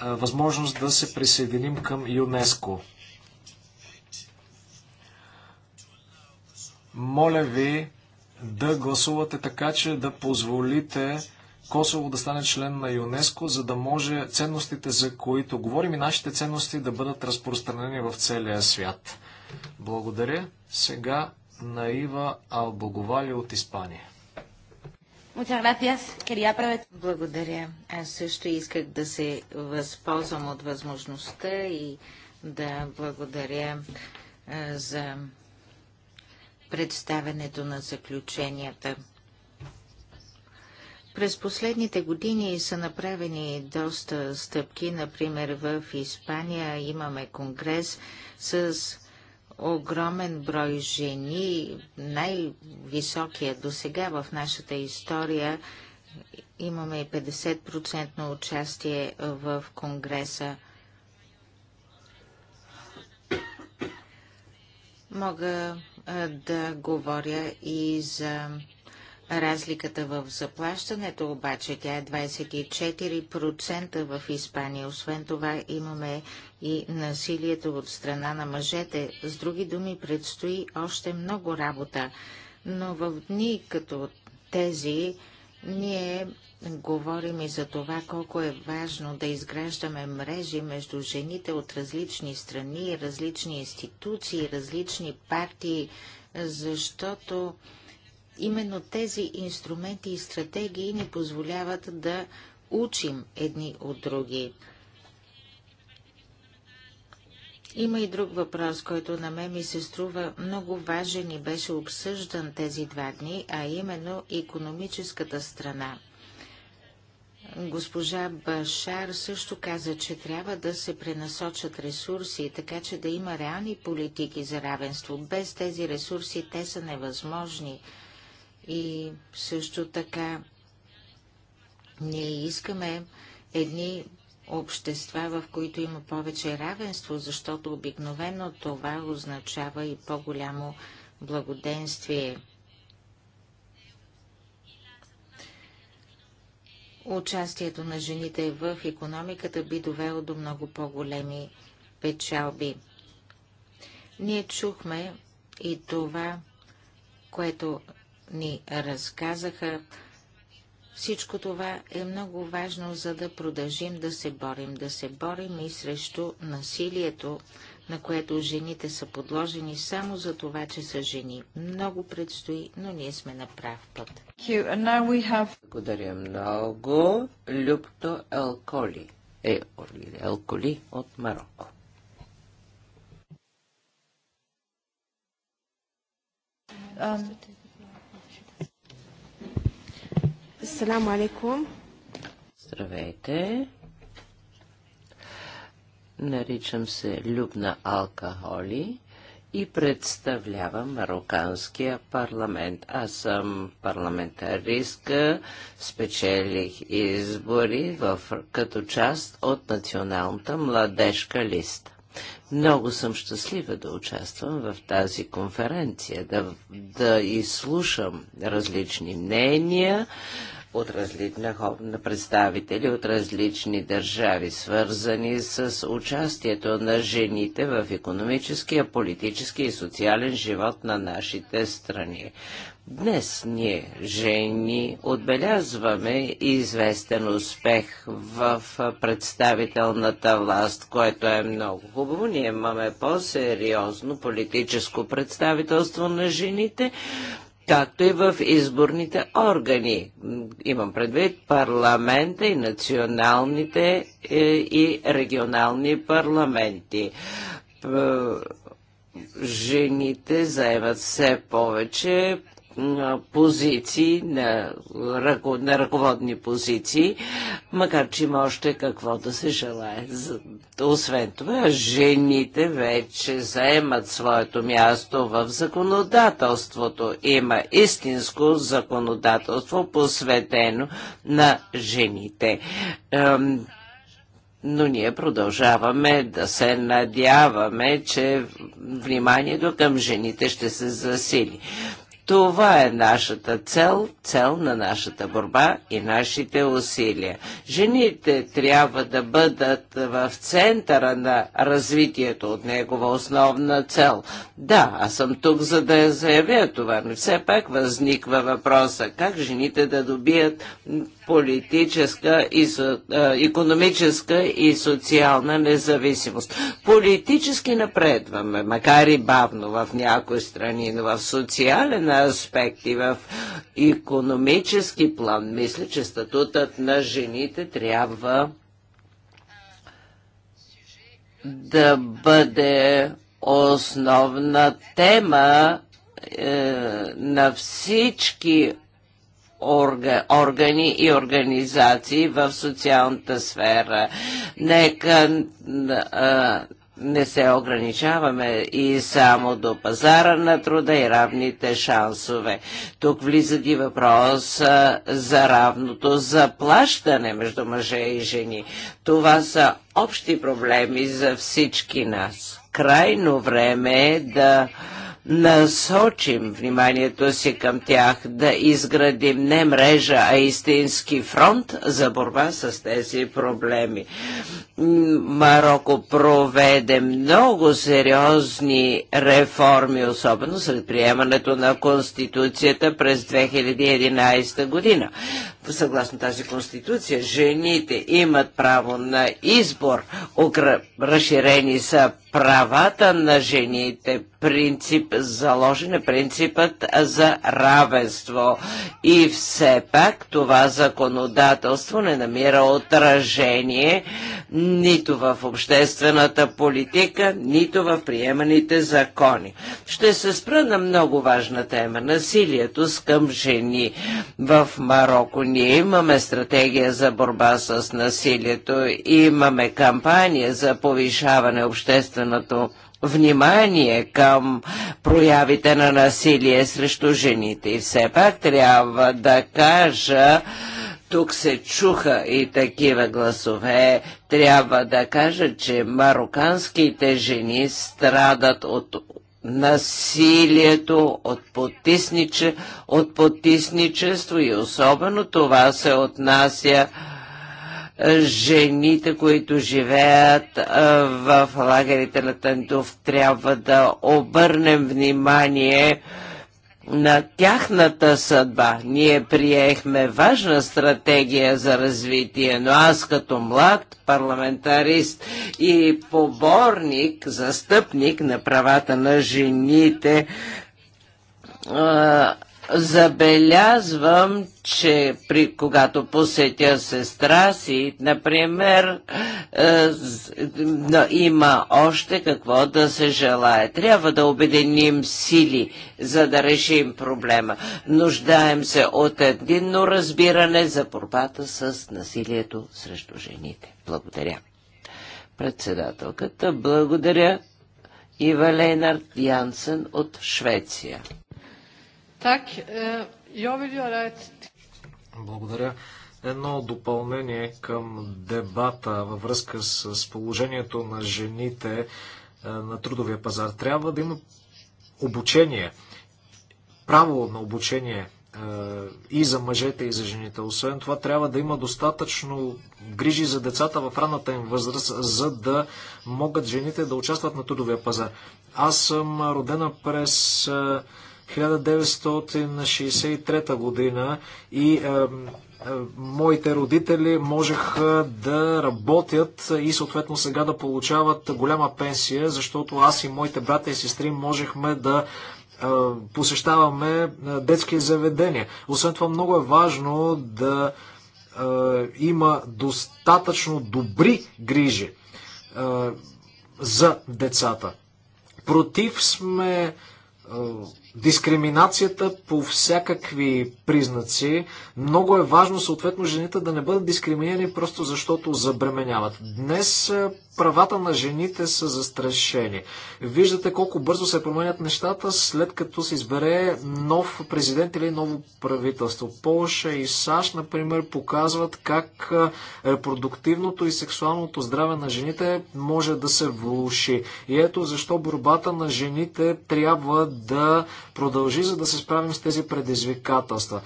е, възможност да се присъединим към ЮНЕСКО. Моля ви да гласувате така, че да позволите Косово да стане член на ЮНЕСКО, за да може ценностите, за които говорим и нашите ценности да бъдат разпространени в целия свят. Благодаря. Сега Наива Албоговали от Испания. Благодаря. Аз също исках да се възползвам от възможността и да благодаря за представенето на заключенията. През последните години са направени доста стъпки. Например, в Испания имаме конгрес с огромен брой жени, най-високия до сега в нашата история. Имаме 50% участие в Конгреса. Мога да говоря и за Разликата в заплащането обаче тя е 24% в Испания. Освен това имаме и насилието от страна на мъжете. С други думи, предстои още много работа. Но в дни като тези, ние говорим и за това колко е важно да изграждаме мрежи между жените от различни страни, различни институции, различни партии, защото Именно тези инструменти и стратегии ни позволяват да учим едни от други. Има и друг въпрос, който на мен ми се струва много важен и беше обсъждан тези два дни, а именно економическата страна. Госпожа Башар също каза, че трябва да се пренасочат ресурси, така че да има реални политики за равенство. Без тези ресурси те са невъзможни. И също така ние искаме едни общества, в които има повече равенство, защото обикновено това означава и по-голямо благоденствие. Участието на жените в економиката би довело до много по-големи печалби. Ние чухме и това, което ни разказаха. Всичко това е много важно, за да продължим да се борим, да се борим и срещу насилието, на което жените са подложени само за това, че са жени. Много предстои, но ние сме на прав път. Благодаря много. Любто Елколи. Е, Елколи от Марокко. Um, Салам алейкум. Здравейте. Наричам се Любна Алкахоли и представлявам Марокканския парламент. Аз съм парламентаристка, спечелих избори в, като част от Националната младежка листа. Много съм щастлива да участвам в тази конференция, да, да изслушам различни мнения, от различни на представители от различни държави, свързани с участието на жените в економическия, политически и социален живот на нашите страни. Днес ние, жени, отбелязваме известен успех в представителната власт, което е много хубаво. Ние имаме по-сериозно политическо представителство на жените, както и в изборните органи. Имам предвид парламента и националните е, и регионални парламенти. Е, жените заемат все повече позиции, на, ръко, на ръководни позиции, макар че има още какво да се желае. Освен това, жените вече заемат своето място в законодателството. Има истинско законодателство, посветено на жените но ние продължаваме да се надяваме, че вниманието към жените ще се засили. Това е нашата цел, цел на нашата борба и нашите усилия. Жените трябва да бъдат в центъра на развитието от негова основна цел. Да, аз съм тук, за да я заявя това, но все пак възниква въпроса как жените да добият политическа и со, економическа и социална независимост. Политически напредваме, макар и бавно в някои страни, но в социален аспект и в економически план, мисля, че статутът на жените трябва да бъде основна тема е, на всички орга, органи и организации в социалната сфера. Нека не се ограничаваме и само до пазара на труда и равните шансове. Тук влизат и въпрос за равното заплащане между мъже и жени. Това са общи проблеми за всички нас. Крайно време е да насочим вниманието си към тях, да изградим не мрежа, а истински фронт за борба с тези проблеми. Марокко проведе много сериозни реформи, особено след приемането на Конституцията през 2011 година съгласно тази конституция, жените имат право на избор. Разширени са правата на жените. Принцип, заложен е принципът за равенство. И все пак това законодателство не намира отражение нито в обществената политика, нито в приеманите закони. Ще се спра на много важна тема – насилието с към жени. В Марокко ние имаме стратегия за борба с насилието, имаме кампания за повишаване общественото внимание към проявите на насилие срещу жените. И все пак трябва да кажа, тук се чуха и такива гласове. Трябва да кажа, че мароканските жени страдат от насилието, от, потисниче, от потисничество и особено това се отнася жените, които живеят а, в лагерите на Тантов, трябва да обърнем внимание а, на тяхната съдба. Ние приехме важна стратегия за развитие, но аз като млад парламентарист и поборник, застъпник на правата на жените, Забелязвам, че при, когато посетя сестра си, например, е, има още какво да се желая. Трябва да обединим сили, за да решим проблема. Нуждаем се от единно разбиране за борбата с насилието срещу жените. Благодаря. Председателката, благодаря. Ива Лейнард Янсен от Швеция. Так, е, я ви Благодаря. Едно допълнение към дебата във връзка с положението на жените е, на трудовия пазар. Трябва да има обучение, право на обучение е, и за мъжете, и за жените. Освен това, трябва да има достатъчно грижи за децата в ранната им възраст, за да могат жените да участват на трудовия пазар. Аз съм родена през 1963 година и е, е, моите родители можеха да работят и съответно сега да получават голяма пенсия, защото аз и моите брата и сестри можехме да е, посещаваме е, детски заведения. Освен това много е важно да е, има достатъчно добри грижи е, за децата. Против сме дискриминацията по всякакви признаци. Много е важно, съответно, жените да не бъдат дискриминирани просто защото забременяват. Днес е, правата на жените са застрашени. Виждате колко бързо се променят нещата, след като се избере нов президент или ново правителство. Полша и САЩ, например, показват как репродуктивното и сексуалното здраве на жените може да се влуши. И ето защо борбата на жените трябва да продължи, за да се справим с тези предизвикателства.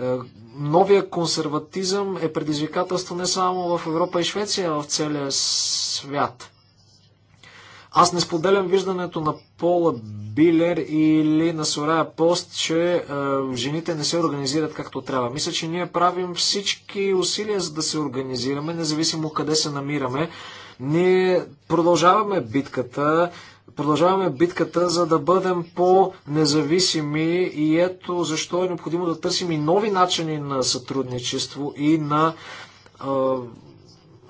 Е, новия консерватизъм е предизвикателство не само в Европа и Швеция, а в целия свят. Аз не споделям виждането на Пола Билер или на Сорая Пост, че е, жените не се организират както трябва. Мисля, че ние правим всички усилия за да се организираме, независимо къде се намираме. Ние продължаваме битката, Продължаваме битката, за да бъдем по-независими и ето защо е необходимо да търсим и нови начини на сътрудничество и на е,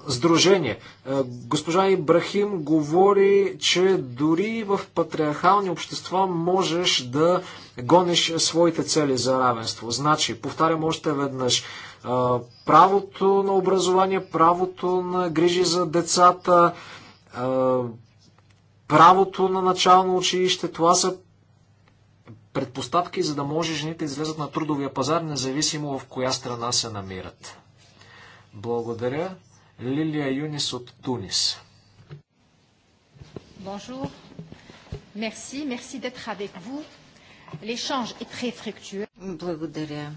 сдружение. Госпожа Ибрахим говори, че дори в патриархални общества можеш да гониш своите цели за равенство. Значи, повтарям още веднъж, правото на образование, правото на грижи за децата, правото на начално училище, това са предпоставки, за да може жените излезат на трудовия пазар, независимо в коя страна се намират. Благодаря. Лилия Юнис от Тунис. Bonjour. Merci, merci d'être avec vous. L'échange est très fructueux. Благодаря.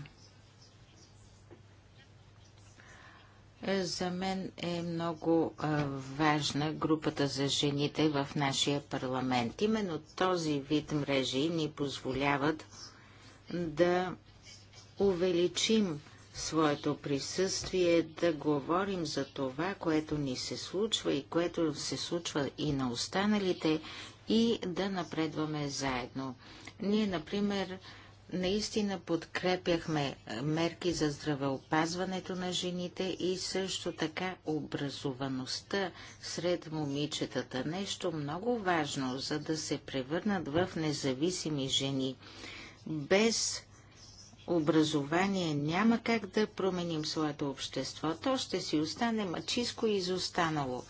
За мен е много важна групата за жените в нашия парламент. Именно този вид мрежи ни позволяват да увеличим своето присъствие, да говорим за това, което ни се случва и което се случва и на останалите и да напредваме заедно. Ние, например, наистина подкрепяхме мерки за здравеопазването на жените и също така образоваността сред момичетата. Нещо много важно, за да се превърнат в независими жени. Без образование няма как да променим своето общество. То ще си остане мачиско и изостанало.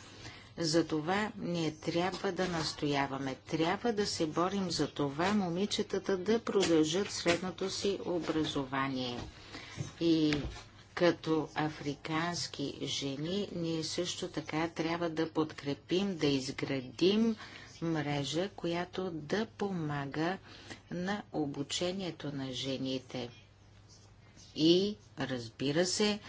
Затова ние трябва да настояваме, трябва да се борим за това момичетата да продължат средното си образование. И като африкански жени, ние също така трябва да подкрепим, да изградим мрежа, която да помага на обучението на жените. И, разбира се,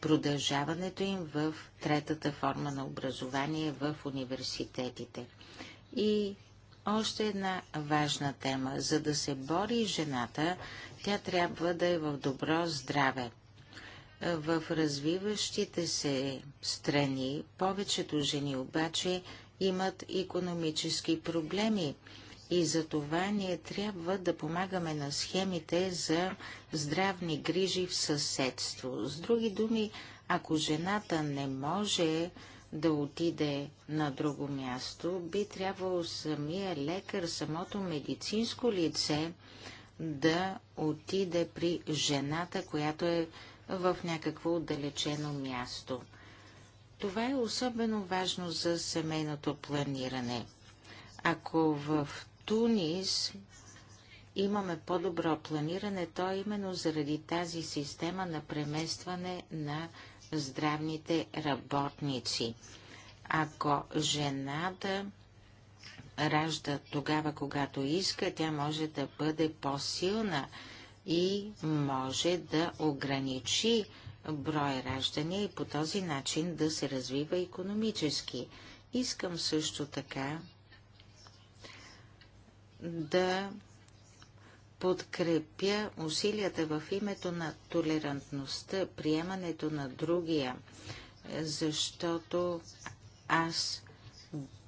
продължаването им в третата форма на образование в университетите. И още една важна тема. За да се бори жената, тя трябва да е в добро здраве. В развиващите се страни повечето жени обаче имат економически проблеми и за това ние трябва да помагаме на схемите за здравни грижи в съседство. С други думи, ако жената не може да отиде на друго място, би трябвало самия лекар, самото медицинско лице да отиде при жената, която е в някакво отдалечено място. Това е особено важно за семейното планиране. Ако в Тунис имаме по-добро планиране, то е именно заради тази система на преместване на здравните работници. Ако жената ражда тогава, когато иска, тя може да бъде по-силна и може да ограничи брой раждания и по този начин да се развива економически. Искам също така да подкрепя усилията в името на толерантността, приемането на другия, защото аз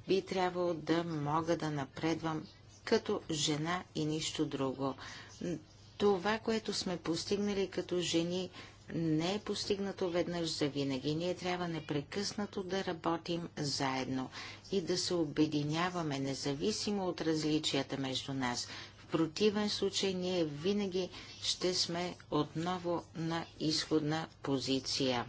би трябвало да мога да напредвам като жена и нищо друго. Това, което сме постигнали като жени, не е постигнато веднъж за винаги. Ние трябва непрекъснато да работим заедно и да се обединяваме, независимо от различията между нас. В противен случай ние винаги ще сме отново на изходна позиция.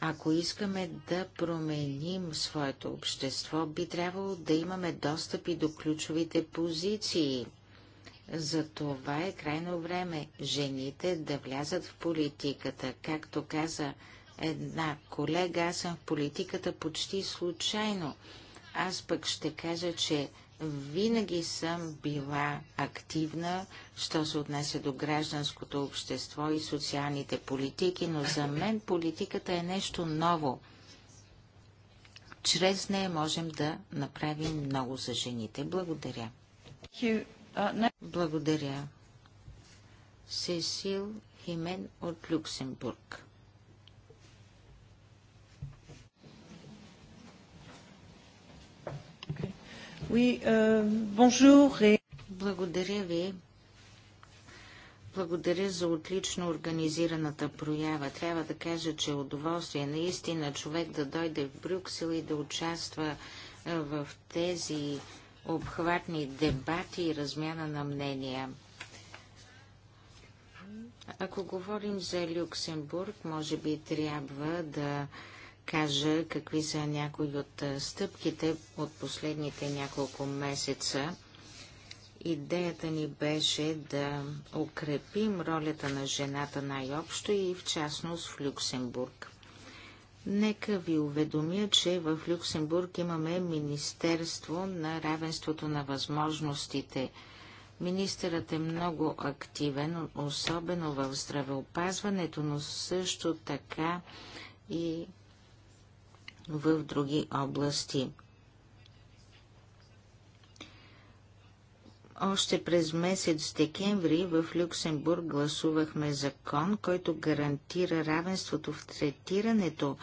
Ако искаме да променим своето общество, би трябвало да имаме достъпи до ключовите позиции – за това е крайно време жените да влязат в политиката. Както каза една колега, аз съм в политиката почти случайно. Аз пък ще кажа, че винаги съм била активна, що се отнася до гражданското общество и социалните политики, но за мен политиката е нещо ново. Чрез нея можем да направим много за жените. Благодаря. You, благодаря. Сесил Химен от Люксембург. Euh, Благодаря ви. Благодаря за отлично организираната проява. Трябва да кажа, че е удоволствие наистина човек да дойде в Брюксел и да участва в тези обхватни дебати и размяна на мнения. Ако говорим за Люксембург, може би трябва да кажа какви са някои от стъпките от последните няколко месеца. Идеята ни беше да укрепим ролята на жената най-общо и в частност в Люксембург. Нека ви уведомя, че в Люксембург имаме Министерство на равенството на възможностите. Министърът е много активен, особено в здравеопазването, но също така и в други области. Още през месец декември в Люксембург гласувахме закон, който гарантира равенството в третирането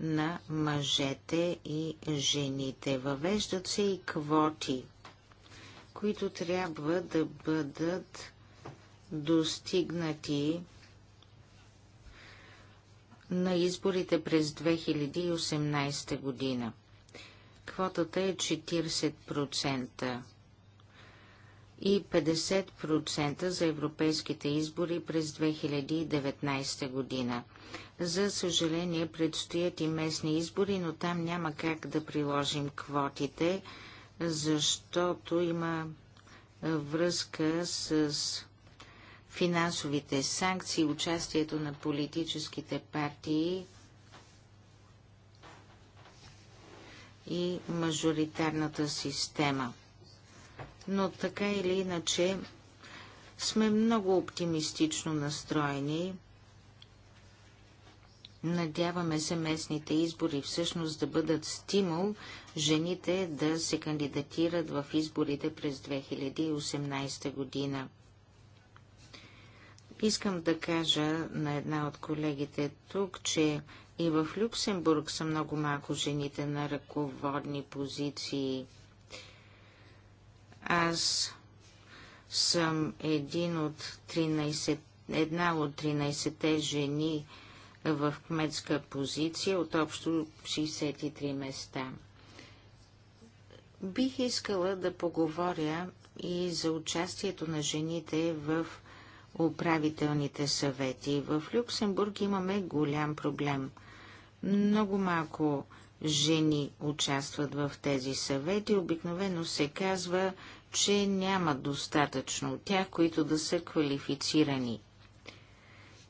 на мъжете и жените. Въвеждат се и квоти, които трябва да бъдат достигнати на изборите през 2018 година. Квотата е 40% и 50% за европейските избори през 2019 година. За съжаление предстоят и местни избори, но там няма как да приложим квотите, защото има връзка с финансовите санкции, участието на политическите партии и мажоритарната система но така или иначе сме много оптимистично настроени. Надяваме се местните избори всъщност да бъдат стимул жените да се кандидатират в изборите през 2018 година. Искам да кажа на една от колегите тук, че и в Люксембург са много малко жените на ръководни позиции – аз съм един от 13, една от 13-те жени в кметска позиция от общо 63 места. Бих искала да поговоря и за участието на жените в управителните съвети. В Люксембург имаме голям проблем. Много малко жени участват в тези съвети. Обикновено се казва, че няма достатъчно от тях, които да са квалифицирани.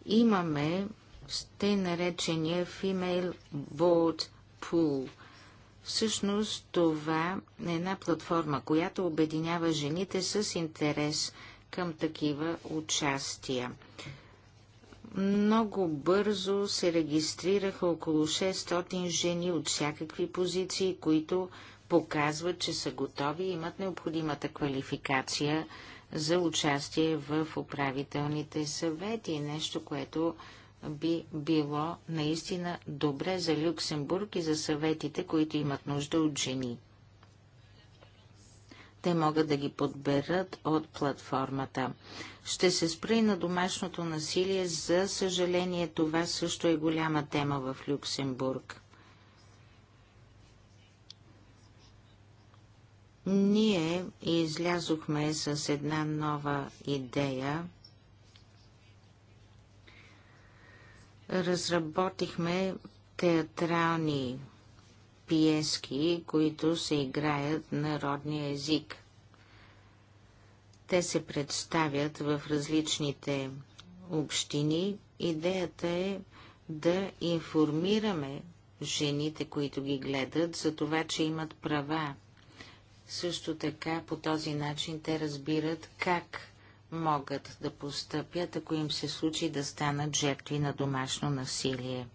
Имаме сте наречения Female Board Pool. Всъщност това е една платформа, която обединява жените с интерес към такива участия. Много бързо се регистрираха около 600 жени от всякакви позиции, които показват, че са готови и имат необходимата квалификация за участие в управителните съвети. Нещо, което би било наистина добре за Люксембург и за съветите, които имат нужда от жени. Те могат да ги подберат от платформата. Ще се спра и на домашното насилие. За съжаление, това също е голяма тема в Люксембург. Ние излязохме с една нова идея. Разработихме театрални пиески, които се играят на родния език. Те се представят в различните общини. Идеята е да информираме жените, които ги гледат, за това, че имат права също така по този начин те разбират как могат да постъпят, ако им се случи да станат жертви на домашно насилие.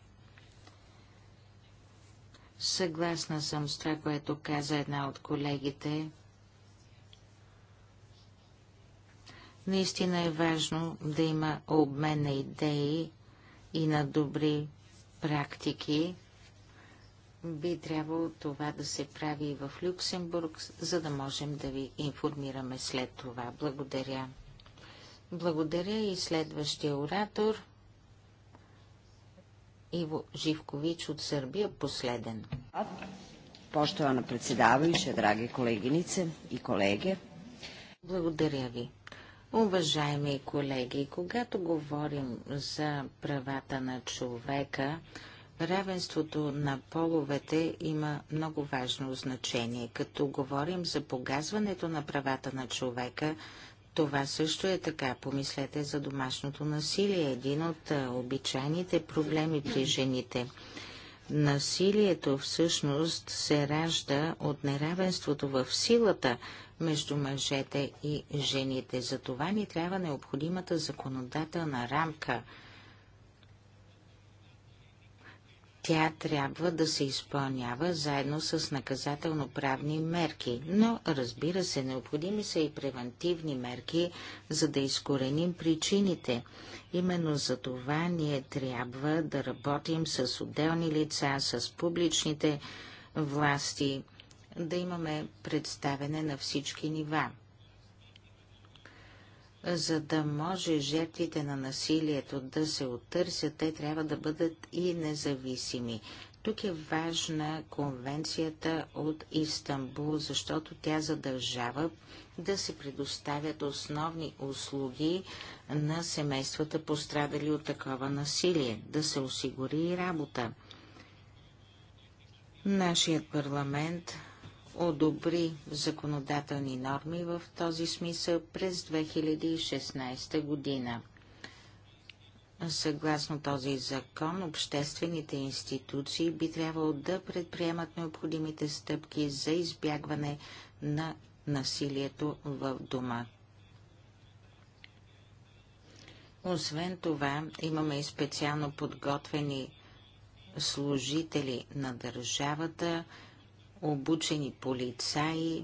Съгласна съм с това, което каза една от колегите. Наистина е важно да има обмен на идеи и на добри практики, би трябвало това да се прави и в Люксембург, за да можем да ви информираме след това. Благодаря. Благодаря и следващия оратор. Иво Живкович от Сърбия, последен. Poštovana председаваща, драги колегинице и колеги. Благодаря ви. Уважаеми колеги, когато говорим за правата на човека, Равенството на половете има много важно значение. Като говорим за погазването на правата на човека, това също е така. Помислете за домашното насилие, един от обичайните проблеми при жените. Насилието всъщност се ражда от неравенството в силата между мъжете и жените. За това ни трябва необходимата законодателна рамка – Тя трябва да се изпълнява заедно с наказателно-правни мерки, но разбира се, необходими са и превентивни мерки, за да изкореним причините. Именно за това ние трябва да работим с отделни лица, с публичните власти, да имаме представене на всички нива. За да може жертвите на насилието да се оттърсят, те трябва да бъдат и независими. Тук е важна конвенцията от Истанбул, защото тя задължава да се предоставят основни услуги на семействата пострадали от такова насилие, да се осигури и работа. Нашият парламент одобри законодателни норми в този смисъл през 2016 година. Съгласно този закон, обществените институции би трябвало да предприемат необходимите стъпки за избягване на насилието в дома. Освен това, имаме и специално подготвени служители на държавата, обучени полицаи.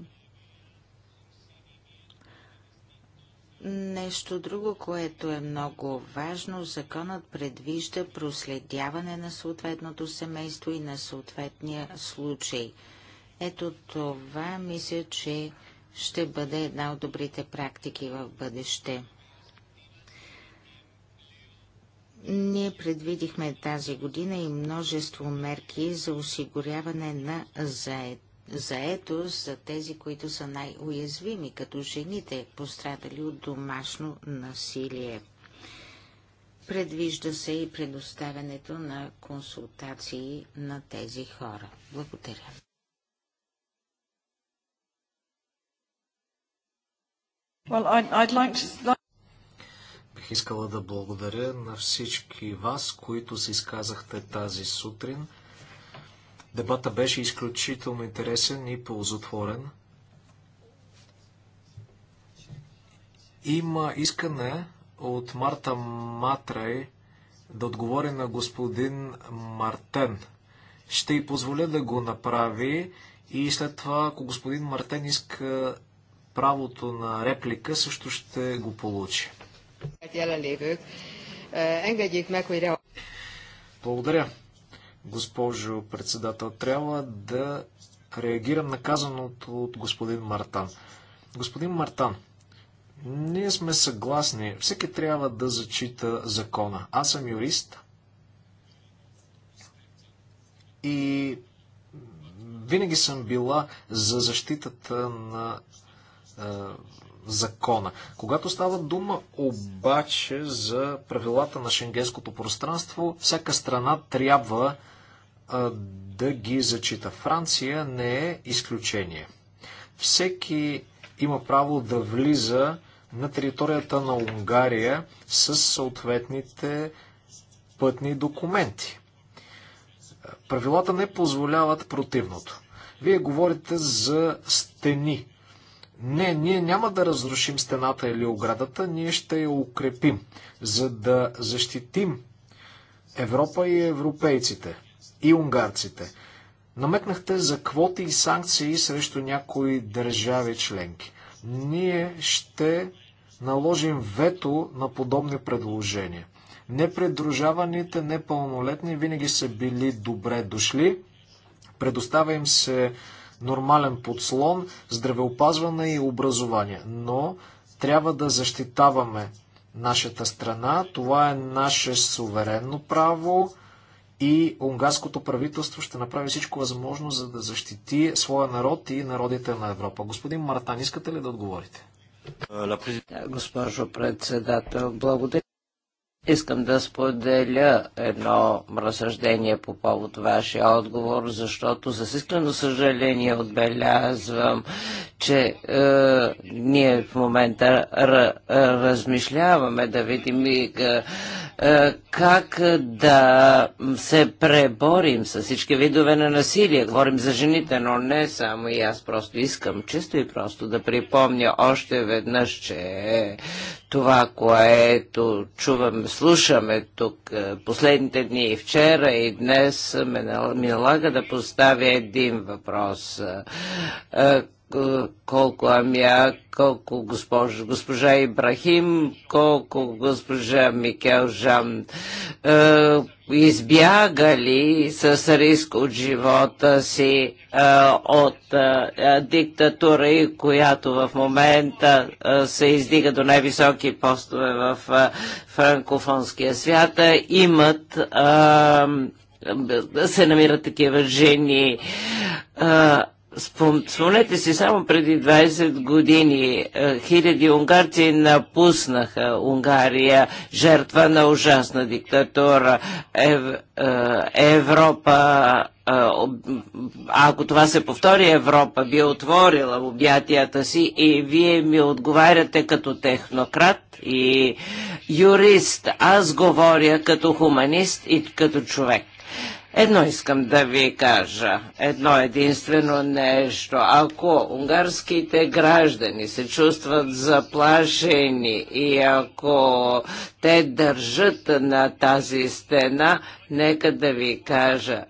Нещо друго, което е много важно, законът предвижда проследяване на съответното семейство и на съответния случай. Ето това мисля, че ще бъде една от добрите практики в бъдеще. Ние предвидихме тази година и множество мерки за осигуряване на заето за тези, които са най-уязвими, като жените, пострадали от домашно насилие. Предвижда се и предоставянето на консултации на тези хора. Благодаря. Well, I'd, I'd like to... Бих искала да благодаря на всички вас, които се изказахте тази сутрин. Дебата беше изключително интересен и ползотворен. Има искане от Марта Матрай да отговори на господин Мартен. Ще й позволя да го направи и след това, ако господин Мартен иска правото на реплика, също ще го получи. Благодаря, госпожо председател. Трябва да реагирам на казаното от господин Мартан. Господин Мартан, ние сме съгласни. Всеки трябва да зачита закона. Аз съм юрист и винаги съм била за защитата на е, закона. Когато става дума обаче за правилата на шенгенското пространство, всяка страна трябва а, да ги зачита. Франция не е изключение. Всеки има право да влиза на територията на Унгария с съответните пътни документи. Правилата не позволяват противното. Вие говорите за стени не, ние няма да разрушим стената или оградата, ние ще я укрепим, за да защитим Европа и европейците, и унгарците. Наметнахте за квоти и санкции срещу някои държави членки. Ние ще наложим вето на подобни предложения. Непредружаваните, непълнолетни винаги са били добре дошли. Предоставя им се нормален подслон, здравеопазване и образование. Но трябва да защитаваме нашата страна. Това е наше суверенно право и унгарското правителство ще направи всичко възможно, за да защити своя народ и народите на Европа. Господин Мартан, искате ли да отговорите? Госпожо председател, благодаря Искам да споделя едно разсъждение по повод вашия отговор, защото за искрено съжаление отбелязвам, че е, ние в момента размишляваме да видим и е, е, как е, да се преборим с всички видове на насилие. Говорим за жените, но не само и аз просто искам чисто и просто да припомня още веднъж, че това, което чуваме, слушаме тук е, последните дни и вчера и днес, ме налага да поставя един въпрос колко Амия, колко госпожа, госпожа Ибрахим, колко госпожа Микел Жан е, избягали с риск от живота си е, от е, е, диктатура, и която в момента е, се издига до най-високи постове в е, франкофонския свят, е, имат е, е се намират такива жени. Е, Спомнете си, само преди 20 години е, хиляди унгарци напуснаха Унгария, жертва на ужасна диктатура. Ев... Е, Европа, е, ако това се повтори, Европа би отворила обятията си и вие ми отговаряте като технократ и юрист. Аз говоря като хуманист и като човек. Едно искам да ви кажа, едно единствено нещо. Ако унгарските граждани се чувстват заплашени и ако те държат на тази стена, нека да ви кажа,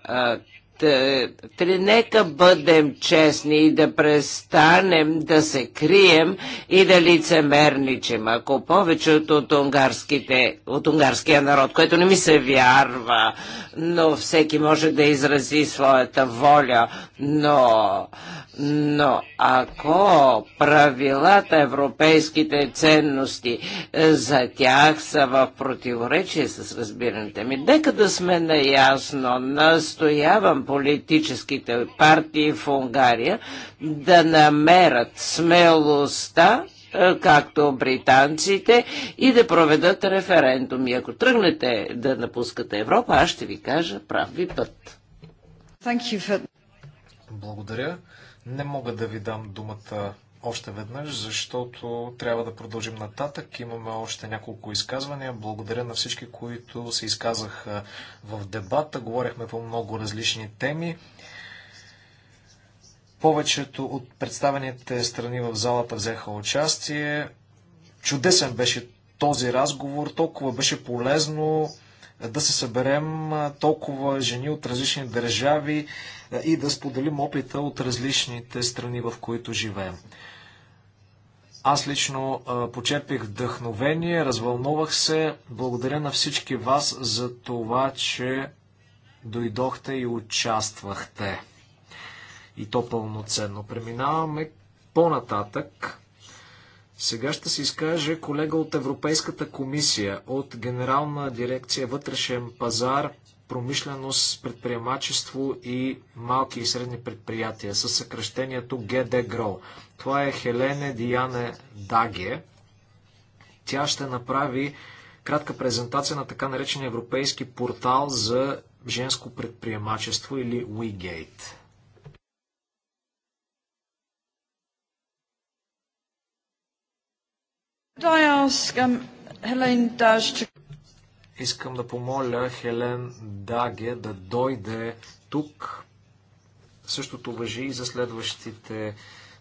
е, три, нека бъдем честни и да престанем да се крием и да лицемерничим. Ако повече от, унгарските, от унгарския народ, което не ми се вярва, но всеки може да изрази своята воля, но но ако правилата, европейските ценности е, за тях са в противоречие с разбирането ми, нека да сме наясно, настоявам политическите партии в Унгария да намерят смелостта е, както британците, и да проведат референдум. И ако тръгнете да напускате Европа, аз ще ви кажа път. Thank път. For... Благодаря. Не мога да ви дам думата още веднъж, защото трябва да продължим нататък. Имаме още няколко изказвания. Благодаря на всички, които се изказаха в дебата. Говорихме по много различни теми. Повечето от представените страни в залата взеха участие. Чудесен беше този разговор, толкова беше полезно да се съберем толкова жени от различни държави и да споделим опита от различните страни, в които живеем. Аз лично почерпих вдъхновение, развълнувах се. Благодаря на всички вас за това, че дойдохте и участвахте. И то пълноценно. Преминаваме по-нататък сега ще се изкаже колега от Европейската комисия, от Генерална дирекция Вътрешен пазар, промишленост, предприемачество и малки и средни предприятия със съкръщението ГД ГРО. Това е Хелене Диане Даге. Тя ще направи кратка презентация на така наречения европейски портал за женско предприемачество или WeGate. Um, Искам да помоля Хелен Даге да дойде тук. Същото въжи и за следващите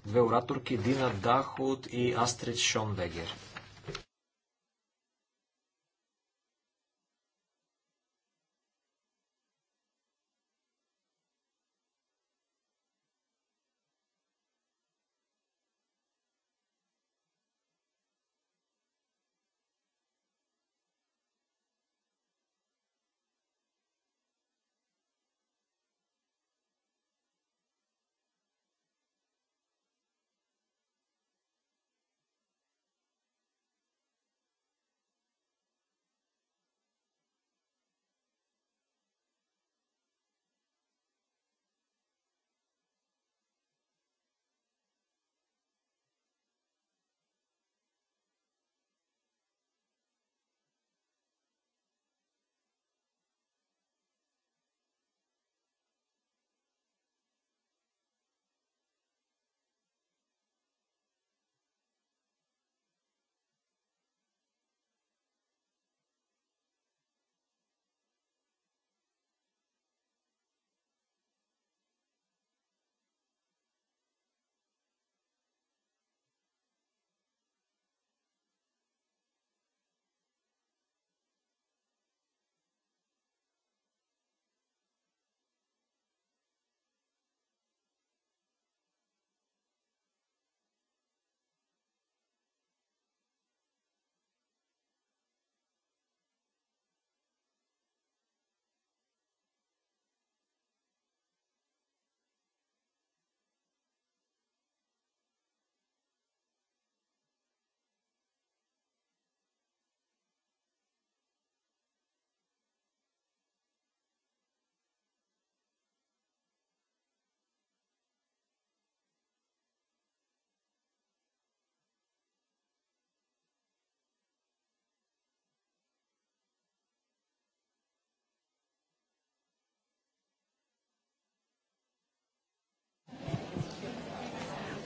две ораторки Дина Дахот и Астрид Шонбегер.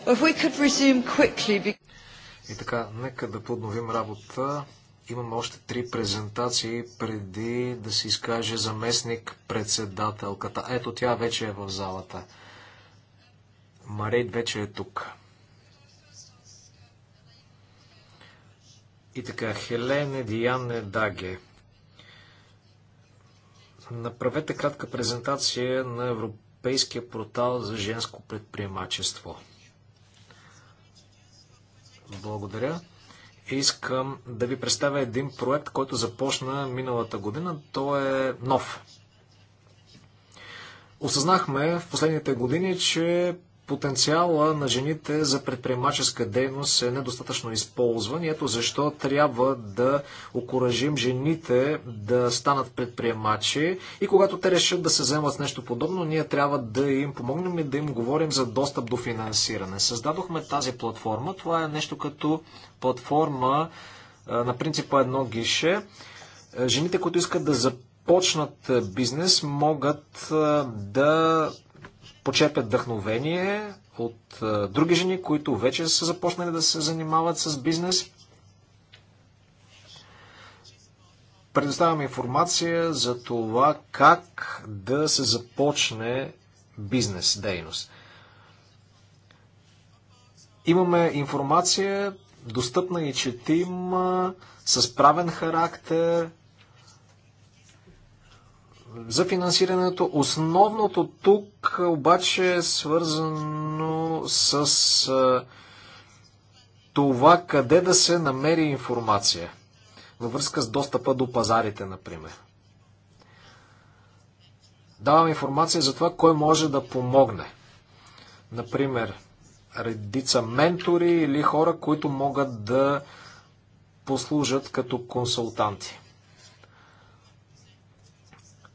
И така, нека да подновим работа. Имаме още три презентации преди да се изкаже заместник председателката. Ето тя вече е в залата. Марейт вече е тук. И така, Хелене Диане Даге. Направете кратка презентация на Европейския портал за женско предприемачество. Благодаря. Искам да ви представя един проект, който започна миналата година. Той е нов. Осъзнахме в последните години, че потенциала на жените за предприемаческа дейност е недостатъчно използван и ето защо трябва да окоръжим жените да станат предприемачи и когато те решат да се вземат с нещо подобно, ние трябва да им помогнем и да им говорим за достъп до финансиране. Създадохме тази платформа. Това е нещо като платформа на принципа едно гише. Жените, които искат да започнат бизнес, могат да почерпят вдъхновение от а, други жени, които вече са започнали да се занимават с бизнес. Предоставяме информация за това как да се започне бизнес дейност. Имаме информация достъпна и четима, с правен характер, за финансирането. Основното тук обаче е свързано с това къде да се намери информация във връзка с достъпа до пазарите, например. Давам информация за това кой може да помогне. Например, редица ментори или хора, които могат да послужат като консултанти.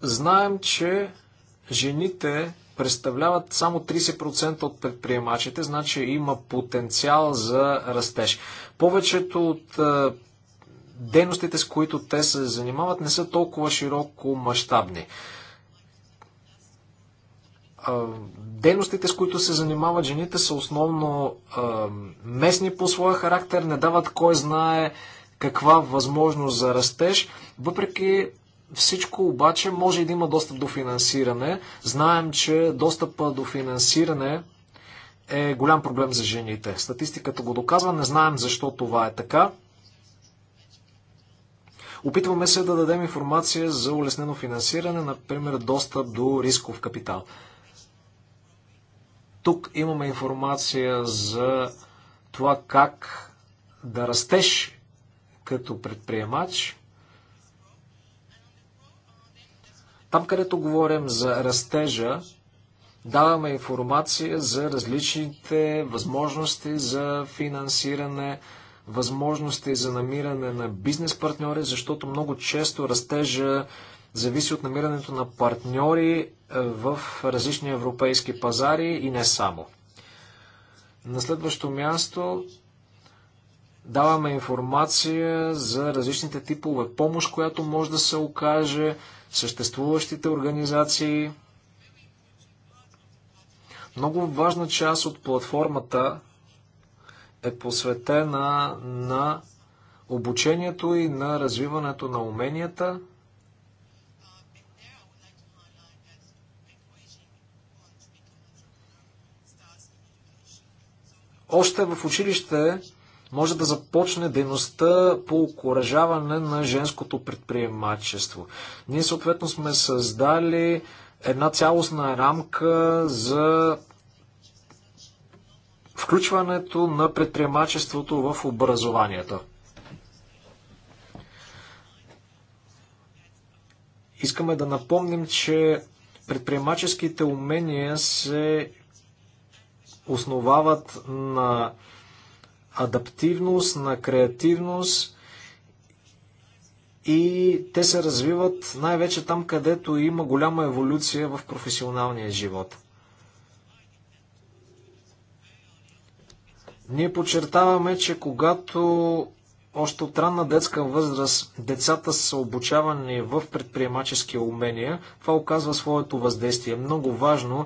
Знаем, че жените представляват само 30% от предприемачите, значи има потенциал за растеж. Повечето от дейностите, с които те се занимават, не са толкова широко мащабни. Дейностите, с които се занимават жените, са основно местни по своя характер, не дават кой знае каква възможност за растеж. Въпреки всичко обаче може и да има достъп до финансиране. Знаем, че достъпа до финансиране е голям проблем за жените. Статистиката го доказва, не знаем защо това е така. Опитваме се да дадем информация за улеснено финансиране, например достъп до рисков капитал. Тук имаме информация за това как да растеш като предприемач – Там, където говорим за растежа, даваме информация за различните възможности за финансиране, възможности за намиране на бизнес партньори, защото много често растежа зависи от намирането на партньори е, в различни европейски пазари и не само. На следващо място даваме информация за различните типове помощ, която може да се окаже, съществуващите организации. Много важна част от платформата е посветена на обучението и на развиването на уменията. Още в училище може да започне дейността по окоръжаване на женското предприемачество. Ние съответно сме създали една цялостна рамка за включването на предприемачеството в образованието. Искаме да напомним, че предприемаческите умения се основават на адаптивност, на креативност и те се развиват най-вече там, където има голяма еволюция в професионалния живот. Ние подчертаваме, че когато още от ранна детска възраст децата са обучавани в предприемачески умения, това оказва своето въздействие. Много важно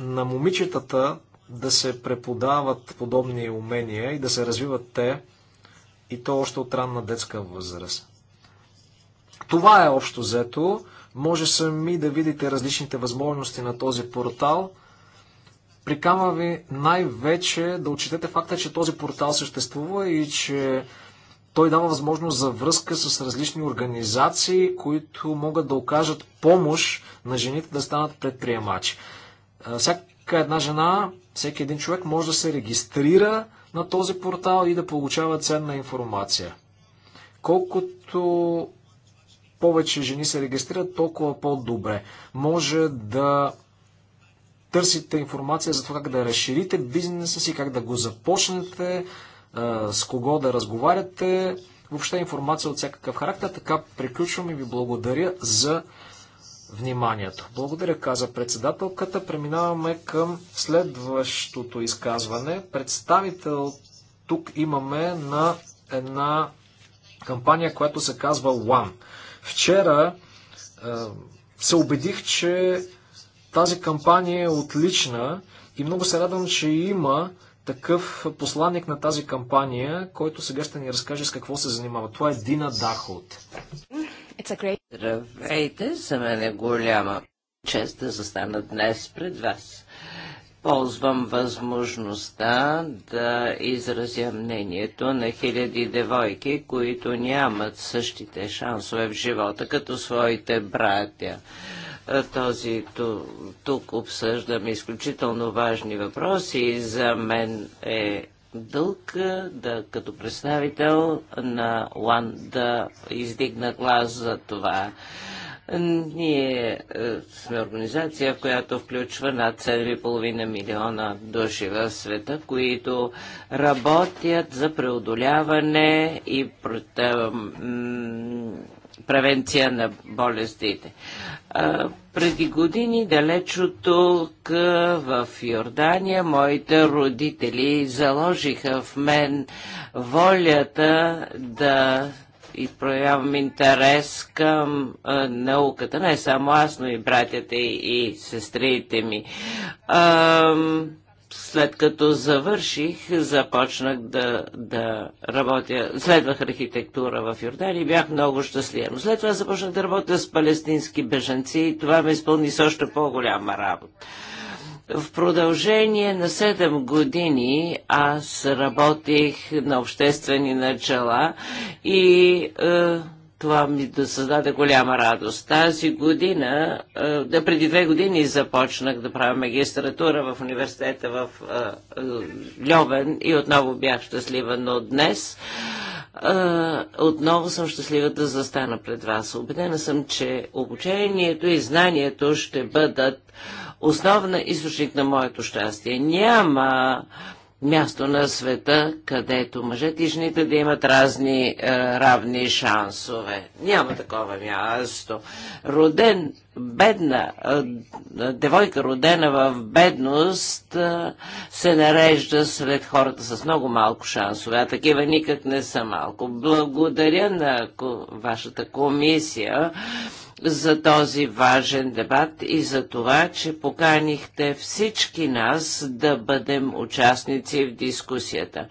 на момичетата да се преподават подобни умения и да се развиват те и то още от ранна детска възраст. Това е общо взето. Може сами да видите различните възможности на този портал. Прикамва ви най-вече да отчетете факта, че този портал съществува и че той дава възможност за връзка с различни организации, които могат да окажат помощ на жените да станат предприемачи. Всяка така една жена, всеки един човек може да се регистрира на този портал и да получава ценна информация. Колкото повече жени се регистрират, толкова по-добре. Може да търсите информация за това как да разширите бизнеса си, как да го започнете, с кого да разговаряте. Въобще информация от всякакъв характер. Така приключвам и ви благодаря за вниманието. Благодаря, каза председателката. Преминаваме към следващото изказване. Представител тук имаме на една кампания, която се казва One. Вчера е, се убедих, че тази кампания е отлична и много се радвам, че има такъв посланник на тази кампания, който сега ще ни разкаже с какво се занимава. Това е Дина Дахот. Great... Здравейте, за мен е голяма чест да застана днес пред вас ползвам възможността да изразя мнението на хиляди девойки, които нямат същите шансове в живота като своите братя този, тук обсъждам изключително важни въпроси и за мен е дълг да, като представител на ЛАН да издигна глас за това. Ние сме организация, в която включва над 7,5 милиона души в света, които работят за преодоляване и превенция на болестите преди години далеч от тук в Йордания моите родители заложиха в мен волята да и проявам интерес към а, науката. Не само аз, но и братята и, и сестрите ми. А, след като завърших, започнах да, да работя. Следвах архитектура в Йордания и бях много щастлив. Но след това започнах да работя с палестински беженци и това ме изпълни с още по-голяма работа. В продължение на 7 години аз работих на обществени начала и е, това ми да създаде голяма радост. Тази година, е, да преди две години започнах да правя магистратура в университета в е, е, Льовен и отново бях щастлива, но днес отново съм щастлива да застана пред вас. Обедена съм, че обучението и знанието ще бъдат основна източник на моето щастие. Няма място на света, където мъжете и жените да имат разни е, равни шансове. Няма такова място. Роден, бедна, е, е, девойка родена в бедност е, се нарежда сред хората с много малко шансове, а такива никак не са малко. Благодаря на вашата комисия за този важен дебат и за това, че поканихте всички нас да бъдем участници в дискусията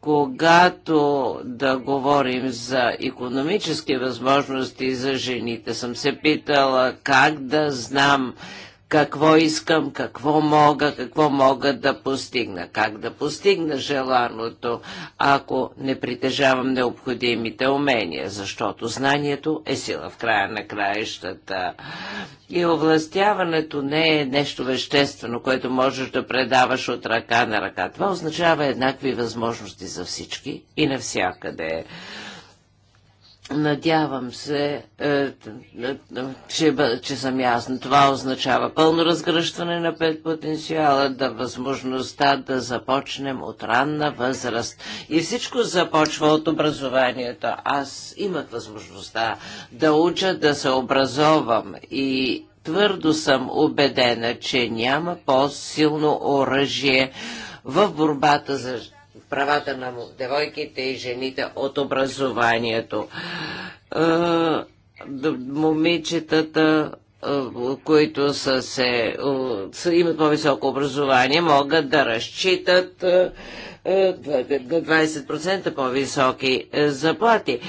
когато да говорим за економически възможности за жените, съм се питала как да знам какво искам, какво мога, какво мога да постигна, как да постигна желаното, ако не притежавам необходимите умения, защото знанието е сила в края на краищата. И овластяването не е нещо веществено, което можеш да предаваш от ръка на ръка. Това означава еднакви възможности за всички и навсякъде. Надявам се, е, че, че съм ясна. Това означава пълно разгръщане на пет потенциала, да възможността да започнем от ранна възраст. И всичко започва от образованието. Аз имах възможността да уча, да се образовам и твърдо съм убедена, че няма по-силно оръжие в борбата за правата на девойките и жените от образованието. Момичетата които са се, са, имат по-високо образование, могат да разчитат на 20% по-високи заплати.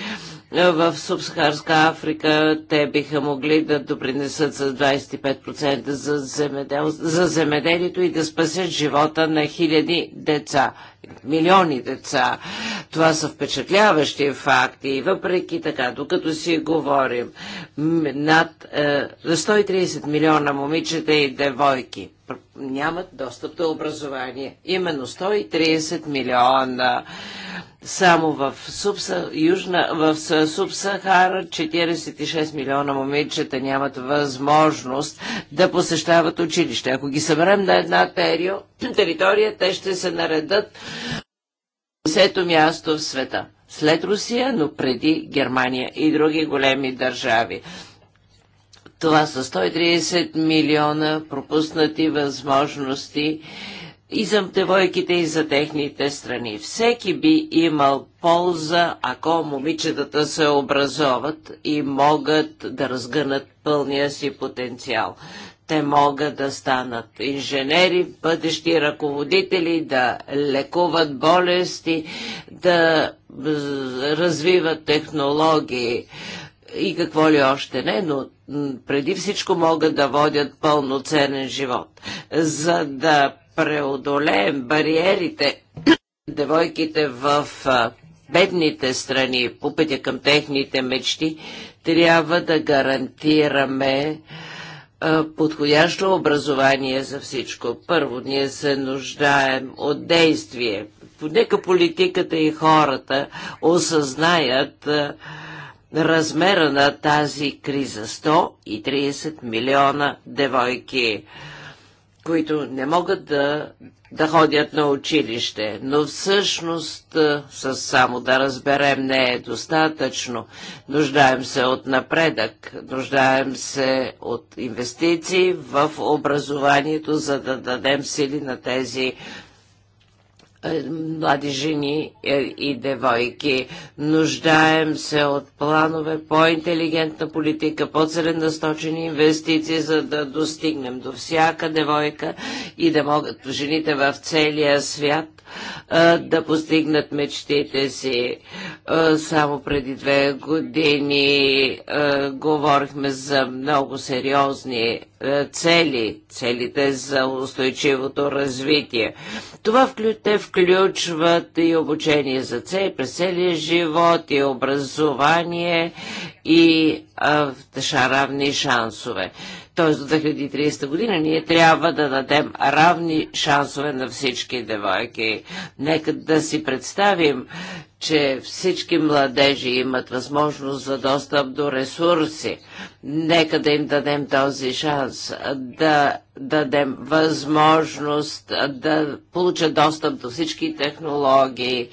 В Субсахарска Африка те биха могли да допринесат с 25% за, земедел, за земеделието и да спасят живота на хиляди деца милиони деца. Това са впечатляващи факти и въпреки така, докато си говорим, над е, 130 милиона момичета и девойки нямат достъп до образование. Именно 130 милиона. Само в, субса, южна, в Субсахара 46 милиона момичета нямат възможност да посещават училище. Ако ги съберем на една територия, те ще се наредат Десето място в света. След Русия, но преди Германия и други големи държави. Това са 130 милиона пропуснати възможности и за мтевойките, и за техните страни. Всеки би имал полза, ако момичетата се образоват и могат да разгънат пълния си потенциал те могат да станат инженери, бъдещи ръководители, да лекуват болести, да развиват технологии и какво ли още не, но преди всичко могат да водят пълноценен живот. За да преодолеем бариерите, девойките в бедните страни по пътя към техните мечти, трябва да гарантираме подходящо образование за всичко. Първо, ние се нуждаем от действие. Нека политиката и хората осъзнаят размера на тази криза. 130 милиона девойки които не могат да да ходят на училище, но всъщност с само да разберем не е достатъчно. Нуждаем се от напредък, нуждаем се от инвестиции в образованието, за да дадем сили на тези е, млади жени е, и девойки. Нуждаем се от планове, по-интелигентна политика, по-целенасточени инвестиции, за да достигнем до всяка девойка и да могат жените в целия свят да постигнат мечтите си. Само преди две години говорихме за много сериозни цели, целите за устойчивото развитие. Това те включват и обучение за цели през целия живот, и образование, и шаравни равни шансове т.е. до 2030 година, ние трябва да дадем равни шансове на всички девойки. Нека да си представим, че всички младежи имат възможност за достъп до ресурси. Нека да им дадем този шанс, да дадем възможност да получат достъп до всички технологии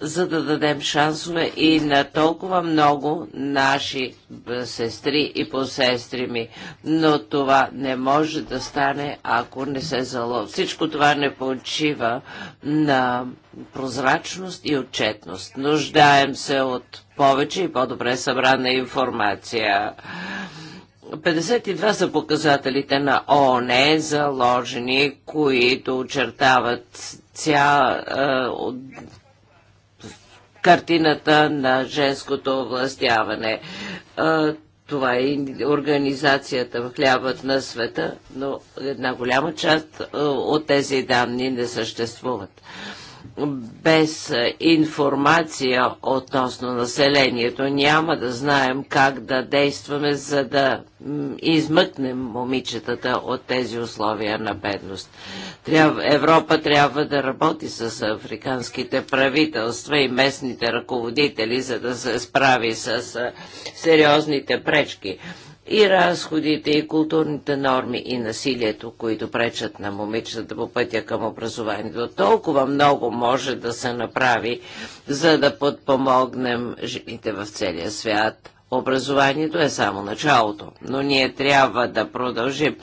за да дадем шансове и на толкова много наши сестри и посестри ми. Но това не може да стане, ако не се залог. Всичко това не почива на прозрачност и отчетност. Нуждаем се от повече и по-добре събрана информация. 52 са показателите на ООН заложени, които очертават ця, е, картината на женското овластяване. Това е организацията в хлябът на света, но една голяма част от тези данни не съществуват без информация относно населението няма да знаем как да действаме, за да измъкнем момичетата от тези условия на бедност. Трябва, Европа трябва да работи с африканските правителства и местните ръководители, за да се справи с сериозните пречки и разходите и културните норми и насилието, които пречат на момичетата по пътя към образованието. Толкова много може да се направи, за да подпомогнем жените в целия свят. Образованието е само началото, но ние трябва да продължим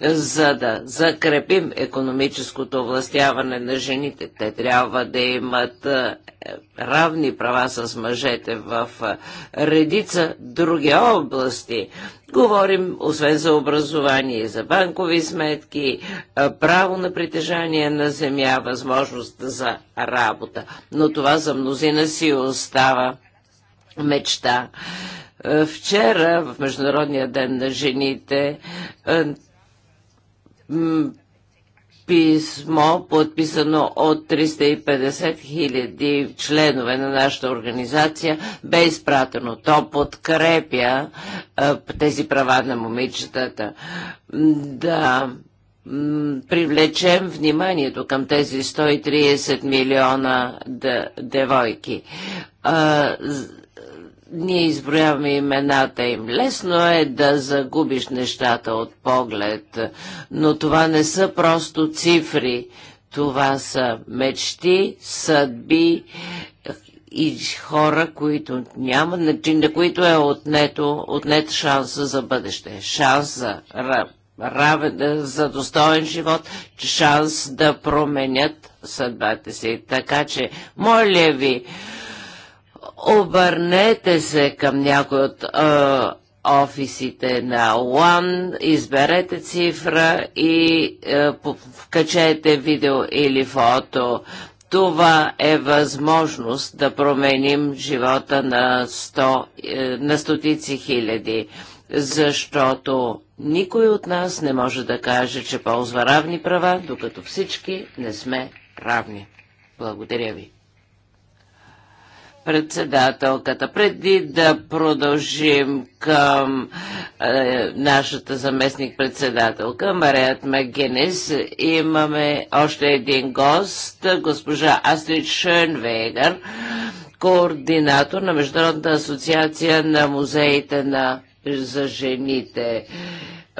за да закрепим економическото властяване на жените. Те трябва да имат е, равни права с мъжете в е, редица други области. Говорим освен за образование, за банкови сметки, е, право на притежание на земя, възможност за работа. Но това за мнозина си остава мечта. Вчера в Международния ден на жените писмо, подписано от 350 хиляди членове на нашата организация, бе изпратено. То подкрепя тези права на момичетата. Да привлечем вниманието към тези 130 милиона девойки ние изброяваме имената им. Лесно е да загубиш нещата от поглед, но това не са просто цифри. Това са мечти, съдби и хора, които няма, на които е отнето, отнет шанса за бъдеще. Шанс за равен, за достоен живот, шанс да променят съдбата си. Така че, моля ви, Обърнете се към някой от е, офисите на One, изберете цифра и е, вкачете видео или фото. Това е възможност да променим живота на, 100, е, на стотици хиляди, защото никой от нас не може да каже, че ползва равни права, докато всички не сме равни. Благодаря ви председателката. Преди да продължим към е, нашата заместник-председателка Марият Магенес, имаме още един гост, госпожа Астрид Шенвегер, координатор на Международната асоциация на музеите на, за жените.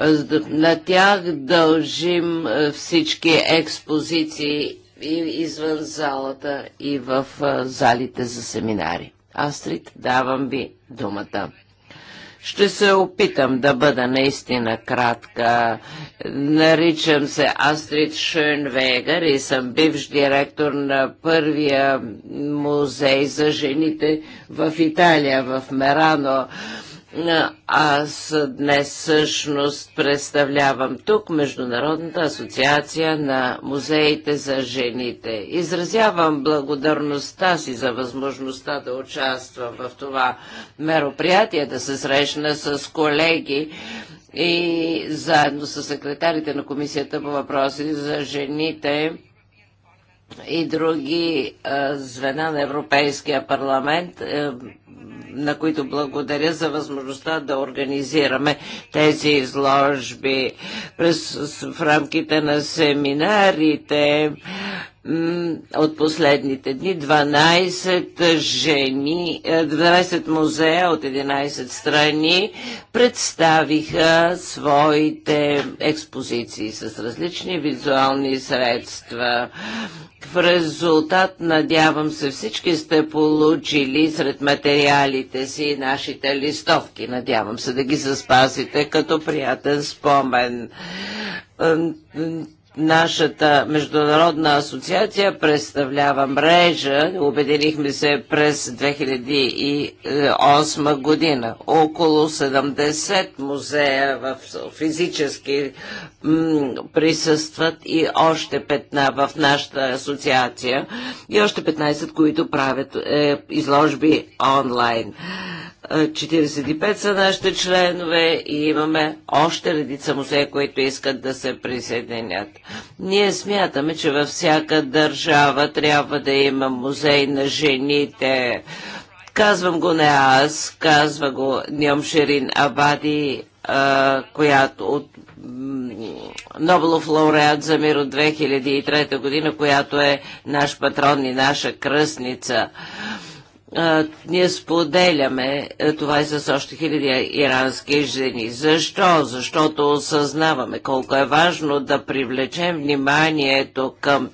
Е, на тях дължим е, всички експозиции и извън залата и в залите за семинари. Астрид, давам ви думата. Ще се опитам да бъда наистина кратка. Наричам се Астрид Шенвегър и съм бивш директор на първия музей за жените в Италия, в Мерано. Аз днес всъщност представлявам тук Международната асоциация на музеите за жените. Изразявам благодарността си за възможността да участвам в това мероприятие, да се срещна с колеги и заедно с секретарите на Комисията по въпроси за жените и други звена на Европейския парламент. Е, на които благодаря за възможността да организираме тези изложби през, в рамките на семинарите от последните дни 12 жени, 12 е, музея от 11 страни представиха своите експозиции с различни визуални средства. В резултат, надявам се, всички сте получили сред материалите си нашите листовки. Надявам се да ги заспазите като приятен спомен Нашата международна асоциация представлява мрежа, обединихме се през 2008 година. Около 70 музея в физически присъстват и още 15 в нашата асоциация и още 15, които правят е, изложби онлайн. 45 са нашите членове и имаме още редица музеи, които искат да се присъединят. Ние смятаме, че във всяка държава трябва да има музей на жените. Казвам го не аз, казва го Ньом Ширин Абади, която от Нобелов лауреат за мир от 2003 година, която е наш патрон и наша кръсница ние споделяме това и с още хиляди ирански жени. Защо? Защото осъзнаваме колко е важно да привлечем вниманието към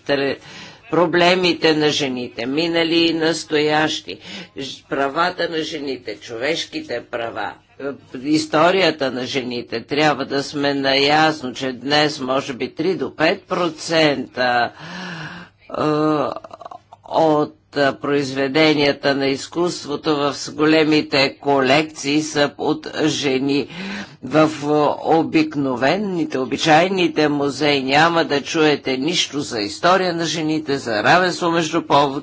проблемите на жените, минали и настоящи, правата на жените, човешките права, е, историята на жените. Трябва да сме наясно, че днес може би 3 до 5% е, от произведенията на изкуството в големите колекции са от жени. В обикновените, обичайните музеи няма да чуете нищо за история на жените, за равенство между пол,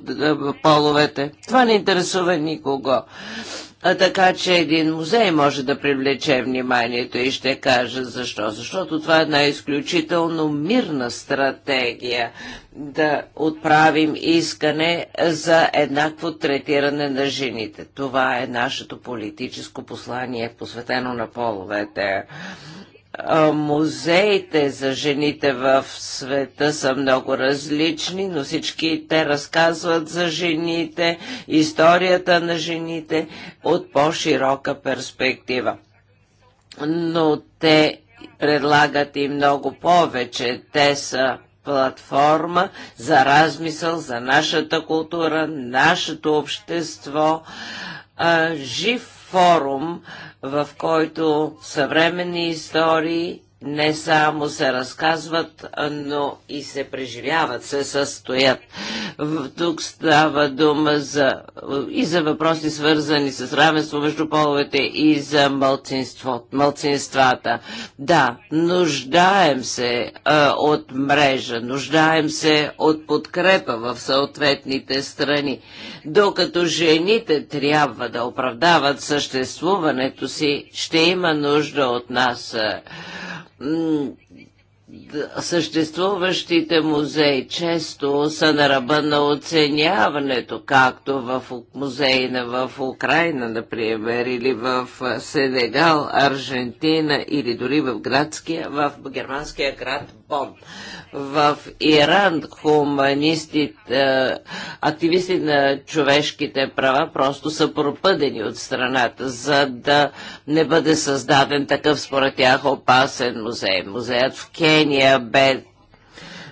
половете. Това не интересува никого. А така че един музей може да привлече вниманието и ще кажа защо. Защото това е една изключително мирна стратегия да отправим искане за еднакво третиране на жените. Това е нашето политическо послание, посветено на половете. Музеите за жените в света са много различни, но всички те разказват за жените, историята на жените от по-широка перспектива. Но те предлагат и много повече. Те са платформа за размисъл за нашата култура, нашето общество, жив форум в който съвременни истории не само се разказват, но и се преживяват, се състоят. Тук става дума за, и за въпроси свързани с равенство между половете и за мълцинствата. Да, нуждаем се а, от мрежа, нуждаем се от подкрепа в съответните страни, докато жените трябва да оправдават съществуването си, ще има нужда от нас съществуващите музеи често са на ръба на оценяването, както в музеи в Украина, например, или в Сенегал, Аржентина, или дори в, градския, в германския град Бон. В Иран хуманистите, активисти на човешките права просто са пропъдени от страната, за да не бъде създаден такъв според тях опасен музей. Музеят в Кения бе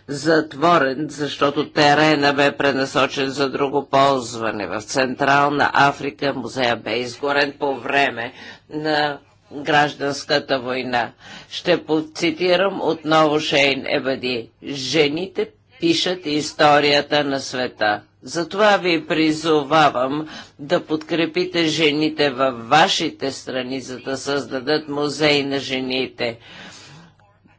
затворен, защото терена бе пренасочен за друго ползване. В Централна Африка музея бе изгорен по време на гражданската война. Ще подцитирам отново Шейн Ебади. Жените пишат историята на света. Затова ви призовавам да подкрепите жените във вашите страни, за да създадат музей на жените.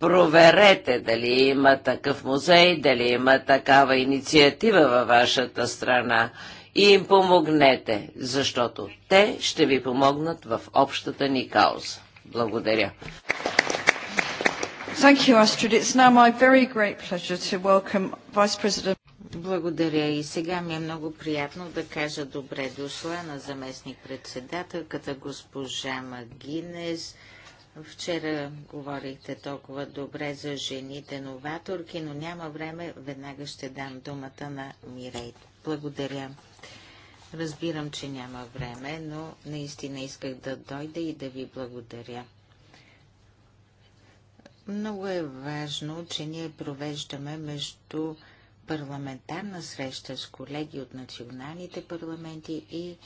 Проверете дали има такъв музей, дали има такава инициатива във вашата страна и им помогнете, защото те ще ви помогнат в общата ни кауза. Благодаря. Thank you, Astrid. It's now my very great pleasure to welcome Vice President. Благодаря и сега ми е много приятно да кажа добре дошла на заместник-председателката госпожа Магинес. Вчера говорихте толкова добре за жените новаторки, но няма време. Веднага ще дам думата на Мирей. Благодаря. Разбирам, че няма време, но наистина исках да дойда и да ви благодаря. Много е важно, че ние провеждаме между парламентарна среща с колеги от националните парламенти и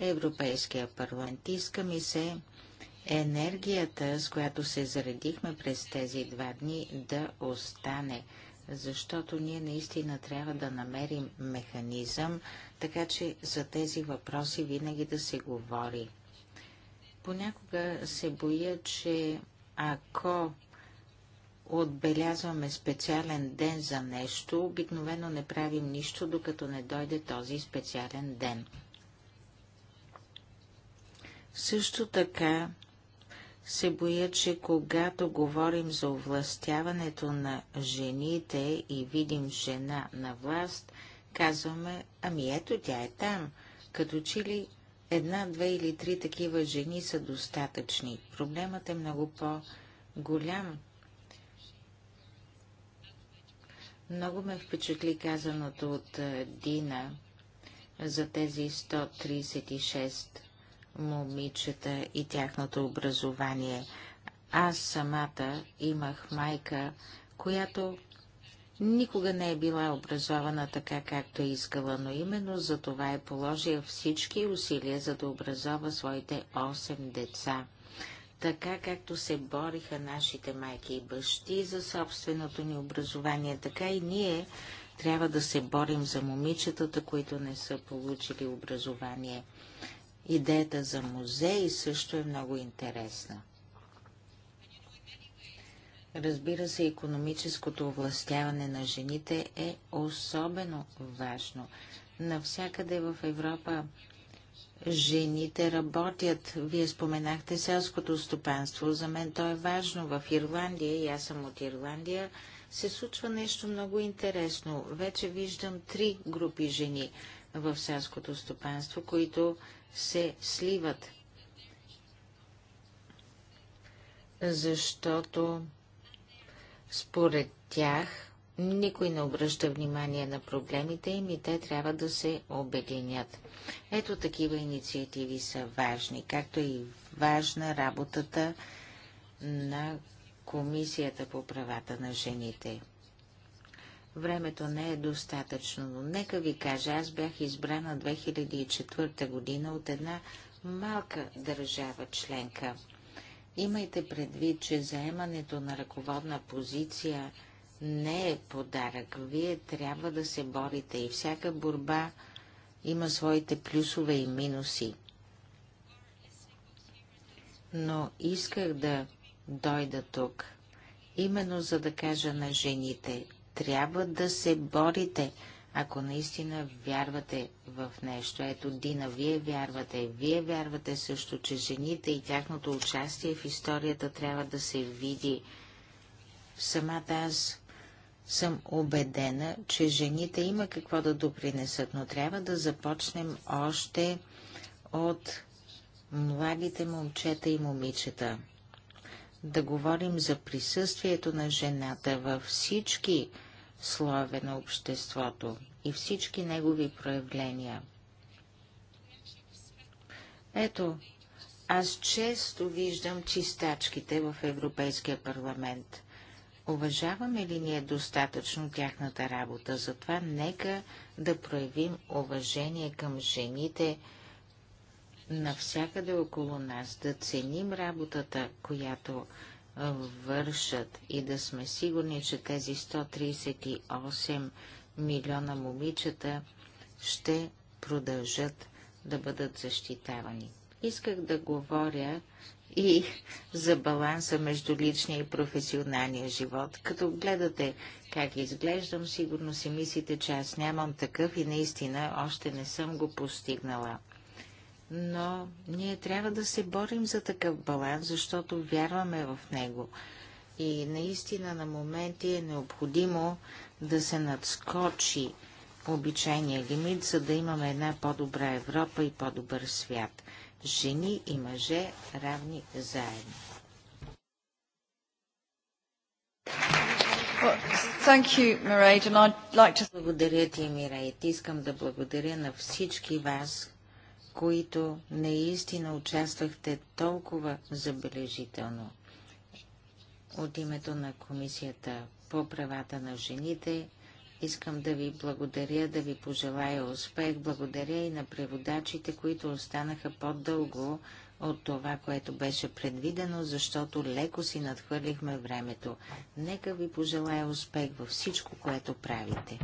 Европейския парламент. Иска ми се енергията, с която се заредихме през тези два дни, да остане, защото ние наистина трябва да намерим механизъм така че за тези въпроси винаги да се говори. Понякога се боя, че ако отбелязваме специален ден за нещо, обикновено не правим нищо, докато не дойде този специален ден. Също така се боя, че когато говорим за овластяването на жените и видим жена на власт, казваме, ами ето тя е там, като че ли една, две или три такива жени са достатъчни. Проблемът е много по-голям. Много ме впечатли казаното от Дина за тези 136 момичета и тяхното образование. Аз самата имах майка, която никога не е била образована така, както е искала, но именно за това е положила всички усилия, за да образова своите 8 деца. Така както се бориха нашите майки и бащи за собственото ни образование, така и ние трябва да се борим за момичетата, които не са получили образование. Идеята за музей също е много интересна. Разбира се, економическото овластяване на жените е особено важно. Навсякъде в Европа жените работят. Вие споменахте селското стопанство. За мен то е важно. В Ирландия, и аз съм от Ирландия, се случва нещо много интересно. Вече виждам три групи жени в селското стопанство, които се сливат. Защото според тях никой не обръща внимание на проблемите им и те трябва да се обединят. Ето такива инициативи са важни, както и важна работата на Комисията по правата на жените. Времето не е достатъчно, но нека ви кажа, аз бях избрана 2004 година от една малка държава членка – Имайте предвид, че заемането на ръководна позиция не е подарък. Вие трябва да се борите и всяка борба има своите плюсове и минуси. Но исках да дойда тук, именно за да кажа на жените, трябва да се борите – ако наистина вярвате в нещо. Ето, Дина, вие вярвате, вие вярвате също, че жените и тяхното участие в историята трябва да се види. Самата аз съм убедена, че жените има какво да допринесат, но трябва да започнем още от младите момчета и момичета. Да говорим за присъствието на жената във всички слоеве на обществото и всички негови проявления. Ето, аз често виждам чистачките в Европейския парламент. Уважаваме ли ние достатъчно тяхната работа? Затова нека да проявим уважение към жените навсякъде около нас, да ценим работата, която вършат и да сме сигурни, че тези 138 милиона момичета ще продължат да бъдат защитавани. Исках да говоря и за баланса между личния и професионалния живот. Като гледате как изглеждам, сигурно си мислите, че аз нямам такъв и наистина още не съм го постигнала но ние трябва да се борим за такъв баланс, защото вярваме в него. И наистина на моменти е необходимо да се надскочи обичайния лимит, за да имаме една по-добра Европа и по-добър свят. Жени и мъже равни заедно. Благодаря ти, Мирейт. Искам да благодаря на всички вас, които наистина участвахте толкова забележително от името на Комисията по правата на жените. Искам да ви благодаря, да ви пожелая успех. Благодаря и на преводачите, които останаха по-дълго от това, което беше предвидено, защото леко си надхвърлихме времето. Нека ви пожелая успех във всичко, което правите.